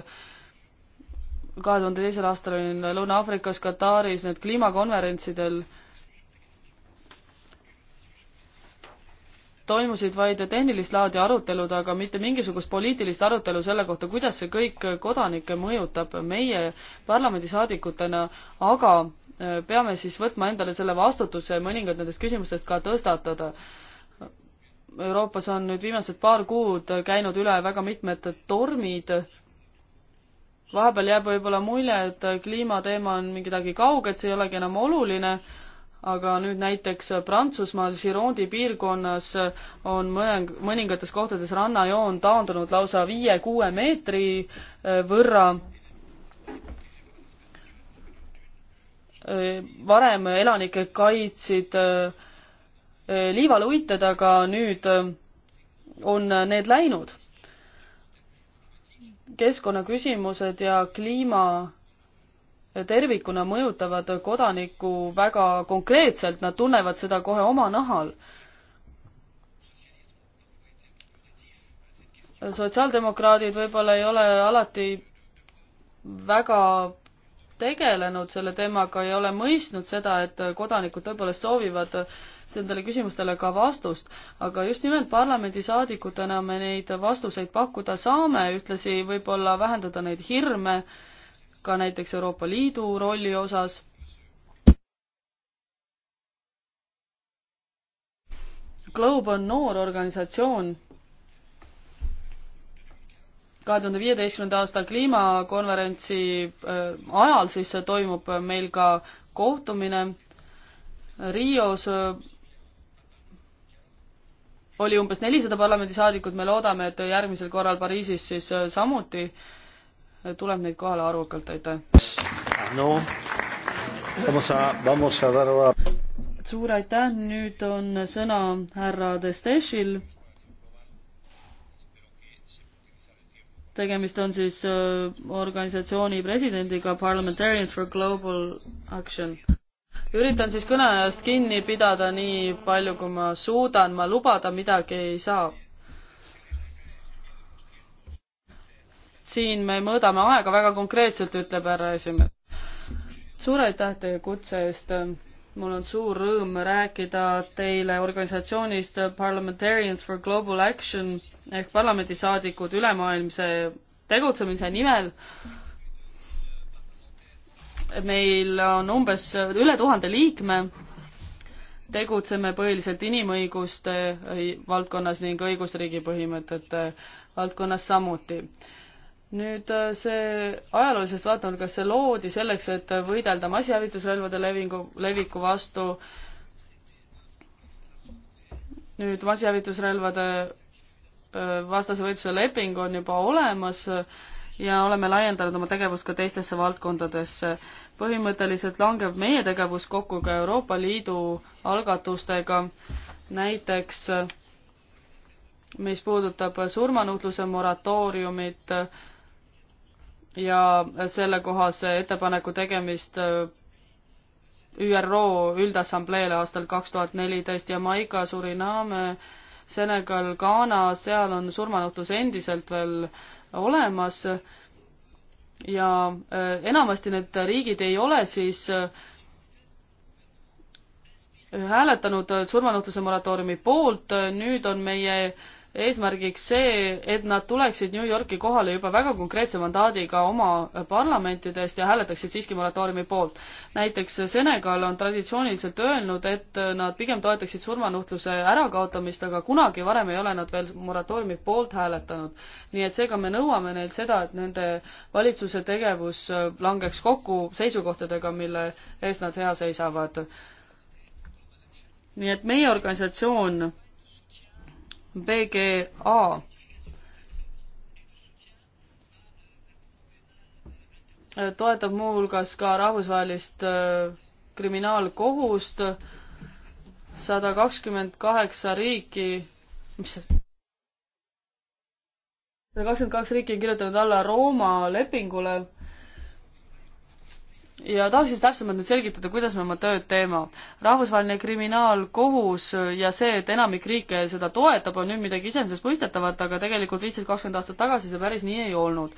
kahe tuhande teisel aastal olin Lõuna-Aafrikas, Kataris, need kliimakonverentsidel äh, toimusid vaid tehnilist laadi arutelud, aga mitte mingisugust poliitilist arutelu selle kohta, kuidas see kõik kodanikke mõjutab. meie parlamendisaadikutena aga äh, peame siis võtma endale selle vastutuse mõningad nendest küsimustest ka tõstatada. Euroopas on nüüd viimased paar kuud käinud üle väga mitmed tormid, vahepeal jääb võib-olla mulje, et kliimateema on midagi kauget, see ei olegi enam oluline aga nüüd näiteks Prantsusmaal Girondi piirkonnas on mõne, mõningates kohtades rannajoon taandunud lausa viie-kuue meetri äh, võrra. Äh, varem elanikke kaitsid äh, liivaluited, aga nüüd on need läinud. keskkonnaküsimused ja kliima tervikuna mõjutavad kodanikku väga konkreetselt, nad tunnevad seda kohe oma nahal. sotsiaaldemokraadid võib-olla ei ole alati väga tegelenud selle teemaga, ei ole mõistnud seda, et kodanikud tõepoolest soovivad nendele küsimustele ka vastust, aga just nimelt parlamendisaadikutena me neid vastuseid pakkuda saame, ühtlasi võib-olla vähendada neid hirme äh, ka näiteks Euroopa Liidu rolli osas. Globe on noor organisatsioon. kahe tuhande viieteistkümnenda aasta kliimakonverentsi äh, ajal siis toimub meil ka kohtumine Rios äh, oli umbes nelisada parlamendisaadikut, me loodame, et järgmisel korral Pariisis siis äh, samuti äh, tuleb neid kohale arvukalt, aitäh! no vamos a, vamos a dar la... suur aitäh, nüüd on sõna härra Destešil. tegemist on siis äh, organisatsiooni presidendiga Parliamentarians for Global Action üritan siis kõneajast kinni pidada nii palju, kui ma suudan, ma lubada midagi ei saa. siin me mõõdame aega väga konkreetselt, ütleb härra esimees. suur aitäh teie kutse eest. mul on suur rõõm rääkida teile organisatsioonist Parliamentarians for Global Action ehk parlamendisaadikud ülemaailmse tegutsemise nimel meil on umbes üle tuhande liikme, tegutseme põhiliselt inimõiguste valdkonnas ning õigusriigi põhimõtete valdkonnas samuti nüüd äh, see ajaloolisest vaatenurgast, see loodi selleks, et võidelda massihävitusrelvade levingu, leviku vastu. nüüd massihävitusrelvade äh, vastase võitluse leping on juba olemas ja oleme laiendanud oma tegevust ka teistesse valdkondadesse. põhimõtteliselt langeb meie tegevus kokku ka Euroopa Liidu algatustega, näiteks äh, mis puudutab surmanuhtluse moratooriumit, ja sellekohase ettepaneku tegemist äh, ÜRO Üldassambleele aastal kaks tuhat neliteist ja Maika, Suriname, Senegal, Ghana, seal on surmanuhtlus endiselt veel olemas ja äh, enamasti need riigid ei ole siis äh, hääletanud surmanuhtluse moratooriumi poolt, nüüd on meie eesmärgiks see, et nad tuleksid New Yorki kohale juba väga konkreetse mandaadiga oma parlamentidest ja hääletaksid siiski moratooriumi poolt. näiteks Senegal on traditsiooniliselt öelnud, et nad pigem toetaksid surmanuhtluse ärakaotamist, aga kunagi varem ei ole nad veel moratooriumi poolt hääletanud. nii et seega me nõuame neilt seda, et nende valitsuse tegevus langeks kokku seisukohtadega, mille eest nad hea seisavad. nii et meie organisatsioon BGA. toetab muuhulgas ka rahvusvahelist äh, kriminaalkohust, sada kakskümmend kaheksa riiki, mis see sada kakskümmend kaks riiki on kirjutanud alla Rooma lepingule ja tahaksin täpsemalt nüüd selgitada, kuidas me oma tööd teeme. rahvusvaheline kriminaalkohus ja see, et enamik riike seda toetab, on nüüd midagi iseenesestmõistetavat, aga tegelikult viisteist, kakskümmend aastat tagasi see päris nii ei olnud.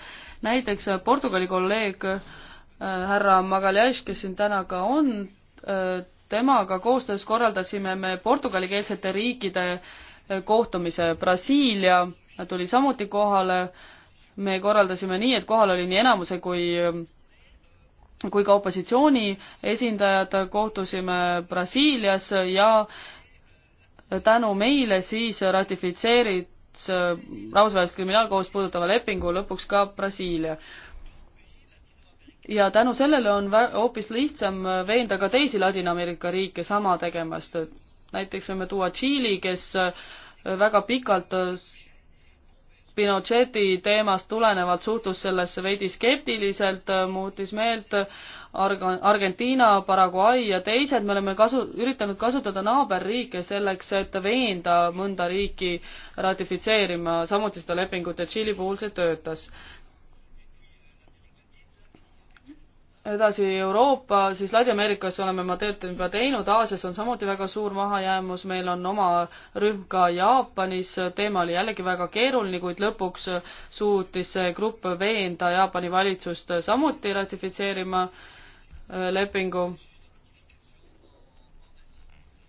näiteks äh, Portugali kolleeg äh, härra Magalhaes, kes siin täna ka on äh,, temaga koostöös korraldasime me portugalikeelsete riikide äh, kohtumise Brasiilia tuli samuti kohale, me korraldasime nii, et kohal oli nii enamuse kui äh, kui ka opositsiooni esindajad kohtusime Brasiilias ja tänu meile siis ratifitseeris äh, rahvusvahelist kriminaalkohust puudutava lepingu lõpuks ka Brasiilia. ja tänu sellele on hoopis lihtsam veenda ka teisi Ladina-Ameerika riike sama tegemast. näiteks võime tuua Tšiili, kes äh, väga pikalt äh, Pinocheti teemast tulenevalt suhtus sellesse veidi skeptiliselt, muutis meelt Arga-, Argentiina, Paraguay ja teised, me oleme kasu-, üritanud kasutada naaberriike selleks, et veenda mõnda riiki ratifitseerima samuti seda lepingut ja Tšiili puhul see töötas. edasi Euroopa, siis Ladina-Ameerikas oleme ma tööd juba teinud, Aasias on samuti väga suur mahajäämus, meil on oma rühm ka Jaapanis, teema oli jällegi väga keeruline, kuid lõpuks suutis see grupp veenda Jaapani valitsust samuti ratifitseerima äh, lepingu.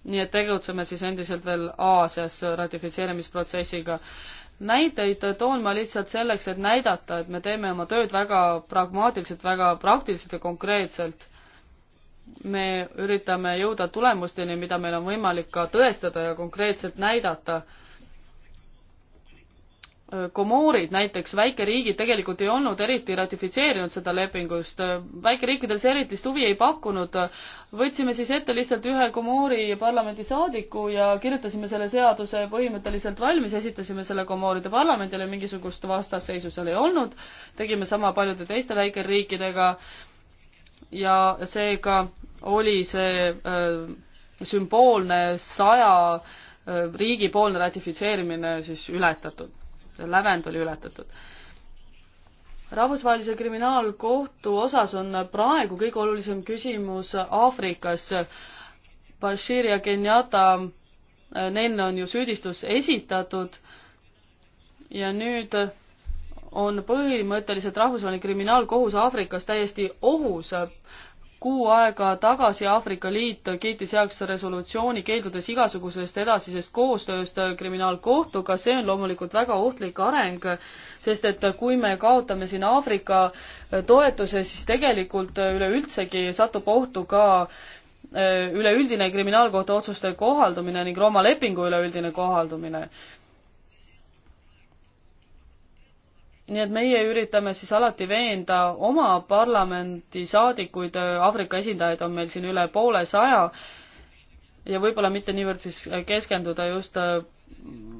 nii et tegutseme siis endiselt veel Aasias ratifitseerimisprotsessiga näiteid toon ma lihtsalt selleks, et näidata, et me teeme oma tööd väga pragmaatiliselt, väga praktiliselt ja konkreetselt. me üritame jõuda tulemusteni, mida meil on võimalik ka tõestada ja konkreetselt näidata Komoorid näiteks, väikeriigid tegelikult ei olnud eriti ratifitseerinud seda lepingust, väikeriikidel see erilist huvi ei pakkunud. võtsime siis ette lihtsalt ühe Komoori parlamendisaadiku ja kirjutasime selle seaduse põhimõtteliselt valmis, esitasime selle Komooride parlamendile, mingisugust vastasseisu seal ei olnud. tegime sama paljude teiste väikeriikidega. ja seega oli see öö, äh, sümboolne saja äh, riigipoolne ratifitseerimine siis ületatud lävend oli ületatud. rahvusvahelise kriminaalkohtu osas on praegu kõige olulisem küsimus Aafrikas. Bashir ja Kenyatta, äh, neile on ju süüdistus esitatud ja nüüd on põhimõtteliselt rahvusvaheline kriminaalkohus Aafrikas täiesti ohus kuu aega tagasi Aafrika Liit kiitis heaks resolutsiooni keeldudes igasugusest edasisest koostööst kriminaalkohtuga, see on loomulikult väga ohtlik areng, sest et kui me kaotame siin Aafrika toetuse, siis tegelikult üleüldsegi satub ohtu ka äh, üleüldine kriminaalkohtu otsuste kohaldumine ning Rooma lepingu üleüldine kohaldumine nii et meie üritame siis alati veenda oma parlamendisaadikuid, äh, Aafrika esindajaid on meil siin üle poole saja ja võib-olla mitte niivõrd siis äh, keskenduda just äh,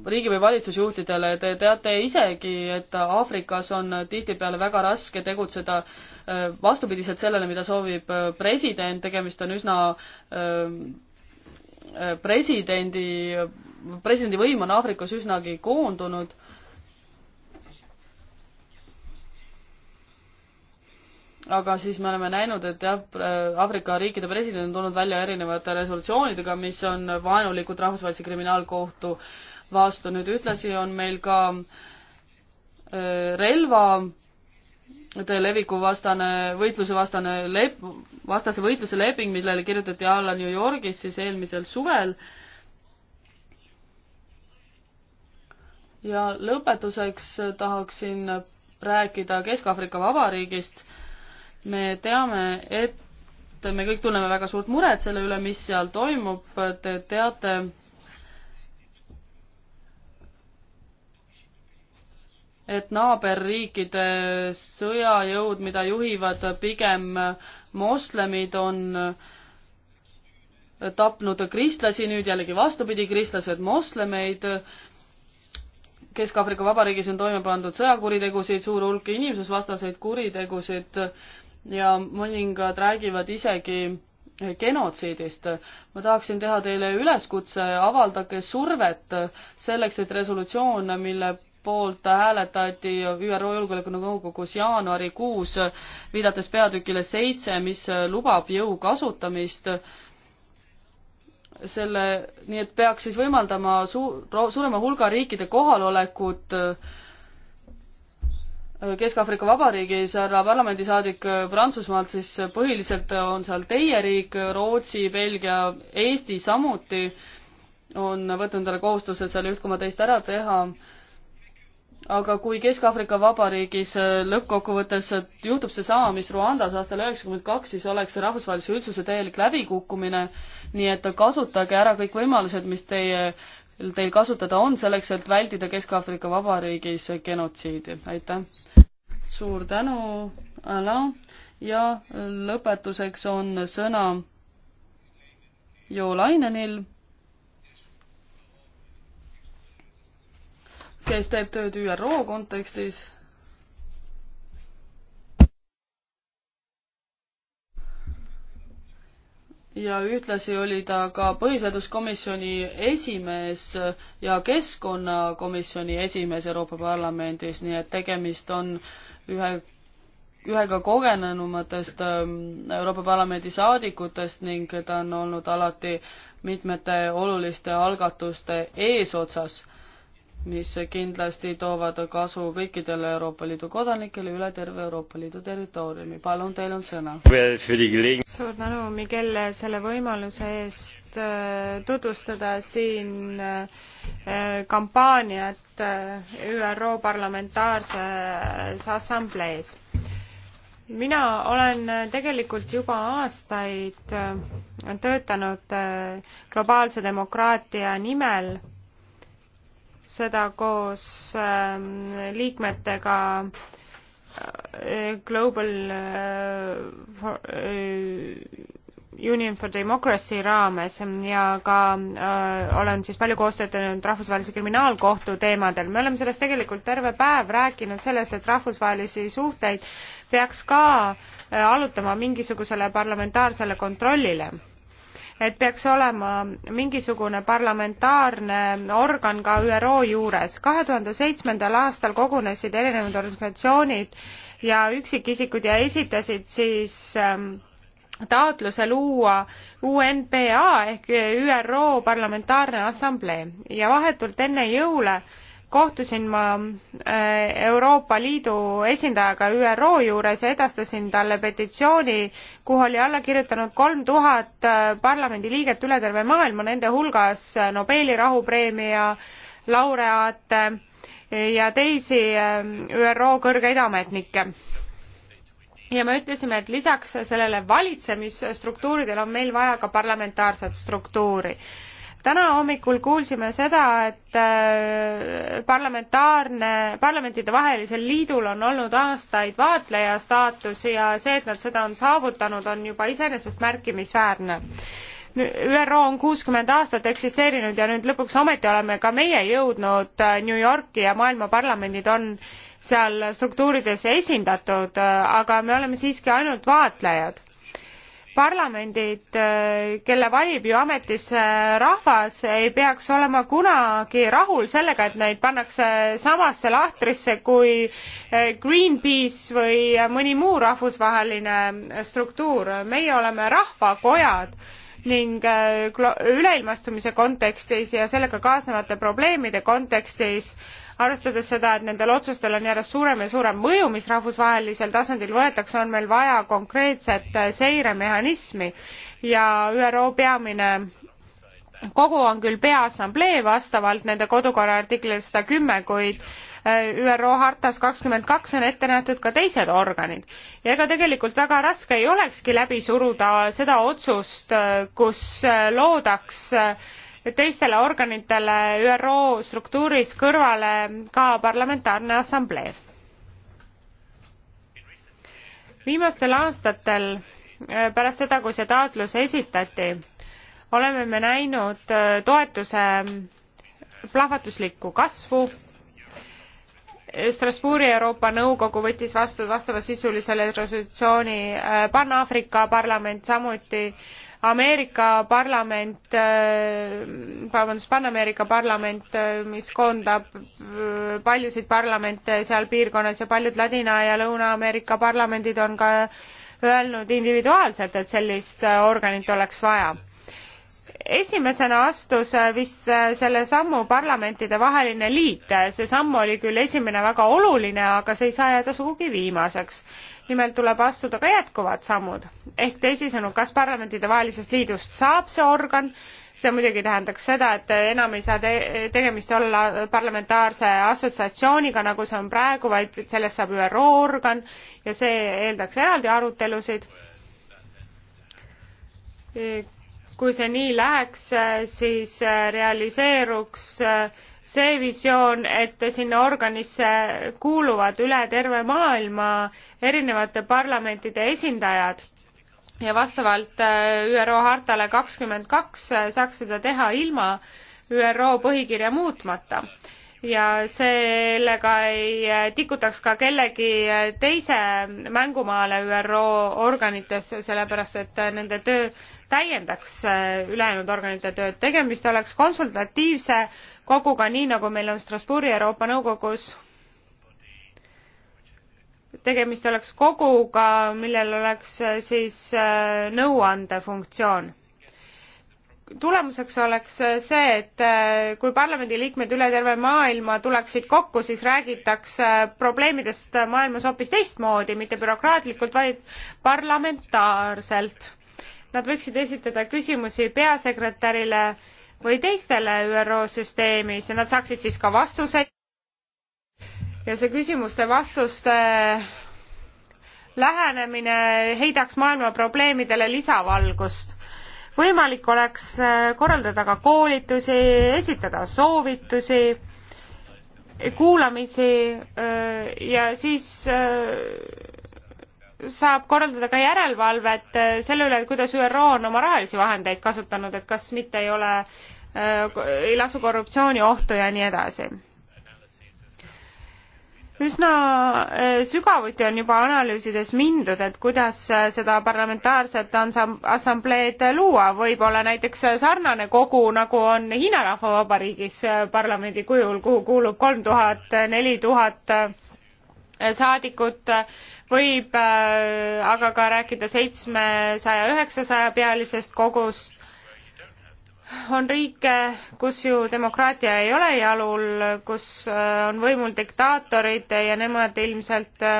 riigi- või valitsusjuhtidele, te teate isegi, et Aafrikas on tihtipeale väga raske tegutseda vastupidiselt sellele, mida soovib president, tegemist on üsna presidendi, presidendi võim on Aafrikas üsnagi koondunud aga siis me oleme näinud, et jah, Aafrika riikide president on tulnud välja erinevate resolutsioonidega, mis on vaenulikud Rahvusvahelise Kriminaalkohtu vastu. nüüd ühtlasi on meil ka äh, relvade leviku vastane, võitluse vastane lep-, vastase võitluse leping, millele kirjutati alla New Yorgis siis eelmisel suvel. ja lõpetuseks tahaksin rääkida Kesk-Aafrika Vabariigist me teame, et me kõik tunneme väga suurt muret selle üle, mis seal toimub, te teate, et naaberriikide sõjajõud, mida juhivad pigem moslemid, on tapnud kristlasi, nüüd jällegi vastupidi, kristlased moslemeid. Kesk-Aafrika Vabariigis on toime pandud sõjakuritegusid, suur hulk inimsusvastaseid kuritegusid ja mõningad räägivad isegi genotsiidist. ma tahaksin teha teile üleskutse, avaldage survet selleks, et resolutsioon, mille poolt hääletati ÜRO Julgeolekunõukogus jaanuarikuus, viidates peatükile seitse, mis lubab jõu kasutamist, selle, nii et peaks siis võimaldama su-, suurema hulga riikide kohalolekut äh, Kesk-Aafrika Vabariigis, härra parlamendisaadik Prantsusmaalt, siis põhiliselt on seal teie riik, Rootsi, Belgia, Eesti samuti on võtnud endale kohustuse seal üht koma teist ära teha. aga kui Kesk-Aafrika Vabariigis lõppkokkuvõttes juhtub seesama, mis Rwandas aastal üheksakümmend kaks, siis oleks see rahvusvahelise üldsuse täielik läbikukkumine. nii et kasutage ära kõik võimalused, mis teie teil kasutada on selleks, et vältida Kesk-Aafrika Vabariigis genotsiidi, aitäh! suur tänu, Alain, ja lõpetuseks on sõna Jo Lainenil, kes teeb tööd ÜRO kontekstis ja ühtlasi oli ta ka põhiseaduskomisjoni esimees ja keskkonnakomisjoni esimees Euroopa Parlamendis, nii et tegemist on ühe, ühega kogenenumatest ähm, Euroopa Parlamendi saadikutest ning ta on olnud alati mitmete oluliste algatuste eesotsas mis kindlasti toovad kasu kõikidele Euroopa Liidu kodanikele üle terve Euroopa Liidu territooriumi. palun, teil on sõna. suur tänu, Miguel, selle võimaluse eest äh, tutvustada siin äh, kampaaniat äh, ÜRO Parlamentaarses Assamblees. mina olen tegelikult juba aastaid töötanud globaalse demokraatia nimel seda koos ähm, liikmetega äh, Global äh, äh, Union for Democracy raames ja ka äh, olen siis palju koostööd teinud Rahvusvahelise Kriminaalkohtu teemadel. me oleme sellest tegelikult terve päev rääkinud sellest, et rahvusvahelisi suhteid peaks ka äh, allutama mingisugusele parlamentaarsele kontrollile et peaks olema mingisugune parlamentaarne organ ka ÜRO juures. kahe tuhande seitsmendal aastal kogunesid erinevad organisatsioonid ja üksikisikud ja esitasid siis ähm, taotluse luua UNPA ehk ÜRO Parlamentaarne Assamblee ja vahetult enne jõule äh, kohtusin ma äh, Euroopa Liidu esindajaga ÜRO juures ja edastasin talle petitsiooni, kuhu oli alla kirjutanud kolm tuhat äh, parlamendiliiget üle terve maailma, nende hulgas äh, Nobeli rahupreemia laureaate ja teisi ÜRO kõrgeid ametnikke ja me ütlesime, et lisaks sellele valitsemisstruktuuridele on meil vaja ka parlamentaarset struktuuri täna hommikul kuulsime seda, et äh, parlamentaarne, parlamentidevahelisel liidul on olnud aastaid vaatleja staatus ja see, et nad seda on saavutanud, on juba iseenesest märkimisväärne. ÜRO on kuuskümmend aastat eksisteerinud ja nüüd lõpuks ometi oleme ka meie jõudnud äh, New Yorki ja maailma parlamendid on seal struktuurides esindatud, äh, aga me oleme siiski ainult vaatlejad parlamendid, kelle valib ju ametisse äh, rahvas, ei peaks olema kunagi rahul sellega, et neid pannakse samasse lahtrisse kui äh, Greenpeace või mõni muu rahvusvaheline struktuur. meie oleme rahvakojad ning äh, üleilmastumise kontekstis ja sellega kaasnevate probleemide kontekstis äh, arvestades seda et nendel otsustel on järjest suurem ja suurem mõju mis rahvusvahelisel tasandil võetakse on meil vaja konkreetset äh, seiremehhanismi ja üro peamine kogu on küll peaassamblee vastavalt nende kodukorra artiklile sada kümme kuid äh, üro hartas kakskümmend kaks on ette nähtud ka teised organid ja ega tegelikult väga raske ei olekski läbi suruda seda otsust äh, kus loodaks teistele organitele ÜRO struktuuris kõrvale ka parlamentaarne assamblee. viimastel aastatel äh, pärast seda, kui see taotlus esitati, oleme me näinud äh, toetuse plahvatuslikku kasvu strasbourgi euroopa nõukogu võttis vastu vastavasisulise resolutsiooni äh, pan aafrika parlament samuti Ameerika parlament, äh, vabandust, Pan-Ameerika parlament, äh, mis koondab äh, paljusid parlamente seal piirkonnas ja paljud Ladina- ja Lõuna-Ameerika parlamendid on ka öelnud individuaalselt, et sellist organit oleks vaja. esimesena astus vist selle sammu parlamentide vaheline liit, see samm oli küll esimene väga oluline, aga see ei saa jääda sugugi viimaseks nimelt tuleb astuda ka jätkuvad sammud ehk teisisõnu kas parlamentidevahelisest liidust saab see organ see muidugi tähendaks seda et enam ei saa te tegemist olla parlamentaarse assotsiatsiooniga nagu see on praegu vaid sellest saab üro organ ja see eeldaks eraldi arutelusid kui see nii läheks siis realiseeruks see visioon, et sinna organisse kuuluvad üle terve maailma erinevate parlamentide esindajad ja vastavalt äh, ÜRO hartale kakskümmend kaks äh, saaks seda teha ilma ÜRO põhikirja muutmata ja sellega ei äh, tikutaks ka kellegi äh, teise mängumaale ÜRO organites, sellepärast et äh, nende töö täiendaks ülejäänud organite tööd. tegemist oleks konsultatiivse koguga, nii nagu meil on Strasbourgi Euroopa Nõukogus. tegemist oleks koguga, millel oleks siis nõuandefunktsioon tulemuseks oleks see, et äh, kui parlamendiliikmed üle terve maailma tuleksid kokku, siis räägitaks äh, probleemidest maailmas hoopis teistmoodi, mitte bürokraatlikult, vaid parlamentaarselt. Nad võiksid esitada küsimusi peasekretärile või teistele ÜRO süsteemis ja nad saaksid siis ka vastuseid. ja see küsimuste-vastuste äh, lähenemine heidaks maailma probleemidele lisavalgust võimalik oleks äh, korraldada ka koolitusi, esitada soovitusi, kuulamisi äh, ja siis äh, saab korraldada ka järelevalvet selle üle, et kuidas ÜRO on oma rahalisi vahendeid kasutanud, et kas mitte ei ole, ei lasu korruptsiooniohtu ja nii edasi üsna eh, sügavuti on juba analüüsides mindud, et kuidas eh, seda parlamentaarset assambleed luua, võib-olla näiteks eh, sarnane kogu, nagu on Hiina Rahvavabariigis parlamendi kujul, kuhu kuulub kolm tuhat, neli tuhat saadikut, võib aga ka rääkida seitsmesaja, üheksasaja pealisest kogust, on riike, kus ju demokraatia ei ole jalul, kus äh, on võimul diktaatorid ja nemad ilmselt äh,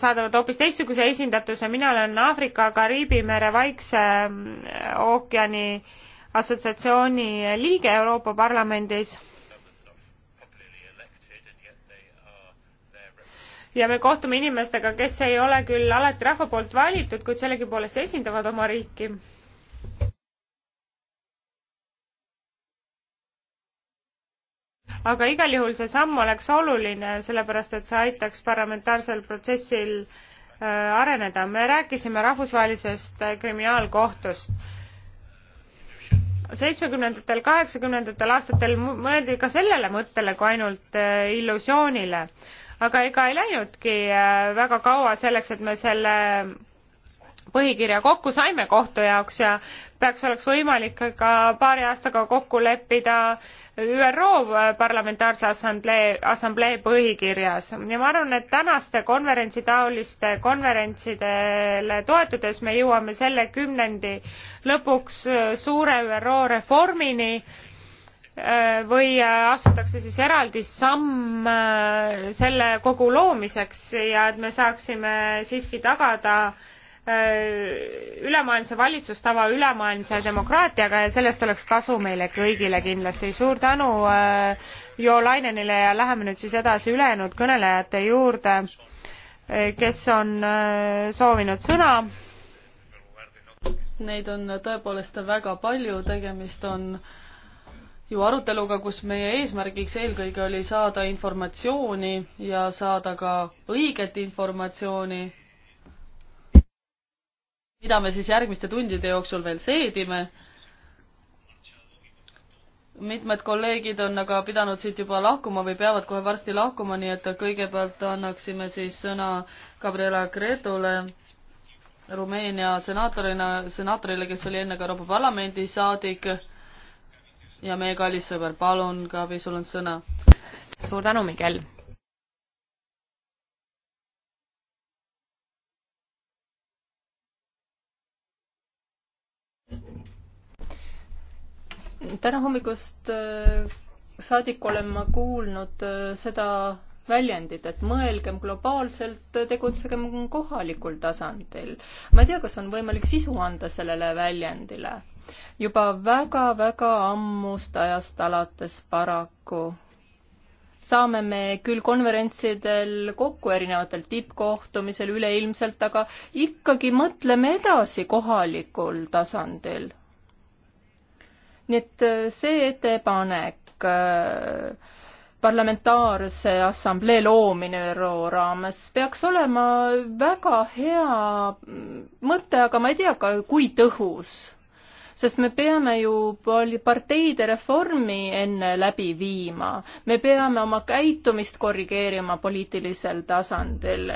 saadavad hoopis teistsuguse esindatuse, mina olen Aafrika, Kariibi mere, Vaikse ähm, ookeani assotsiatsiooni liige Euroopa Parlamendis. ja me kohtume inimestega, kes ei ole küll alati rahva poolt valitud, kuid sellegipoolest esindavad oma riiki aga igal juhul see samm oleks oluline, sellepärast et see aitaks parlamentaarsel protsessil äh, areneda. me rääkisime rahvusvahelisest äh, kriminaalkohtust. seitsmekümnendatel, kaheksakümnendatel aastatel mõeldi ka sellele mõttele kui ainult äh, illusioonile, aga ega ei läinudki väga kaua selleks, et me selle põhikirja kokku saime kohtu jaoks ja peaks oleks võimalik ka paari aastaga kokku leppida ÜRO Parlamentaarse Assamblee, Assamblee põhikirjas ja ma arvan, et tänaste konverentsi taoliste konverentsidele toetudes me jõuame selle kümnendi lõpuks suure ÜRO reformini äh, või astutakse siis eraldi samm äh, selle kogu loomiseks ja et me saaksime siiski tagada Äh, ülemaailmse valitsustava ülemaailmse demokraatiaga ja sellest oleks kasu meile kõigile kindlasti. suur tänu äh, Jo Lainenile ja läheme nüüd siis edasi ülejäänud kõnelejate juurde, äh, kes on soovinud sõna. Neid on tõepoolest väga palju, tegemist on ju aruteluga, kus meie eesmärgiks eelkõige oli saada informatsiooni ja saada ka õiget informatsiooni mida me siis järgmiste tundide jooksul veel seedime. mitmed kolleegid on aga pidanud siit juba lahkuma või peavad kohe varsti lahkuma, nii et kõigepealt annaksime siis sõna Gabriela Gretole, Rumeenia senaatorina, senaatorile, kes oli enne ka Euroopa Parlamendi saadik ja meie kallis sõber, palun, Gabi, sul on sõna. suur tänu, Miguel täna hommikust äh, saadik olen ma kuulnud äh, seda väljendit, et mõelgem globaalselt, äh, tegutsegem kohalikul tasandil. ma ei tea, kas on võimalik sisu anda sellele väljendile. juba väga-väga ammust ajast alates paraku saame me küll konverentsidel kokku erinevatel tippkohtumisel üleilmselt, aga ikkagi mõtleme edasi kohalikul tasandil. nii et äh, see ettepanek äh, parlamentaarse assamblee loomine ÜRO raames peaks olema väga hea mm, mõte, aga ma ei tea, kui tõhus sest me peame ju parteide reformi enne läbi viima. me peame oma käitumist korrigeerima poliitilisel tasandil.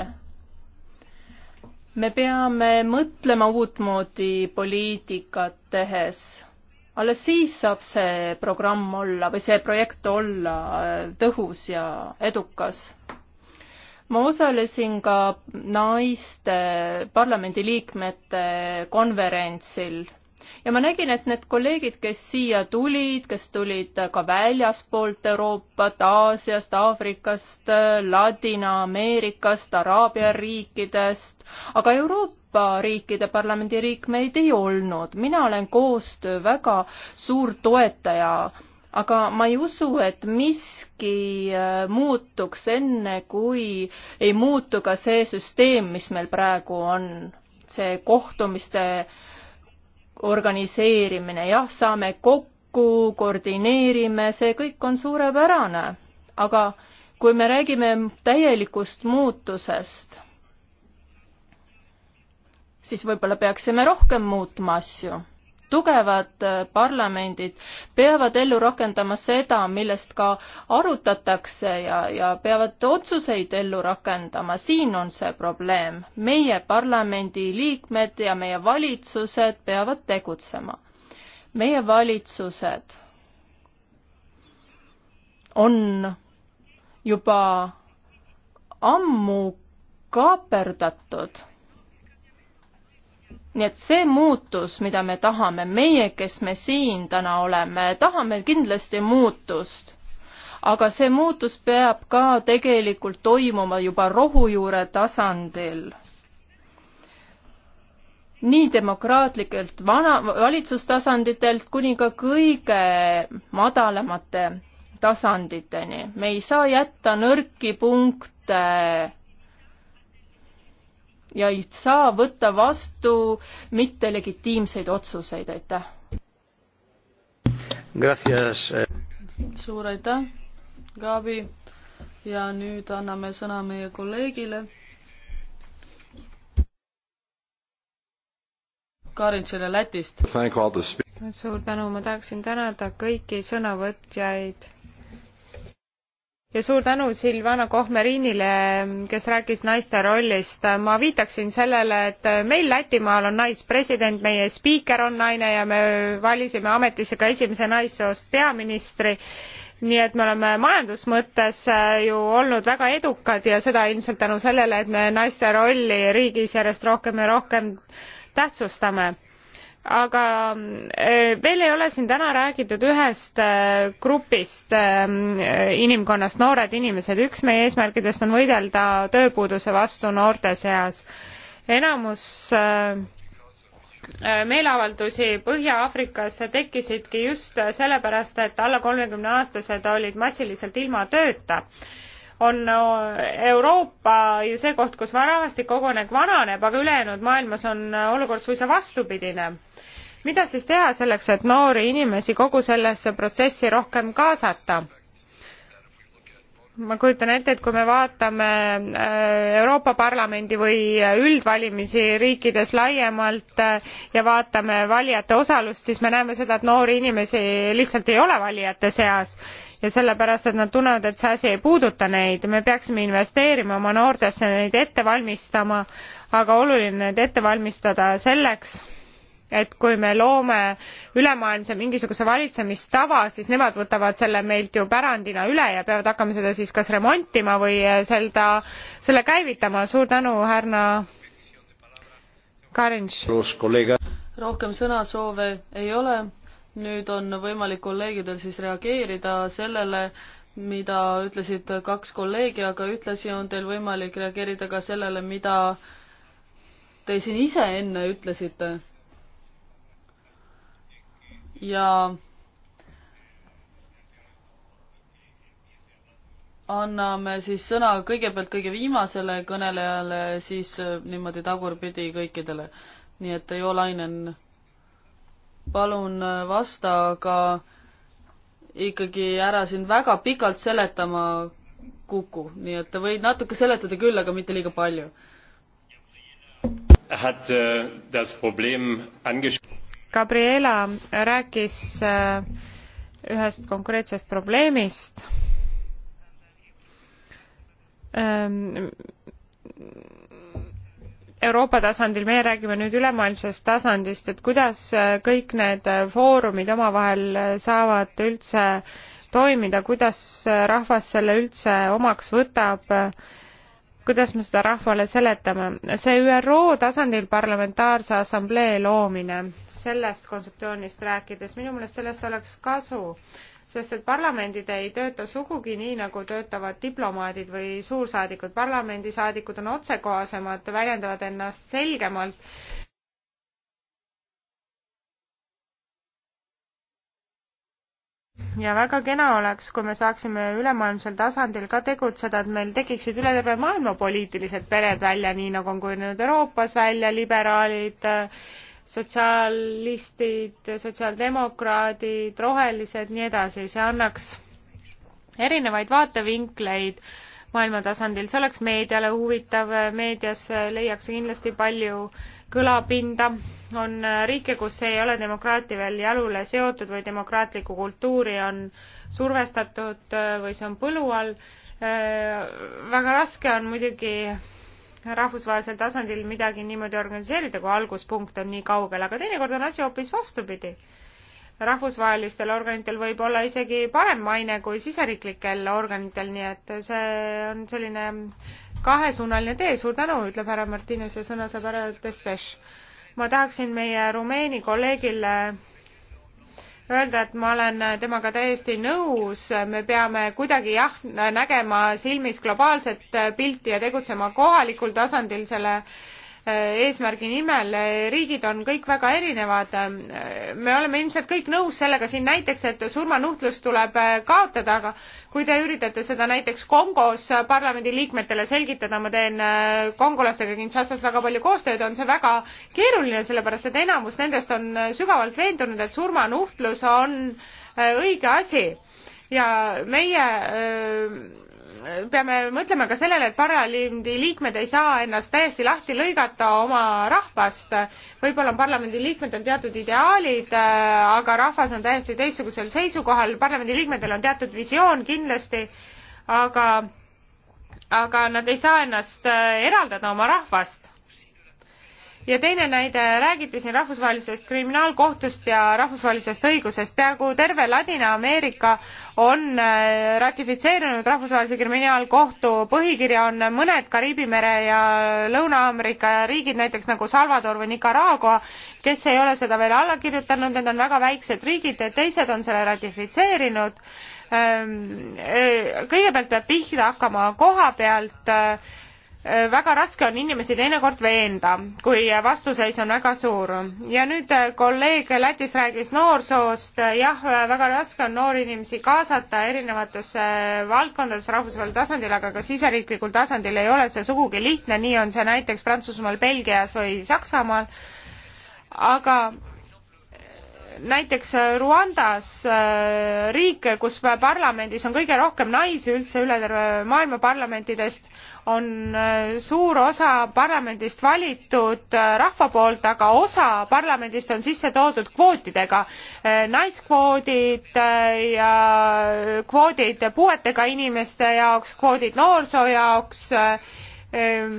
me peame mõtlema uutmoodi poliitikat tehes. alles siis saab see programm olla või see projekt olla äh, tõhus ja edukas ma osalesin ka naiste parlamendiliikmete konverentsil ja ma nägin, et need kolleegid, kes siia tulid, kes tulid ka väljaspoolt Euroopat, Aasiast, Aafrikast, Ladina-Ameerikast, Araabia riikidest, aga Euroopa riikide parlamendi liikmeid ei olnud. mina olen koostöö väga suur toetaja, aga ma ei usu, et miski äh, muutuks enne, kui ei muutu ka see süsteem, mis meil praegu on, see kohtumiste äh, organiseerimine, jah, saame kokku, koordineerime, see kõik on suurepärane, aga kui me räägime täielikust muutusest, siis võib-olla peaksime rohkem muutma asju tugevad äh, parlamendid peavad ellu rakendama seda, millest ka arutatakse ja, ja peavad otsuseid ellu rakendama, siin on see probleem. meie parlamendi liikmed ja meie valitsused peavad tegutsema. meie valitsused on juba ammu kaaperdatud nii et see muutus, mida me tahame, meie, kes me siin täna oleme, tahame kindlasti muutust. aga see muutus peab ka tegelikult toimuma juba rohujuure tasandil. nii demokraatlikelt vana, valitsustasanditelt kuni ka kõige madalamate tasanditeni. me ei saa jätta nõrki punkte ja ei saa võtta vastu mittelegitiimseid otsuseid, aitäh. Eh. suur aitäh, Gabi ja nüüd anname sõna meie kolleegile. Karintšile Lätist. suur tänu, ma tahaksin tänada kõiki sõnavõtjaid ja suur tänu Silvana Kohmerinile, kes rääkis naiste rollist. ma viitaksin sellele, et meil Lätimaal on naispresident, meie spiiker on naine ja me valisime ametisse ka esimese naissoost peaministri nii et me oleme majandusmõttes ju olnud väga edukad ja seda ilmselt tänu sellele et me naiste rolli riigis järjest rohkem ja rohkem tähtsustame aga eh, veel ei ole siin täna räägitud ühest eh, grupist eh, inimkonnast, noored inimesed. üks meie eesmärkidest on võidelda tööpuuduse vastu noorte seas. enamus meeleavaldusi Põhja-Aafrikas tekkisidki just sellepärast, et alla kolmekümne aastased olid massiliselt ilma tööta on Euroopa ju see koht, kus rahvastik kogu aeg vananeb, aga ülejäänud maailmas on olukord suisa vastupidine mida siis teha selleks, et noori inimesi kogu sellesse protsessi rohkem kaasata? ma kujutan ette, et kui me vaatame äh, Euroopa Parlamendi või äh, üldvalimisi riikides laiemalt äh, ja vaatame valijate osalust, siis me näeme seda, et noori inimesi lihtsalt ei ole valijate seas ja sellepärast, et nad tunnevad, et see asi ei puuduta neid. me peaksime investeerima oma noortesse, neid ette valmistama, aga oluline need ette valmistada selleks et kui me loome ülemaailmse mingisuguse valitsemistava, siis nemad võtavad selle meilt ju pärandina üle ja peavad hakkama seda siis kas remontima või seda, selle käivitama. suur tänu, härra Karinš. rohkem sõnasoove ei ole. nüüd on võimalik kolleegidel siis reageerida sellele, mida ütlesid kaks kolleegi, aga ühtlasi on teil võimalik reageerida ka sellele, mida te siin ise enne ütlesite ja anname siis sõna kõigepealt kõige viimasele kõnelejale, siis äh, niimoodi tagurpidi kõikidele. nii et Jo Lainen, palun äh, vasta, aga ikkagi ära siin väga pikalt seletama kuku, nii et võid natuke seletada küll, aga mitte liiga palju. hat äh, das Problem anges-? Gabriela rääkis äh, ühest konkreetsest probleemist, ähm, Euroopa tasandil, meie räägime nüüd ülemaailmsest tasandist, et kuidas äh, kõik need äh, foorumid omavahel saavad üldse toimida, kuidas rahvas selle üldse omaks võtab, kuidas me seda rahvale seletame. see ÜRO tasandil parlamentaarse assamblee loomine, sellest kontseptsioonist rääkides, minu meelest sellest oleks kasu, sest et parlamendid ei tööta sugugi nii, nagu töötavad diplomaadid või suursaadikud. parlamendisaadikud on otsekohasemad, väljendavad ennast selgemalt ja väga kena oleks, kui me saaksime ülemaailmsel tasandil ka tegutseda, et meil tekiksid üle terve maailma poliitilised pered välja, nii nagu on kujunenud Euroopas välja liberaalid, sotsialistid, sotsiaaldemokraadid, rohelised, nii edasi, see annaks erinevaid vaatevinkleid maailma tasandil, see oleks meediale huvitav, meedias leiaks kindlasti palju kõlapinda, on riike, kus ei ole demokraatia veel jalule seotud või demokraatlikku kultuuri on survestatud äh, või see on põlu all. Äh, väga raske on muidugi rahvusvahelisel tasandil midagi niimoodi organiseerida, kui alguspunkt on nii kaugel, aga teinekord on asi hoopis vastupidi. rahvusvahelistel organitel võib olla isegi parem maine kui siseriiklikel organitel, nii et see on selline kahesuunaline tee, suur tänu, ütleb härra Martines ja sõna saab härra Testes. ma tahaksin meie Rumeeni kolleegile öelda, et ma olen temaga täiesti nõus, me peame kuidagi jah, nägema silmis globaalset pilti ja tegutsema kohalikul tasandil selle äh, Äh, eesmärgi nimel, riigid on kõik väga erinevad. me oleme ilmselt kõik nõus sellega siin näiteks, et surmanuhtlus tuleb äh, kaotada, aga kui te üritate seda näiteks Kongos parlamendiliikmetele selgitada, ma teen äh, kongolastega Kinshasas väga palju koostööd, on see väga keeruline, sellepärast et enamus nendest on sügavalt veendunud, et surmanuhtlus on õige asi ja meie öö, peame mõtlema ka sellele, et parlamendi liikmed ei saa ennast täiesti lahti lõigata oma rahvast. võib-olla on parlamendi liikmetel teatud ideaalid, äh, aga rahvas on täiesti teistsugusel seisukohal, parlamendi liikmetel on teatud visioon kindlasti, aga, aga nad ei saa ennast äh, eraldada oma rahvast ja teine näide, räägiti siin rahvusvahelisest kriminaalkohtust ja rahvusvahelisest õigusest. peaaegu terve Ladina-Ameerika on äh, ratifitseerinud rahvusvahelise kriminaalkohtu põhikirja, on mõned Kariibi mere ja Lõuna-Ameerika riigid, näiteks nagu Salvador või Nicaragua, kes ei ole seda veel alla kirjutanud, need on väga väiksed riigid, teised on selle ratifitseerinud. Ähm, äh, kõigepealt peab pihta hakkama koha pealt äh, Äh, väga raske on inimesi teinekord veenda, kui vastuseis on väga suur. ja nüüd äh, kolleeg Lätis rääkis noorsoost, äh, jah, väga raske on noori inimesi kaasata erinevatesse valdkondadesse rahvusvahelisel tasandil, aga ka siseriiklikul tasandil ei ole see sugugi lihtne, nii on see näiteks Prantsusmaal, Belgias või Saksamaal, aga näiteks äh, Ruandas äh, riik, kus parlamendis on kõige rohkem naisi üldse üle terve maailma parlamentidest, on äh, suur osa parlamendist valitud rahva poolt, aga osa parlamendist on sisse toodud kvootidega. naiskvoodid ja kvoodid puuetega inimeste jaoks, kvoodid noorsoo jaoks ähm,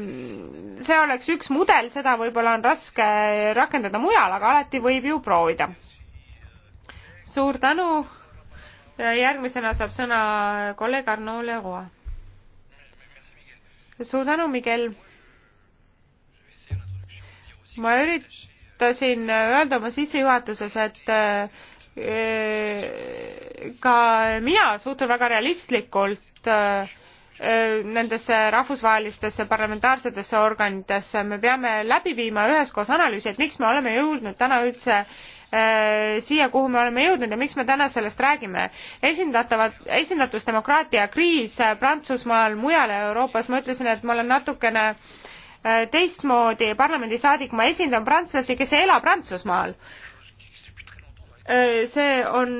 see oleks üks mudel, seda võib-olla on raske rakendada mujal, aga alati võib ju proovida suur tänu. järgmisena saab sõna kolleeg Arno Leroa. suur tänu, Miguel. ma üritasin öelda oma sissejuhatuses, et äh, ka mina suhtun väga realistlikult äh, nendesse rahvusvahelistesse parlamentaarsetesse organitesse, me peame läbi viima üheskoos analüüsi, et miks me oleme jõudnud täna üldse Äh, siia, kuhu me oleme jõudnud ja miks me täna sellest räägime. esindatavad, esindatusdemokraatia kriis Prantsusmaal, mujal Euroopas, ma ütlesin, et ma olen natukene äh, teistmoodi parlamendisaadik, ma esindan prantslasi, kes ei ela Prantsusmaal äh, see on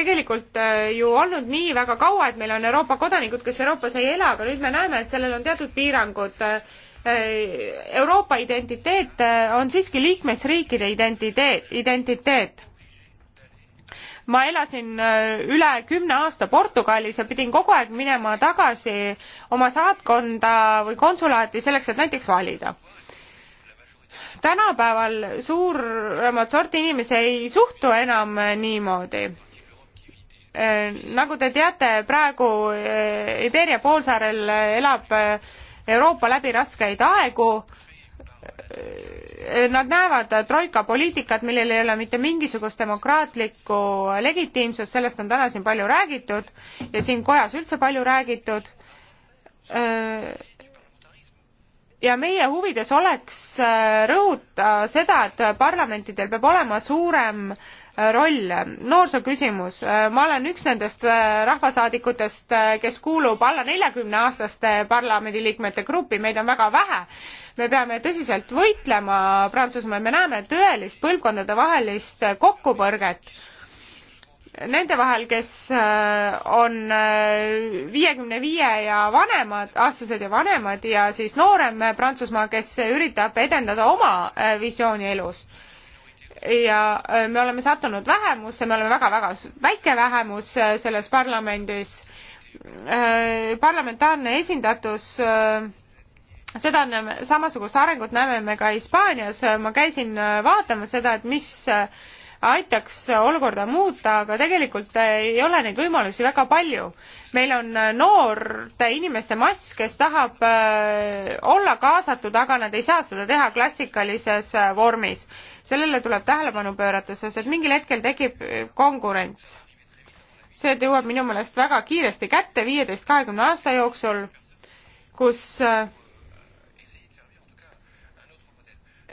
tegelikult ju olnud nii väga kaua, et meil on Euroopa kodanikud, kes Euroopas ei ela, aga nüüd me näeme, et sellel on teatud piirangud Äh, Euroopa identiteet äh, on siiski liikmesriikide identiteet, identiteet. ma elasin äh, üle kümne aasta Portugalis ja pidin kogu aeg minema tagasi oma saatkonda või konsulaati selleks, et näiteks valida tänapäeval suuremat sorti inimesi ei suhtu enam niimoodi. nagu te teate, praegu Iberia poolsaarel elab Euroopa läbi raskeid aegu. Nad näevad troika poliitikat, millel ei ole mitte mingisugust demokraatlikku legitiimsust, sellest on täna siin palju räägitud ja siin kojas üldse palju räägitud ja meie huvides oleks rõhuta seda, et parlamentidel peab olema suurem roll. noorsooküsimus, ma olen üks nendest äh, rahvasaadikutest, äh, kes kuulub alla neljakümne aastaste parlamendiliikmete gruppi, meid on väga vähe. me peame tõsiselt võitlema Prantsusmaal, me näeme tõelist põlvkondadevahelist kokkupõrget nende vahel, kes äh, on viiekümne viie ja vanemad, aastased ja vanemad ja siis noorem Prantsusmaa, kes üritab edendada oma visiooni elus ja äh, me oleme sattunud vähemusse, me oleme väga-väga väike vähemus äh, selles parlamendis. Äh, parlamentaarne esindatus seda näeme, samasugust arengut näeme me ka Hispaanias, ma käisin vaatamas seda, et mis aitaks olukorda muuta, aga tegelikult ei ole neid võimalusi väga palju meil on äh, noorte inimeste mass, kes tahab äh, olla kaasatud, aga nad ei saa seda teha klassikalises äh, vormis. sellele tuleb tähelepanu pöörata, sest et mingil hetkel tekib konkurents. see jõuab minu meelest väga kiiresti kätte, viieteist, kahekümne aasta jooksul, kus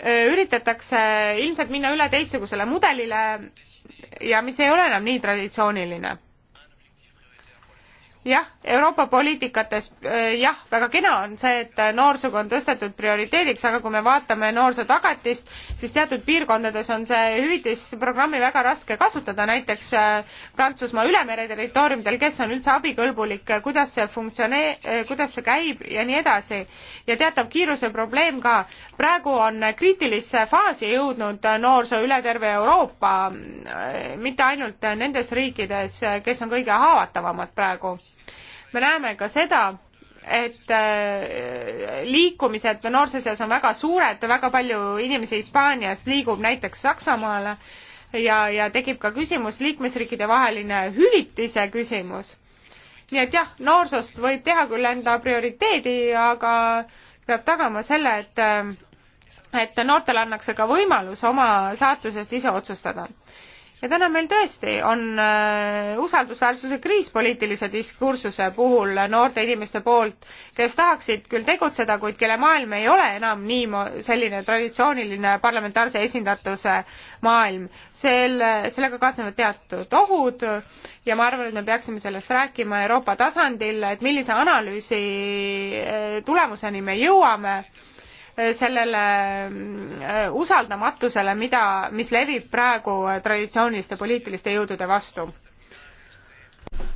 üritatakse ilmselt minna üle teistsugusele mudelile ja mis ei ole enam nii traditsiooniline jah, Euroopa poliitikates äh, jah, väga kena on see, et äh, noorsugu on tõstetud prioriteediks, aga kui me vaatame noorsootagatist, siis teatud piirkondades on see hüvitisprogrammi väga raske kasutada, näiteks äh, Prantsusmaa ülemere territooriumidel, kes on üldse abikõlbulik, kuidas see funktsionee-, kuidas see käib ja nii edasi. ja teatav kiiruse probleem ka. praegu on kriitilisse faasi jõudnud noorsoo üle terve Euroopa, mitte ainult nendes riikides, kes on kõige haavatavamad praegu me näeme ka seda, et äh, liikumised noorte seas on väga suured, väga palju inimesi Hispaaniast liigub näiteks Saksamaale ja, ja tekib ka küsimus, liikmesriikide vaheline hüvitise küsimus. nii et jah, noorsust võib teha küll enda prioriteedi, aga peab tagama selle, et äh, et noortele annakse ka võimalus oma saatusest ise otsustada ja täna meil tõesti on äh, usaldusväärsuse kriis poliitilise diskursuse puhul noorte inimeste poolt, kes tahaksid küll tegutseda, kuid kelle maailm ei ole enam nii selline traditsiooniline parlamentaarse esindatuse maailm. selle, sellega kaasnevad teatud ohud ja ma arvan, et me peaksime sellest rääkima Euroopa tasandil, et millise analüüsi äh, tulemuseni me jõuame sellele mm, usaldamatusele, mida, mis levib praegu traditsiooniliste poliitiliste jõudude vastu.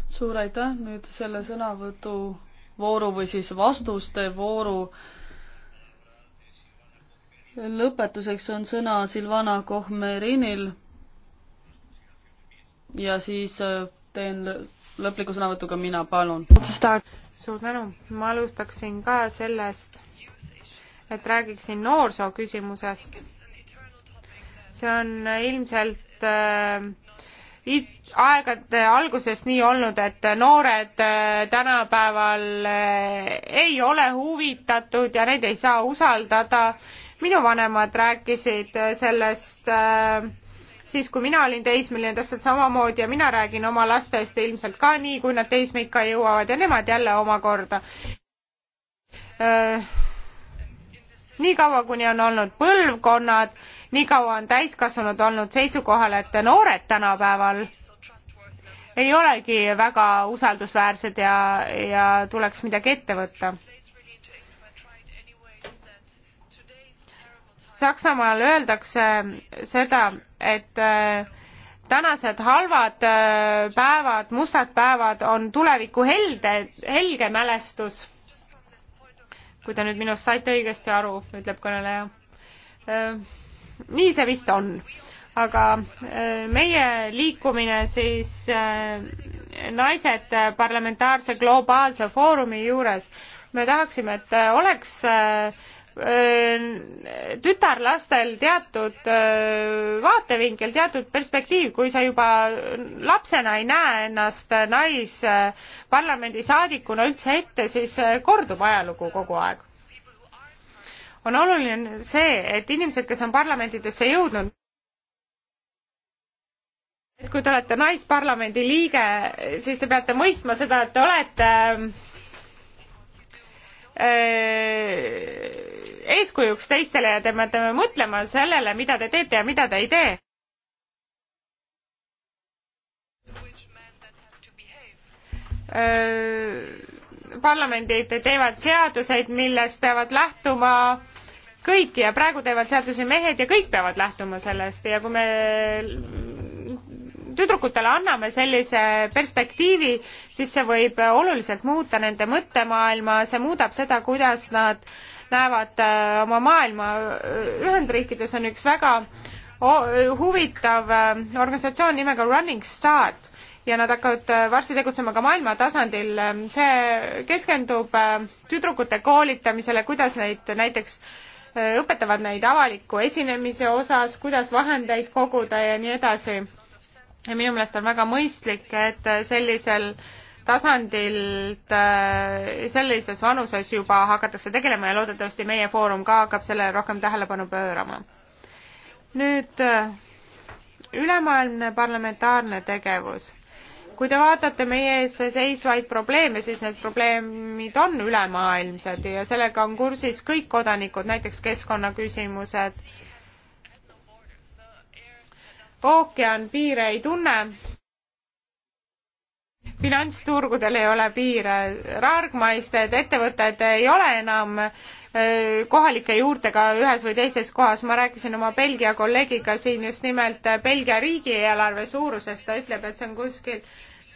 suur aitäh nüüd selle sõnavõtu vooru või siis vastuste vooru lõpetuseks on sõna Silvana Kohmerinil ja siis äh, teen lõpliku sõnavõtu ka mina, palun. suur tänu, ma alustaksin ka sellest, et räägiksin noorsoo küsimusest. see on ilmselt äh, aegade algusest nii olnud, et noored äh, tänapäeval äh, ei ole huvitatud ja neid ei saa usaldada. minu vanemad rääkisid äh, sellest siis, kui mina olin teismeline, täpselt samamoodi ja mina räägin oma lastest ilmselt ka nii, kui nad teismeikka jõuavad ja nemad jälle omakorda niikaua, kuni on olnud põlvkonnad, niikaua on täiskasvanud olnud seisukohal, et noored tänapäeval ei olegi väga usaldusväärsed ja, ja tuleks midagi ette võtta Saksamaal öeldakse seda, et äh, tänased halvad äh, päevad, mustad päevad on tuleviku helde, helge mälestus kui te nüüd minust saite õigesti aru, ütleb kõneleja. Äh, nii see vist on aga äh, meie liikumine siis äh, naised parlamentaarse globaalse foorumi juures me tahaksime et oleks Äh, tütarlastel teatud äh, vaatevinkel, teatud perspektiiv, kui sa juba lapsena ei näe ennast naisparlamendi saadikuna üldse ette, siis äh, kordub ajalugu kogu aeg. on oluline see, et inimesed, kes on parlamentidesse jõudnud, et kui te olete naisparlamendi liige, siis te peate mõistma seda, et te olete öö, eeskujuks teistele ja te peate mõtlema sellele, mida te teete ja mida te ei tee. parlamendid teevad seaduseid, millest peavad lähtuma kõik ja praegu teevad seadusi mehed ja kõik peavad lähtuma sellest ja kui me tüdrukutele anname sellise perspektiivi, siis see võib oluliselt muuta nende mõttemaailma, see muudab seda, kuidas nad äh, näevad äh, oma maailma. Ühendriikides on üks väga huvitav äh, organisatsioon nimega Running Start ja nad hakkavad äh, varsti tegutsema ka maailma tasandil. see keskendub tüdrukute koolitamisele, kuidas neid näiteks õpetavad neid avaliku esinemise osas, kuidas vahendeid koguda ja nii edasi. ja minu meelest on väga mõistlik, et sellisel äh, tasandilt äh, sellises vanuses juba hakatakse tegelema ja loodetavasti meie foorum ka hakkab sellele rohkem tähelepanu pöörama. nüüd äh, ülemaailmne parlamentaarne tegevus. kui te vaatate meie ees seisvaid probleeme, siis need probleemid on ülemaailmsed ja sellega on kursis kõik kodanikud, näiteks keskkonnaküsimused, ookean piire ei tunne finantsturgudel ei ole piire, rargmaised ettevõtted ei ole enam äh, kohalike juurtega ühes või teises kohas, ma rääkisin oma Belgia kolleegiga siin just nimelt Belgia riigieelarve suurusest, ta ütleb, et see on kuskil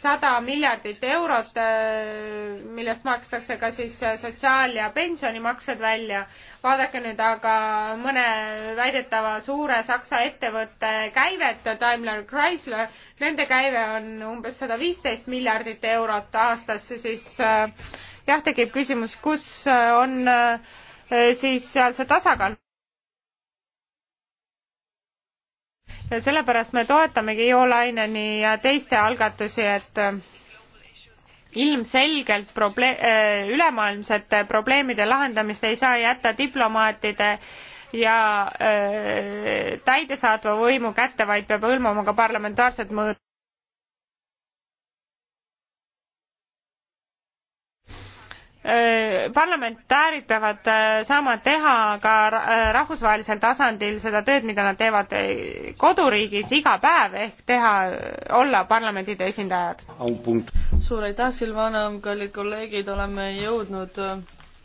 sada miljardit eurot, äh, millest makstakse ka siis äh, sotsiaal- ja pensionimaksed välja. vaadake nüüd aga mõne väidetava suure Saksa ettevõtte käivet, Daimler Chrysler, nende käive on umbes sada viisteist miljardit eurot aastas, siis äh, jah, tekib küsimus, kus on siis seal see tasakaal. ja sellepärast me toetamegi Jo Laineni ja teiste algatusi, et äh, ilmselgelt proble-, äh, ülemaailmsete probleemide lahendamist ei saa jätta diplomaatide ja äh, täidesaatva võimu kätte, vaid peab hõlmama ka parlamentaarset mõõdet. Äh, parlamentäärid peavad äh, saama teha ka äh, rahvusvahelisel tasandil seda tööd, mida nad teevad koduriigis iga päev ehk teha, olla parlamendide esindajad. suur aitäh, Silvana, kallid kolleegid, oleme jõudnud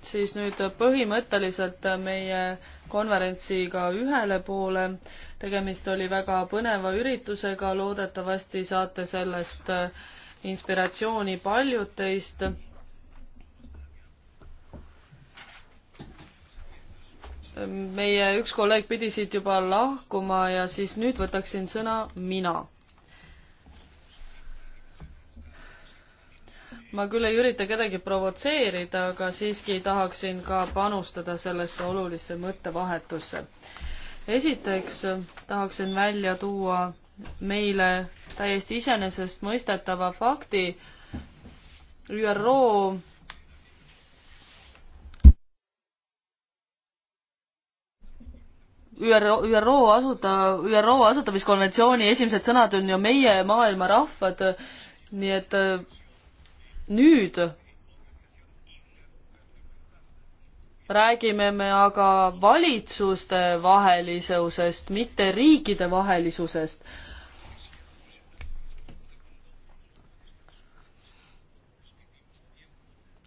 siis nüüd põhimõtteliselt meie konverentsiga ühele poole. tegemist oli väga põneva üritusega, loodetavasti saate sellest inspiratsiooni paljud teist meie üks kolleeg pidi siit juba lahkuma ja siis nüüd võtaksin sõna mina. ma küll ei ürita kedagi provotseerida, aga siiski tahaksin ka panustada sellesse olulisse mõttevahetusse. esiteks tahaksin välja tuua meile täiesti iseenesestmõistetava fakti, ÜRO ÜRO, ÜRO asuta, ÜRO asutamiskonventsiooni esimesed sõnad on ju meie maailma rahvad, nii et äh, nüüd räägime me aga valitsuste vahelisusest, mitte riikide vahelisusest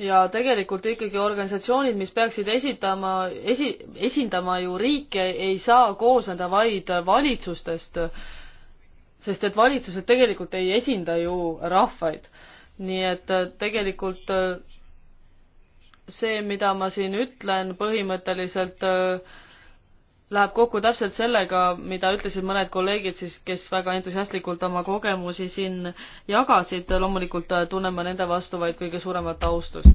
ja tegelikult ikkagi organisatsioonid, mis peaksid esitama, esi, esindama ju riike, ei saa koosneda vaid valitsustest, sest et valitsused tegelikult ei esinda ju rahvaid. nii et äh, tegelikult äh, see, mida ma siin ütlen, põhimõtteliselt äh, läheb kokku täpselt sellega, mida ütlesid mõned kolleegid siis, kes väga entusiastlikult oma kogemusi siin jagasid, loomulikult tunnen ma nende vastu vaid kõige suuremat austust.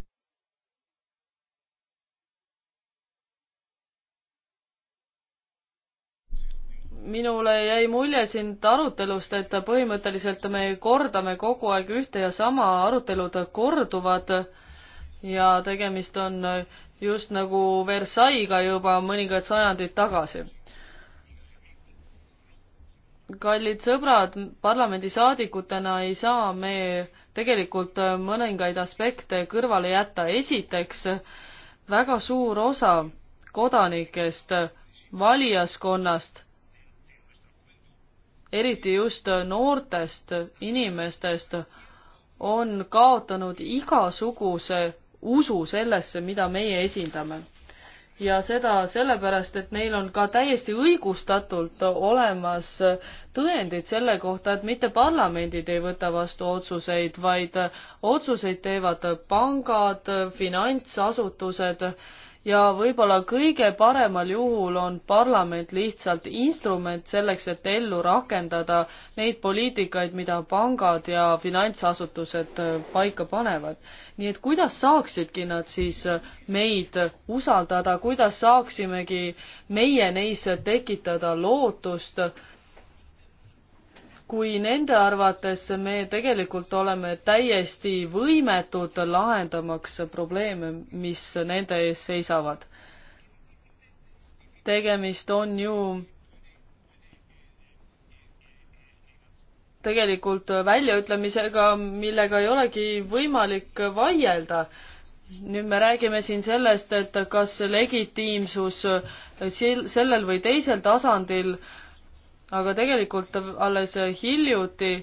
minule jäi mulje siin arutelust, et põhimõtteliselt me kordame kogu aeg ühte ja sama, arutelud korduvad ja tegemist on just nagu Versailles'ga juba mõningad sajandid tagasi. kallid sõbrad, parlamendisaadikutena ei saa me tegelikult mõningaid aspekte kõrvale jätta. esiteks, väga suur osa kodanikest, valijaskonnast, eriti just noortest inimestest, on kaotanud igasuguse usu sellesse, mida meie esindame. ja seda sellepärast, et neil on ka täiesti õigustatult olemas tõendid selle kohta, et mitte parlamendid ei võta vastu otsuseid, vaid otsuseid teevad pangad, finantsasutused ja võib-olla kõige paremal juhul on parlament lihtsalt instrument selleks, et ellu rakendada neid poliitikaid, mida pangad ja finantsasutused äh, paika panevad. nii et kuidas saaksidki nad siis äh, meid usaldada, kuidas saaksimegi meie neisse tekitada lootust, kui nende arvates me tegelikult oleme täiesti võimetud lahendamaks probleeme, mis nende ees seisavad. tegemist on ju tegelikult väljaütlemisega, millega ei olegi võimalik vaielda. nüüd me räägime siin sellest, et kas legitiimsus sellel või teisel tasandil äh, aga tegelikult alles hiljuti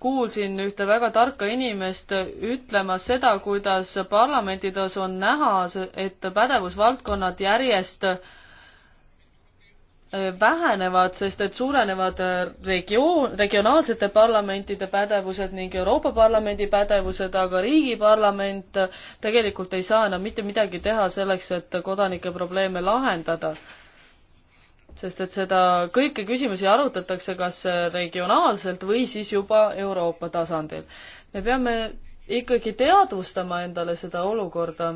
kuulsin ühte väga tarka inimest ütlemas seda, kuidas parlamentides on näha, et pädevusvaldkonnad järjest äh, vähenevad, sest et suurenevad äh, regioon, regionaalsete parlamentide pädevused ning Euroopa Parlamendi pädevused, aga riigiparlament äh, tegelikult ei saa enam mitte midagi teha selleks, et kodanike probleeme lahendada sest et seda kõiki küsimusi arutatakse kas regionaalselt või siis juba Euroopa tasandil. me peame ikkagi teadvustama endale seda olukorda.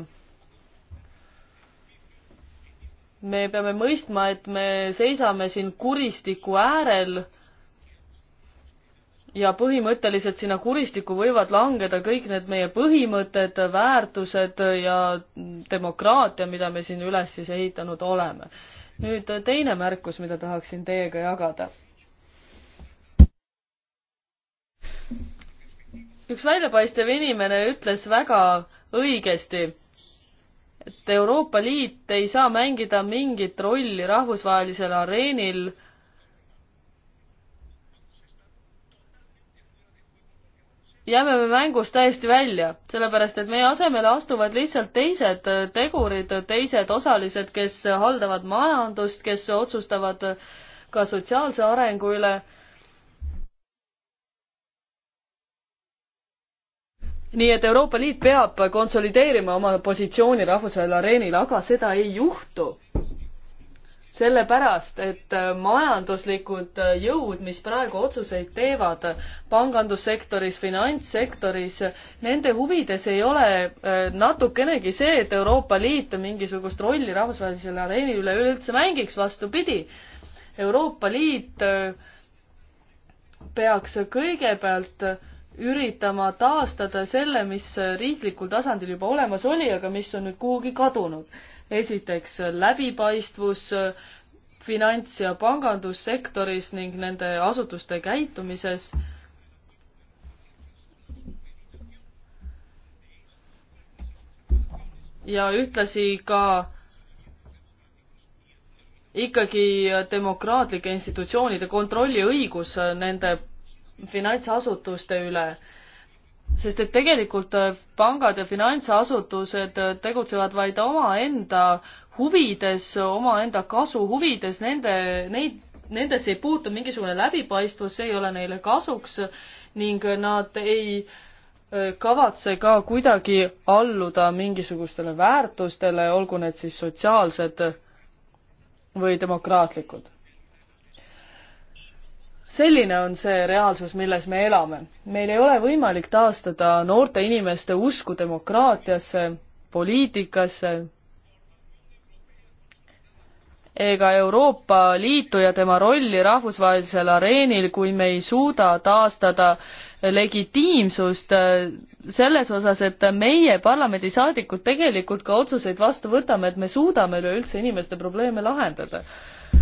me peame mõistma, et me seisame siin kuristiku äärel ja põhimõtteliselt sinna kuristikku võivad langeda kõik need meie põhimõtted, väärtused ja demokraatia, mida me siin üles siis ehitanud oleme. nüüd teine märkus, mida tahaksin teiega jagada. üks väljapaistev inimene ütles väga õigesti, et Euroopa Liit ei saa mängida mingit rolli rahvusvahelisel areenil jääme me mängust täiesti välja, sellepärast et meie asemele astuvad lihtsalt teised äh, tegurid, teised osalised, kes haldavad majandust, kes otsustavad äh, ka sotsiaalse arengu üle. nii et Euroopa Liit peab konsolideerima oma positsiooni rahvusvahelisel areenil, aga seda ei juhtu sellepärast, et äh, majanduslikud äh, jõud, mis praegu otsuseid teevad äh, pangandussektoris, finantssektoris, nende huvides ei ole natukenegi see, et Euroopa Liit mingisugust rolli rahvusvahelisel areenil üleüldse mängiks, vastupidi. Euroopa Liit peaks kõigepealt üritama taastada selle, mis riiklikul tasandil juba olemas oli, aga mis on nüüd kuhugi kadunud esiteks läbipaistvus finants- ja pangandussektoris ning nende asutuste käitumises. ja ühtlasi ka ikkagi demokraatlike institutsioonide kontrolliõigus nende finantsasutuste üle sest et tegelikult äh, pangad ja finantsasutused äh, tegutsevad vaid omaenda huvides, omaenda kasu huvides, nende, neid, nendesse ei puutu mingisugune läbipaistvus, see ei ole neile kasuks ning nad ei äh, kavatse ka kuidagi alluda mingisugustele väärtustele, olgu need siis sotsiaalsed või demokraatlikud selline on see reaalsus, milles me elame. meil ei ole võimalik taastada noorte inimeste usku demokraatiasse, poliitikasse ega Euroopa Liitu ja tema rolli rahvusvahelisel areenil, kui me ei suuda taastada legitiimsust selles osas, et meie parlamendisaadikud tegelikult ka otsuseid vastu võtame, et me suudame üleüldse inimeste probleeme lahendada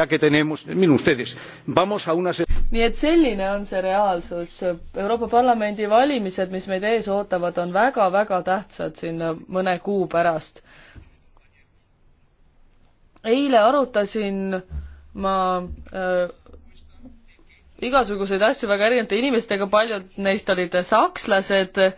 que tenemos miren ustedes vamos a unas nii et selline on see reaalsus. Euroopa Parlamendi valimised, mis meid ees ootavad, on väga-väga tähtsad siin mõne kuu pärast. eile arutasin ma äh, igasuguseid asju väga erinevate inimestega, paljud neist olid sakslased äh,,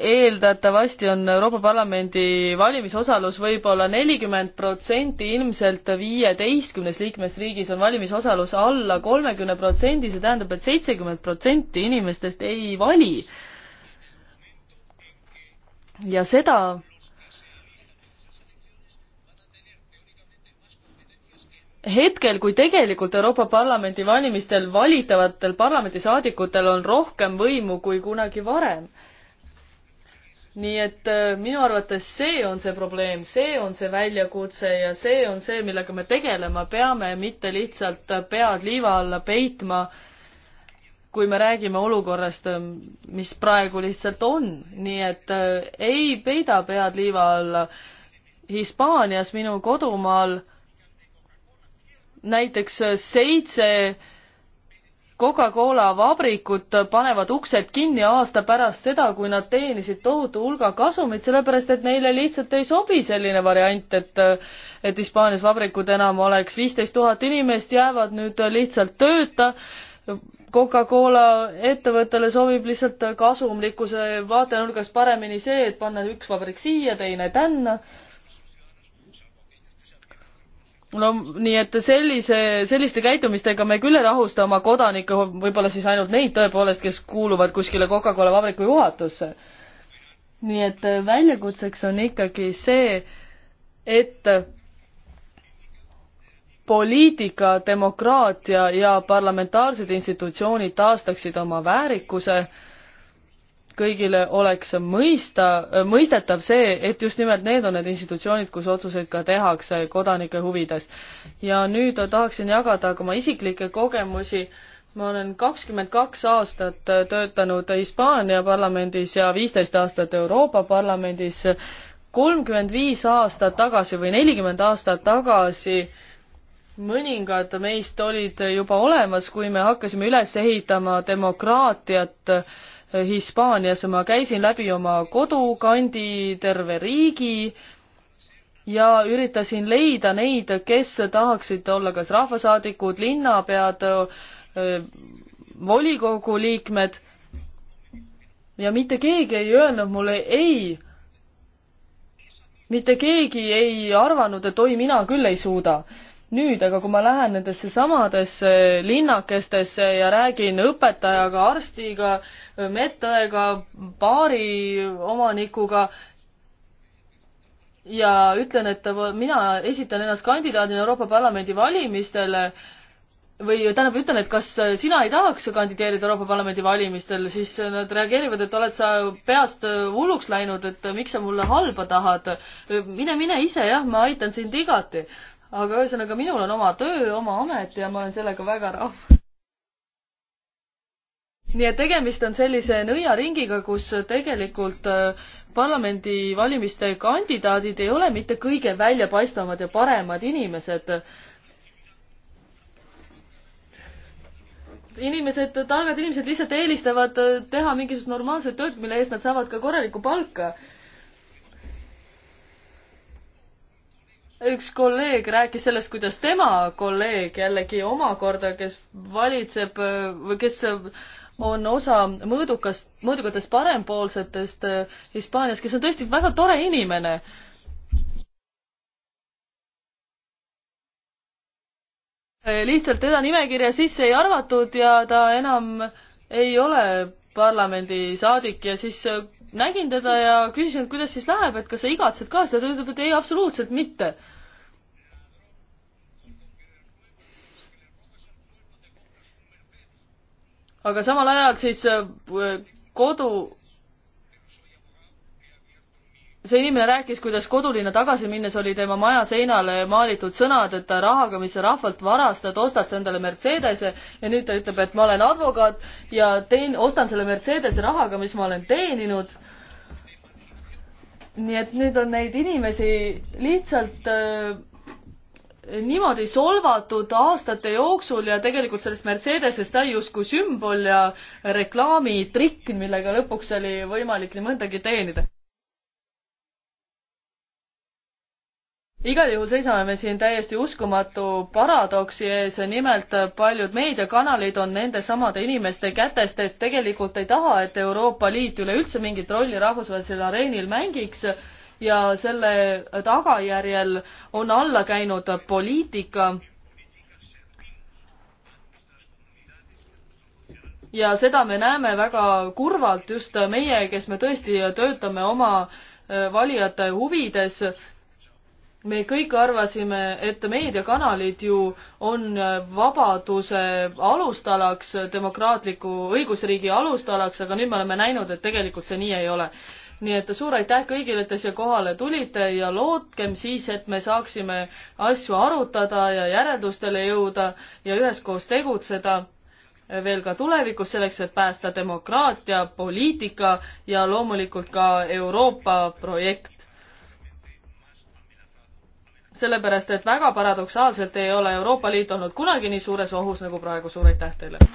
eeldatavasti on Euroopa Parlamendi valimisosalus võib-olla nelikümmend protsenti, ilmselt viieteistkümnes liikmesriigis on valimisosalus alla kolmekümne protsendi, see tähendab et, et seitsekümmend protsenti inimestest ei vali. ja seda hetkel, kui tegelikult Euroopa Parlamendi valimistel valitavatel parlamendisaadikutel on rohkem võimu kui kunagi varem nii et äh, minu arvates see on see probleem, see on see väljakutse ja see on see, millega me tegelema peame, mitte lihtsalt äh, pead liiva alla peitma, kui me räägime olukorrast, äh, mis praegu lihtsalt on, nii et ei peida pead liiva alla. Hispaanias, minu kodumaal, näiteks seitse Coca-Cola vabrikud panevad uksed kinni aasta pärast seda, kui nad teenisid tohutu hulga kasumit, sellepärast et neile lihtsalt ei sobi selline variant, et et Hispaanias vabrikud enam oleks, viisteist tuhat inimest jäävad nüüd lihtsalt tööta, Coca-Cola ettevõttele sobib lihtsalt kasumlikkuse vaatenurgast paremini see, et panna üks vabrik siia, teine tänna no nii et sellise, selliste käitumistega me küll ei rahusta oma kodanikke, võib-olla siis ainult neid tõepoolest, kes kuuluvad kuskile Coca-Cola vabriku juhatusse. nii et äh, väljakutseks on ikkagi see, et poliitika, demokraatia ja parlamentaarsed institutsioonid taastaksid oma väärikuse äh, kõigile oleks mõista, mõistetav see, et just nimelt need on need institutsioonid, kus otsuseid ka tehakse kodanike huvides. ja nüüd tahaksin jagada ka oma isiklikke kogemusi. ma olen kakskümmend kaks aastat töötanud Hispaania parlamendis ja viisteist aastat Euroopa Parlamendis. kolmkümmend viis aastat tagasi või nelikümmend aastat tagasi mõningad meist olid juba olemas, kui me hakkasime üles ehitama demokraatiat äh, Hispaanias, ma käisin läbi oma kodukandi, terve riigi ja üritasin leida neid, kes tahaksid olla kas rahvasaadikud, linnapead, volikogu liikmed ja mitte keegi ei öelnud mulle ei. mitte keegi ei arvanud, et oi, mina küll ei suuda nüüd aga, kui ma lähen nendesse samadesse linnakestesse ja räägin õpetajaga, arstiga, medõega, baari omanikuga ja ütlen, et mina esitan ennast kandidaadina Euroopa Parlamendi valimistele või tähendab, ütlen, et kas sina ei tahaks kandideerida Euroopa Parlamendi valimistel, siis nad reageerivad, et oled sa peast hulluks läinud, et miks sa mulle halba tahad. mine, mine ise, jah, ma aitan sind igati aga ühesõnaga, minul on oma töö, oma amet ja ma olen sellega väga rahul. nii et tegemist on sellise nõiaringiga, kus tegelikult äh, parlamendivalimiste kandidaadid ei ole mitte kõige väljapaistvamad ja paremad inimesed inimesed, targad inimesed lihtsalt eelistavad äh, teha mingisugust normaalset tööd, mille eest nad saavad ka korralikku palka. üks kolleeg rääkis sellest, kuidas tema kolleeg jällegi omakorda, kes valitseb või kes on osa mõõdukast, mõõdukatest parempoolsetest äh, Hispaanias, kes on tõesti väga tore inimene. lihtsalt teda nimekirja sisse ei arvatud ja ta enam ei ole parlamendisaadik ja siis äh, nägin teda ja küsisin, et kuidas siis läheb, et kas sa igatsed ka seda, ta ütleb, et ei, absoluutselt mitte. aga samal ajal siis äh, kodu see inimene rääkis, kuidas kodulinna tagasi minnes oli tema maja seinale maalitud sõnad, et rahaga, mis sa rahvalt varastad, ostad sa endale Mercedese ja nüüd ta ütleb, et ma olen advokaat ja teen, ostan selle Mercedese rahaga, mis ma olen teeninud. nii et nüüd on neid inimesi lihtsalt äh, niimoodi solvatud aastate jooksul ja tegelikult sellest Mercedesest sai justkui sümbol ja reklaamitrikk, millega lõpuks oli võimalik nii mõndagi teenida igal juhul seisame me siin täiesti uskumatu paradoksi ees, nimelt paljud meediakanalid on nendesamade inimeste kätest, et tegelikult ei taha, et Euroopa Liit üleüldse mingit rolli rahvusvahelisel areenil mängiks ja selle tagajärjel on alla käinud poliitika. ja seda me näeme väga kurvalt just meie, kes me tõesti töötame oma eh, valijate huvides me kõik arvasime, et meediakanalid ju on vabaduse alustalaks, demokraatliku õigusriigi alustalaks, aga nüüd me oleme näinud, et tegelikult see nii ei ole. nii et suur aitäh kõigile, et te siia kohale tulite ja lootkem siis, et me saaksime asju arutada ja järeldustele jõuda ja üheskoos tegutseda veel ka tulevikus selleks, et päästa demokraatia, poliitika ja loomulikult ka Euroopa projekt sellepärast et väga paradoksaalselt ei ole Euroopa Liit olnud kunagi nii suures ohus nagu praegu, suur aitäh teile!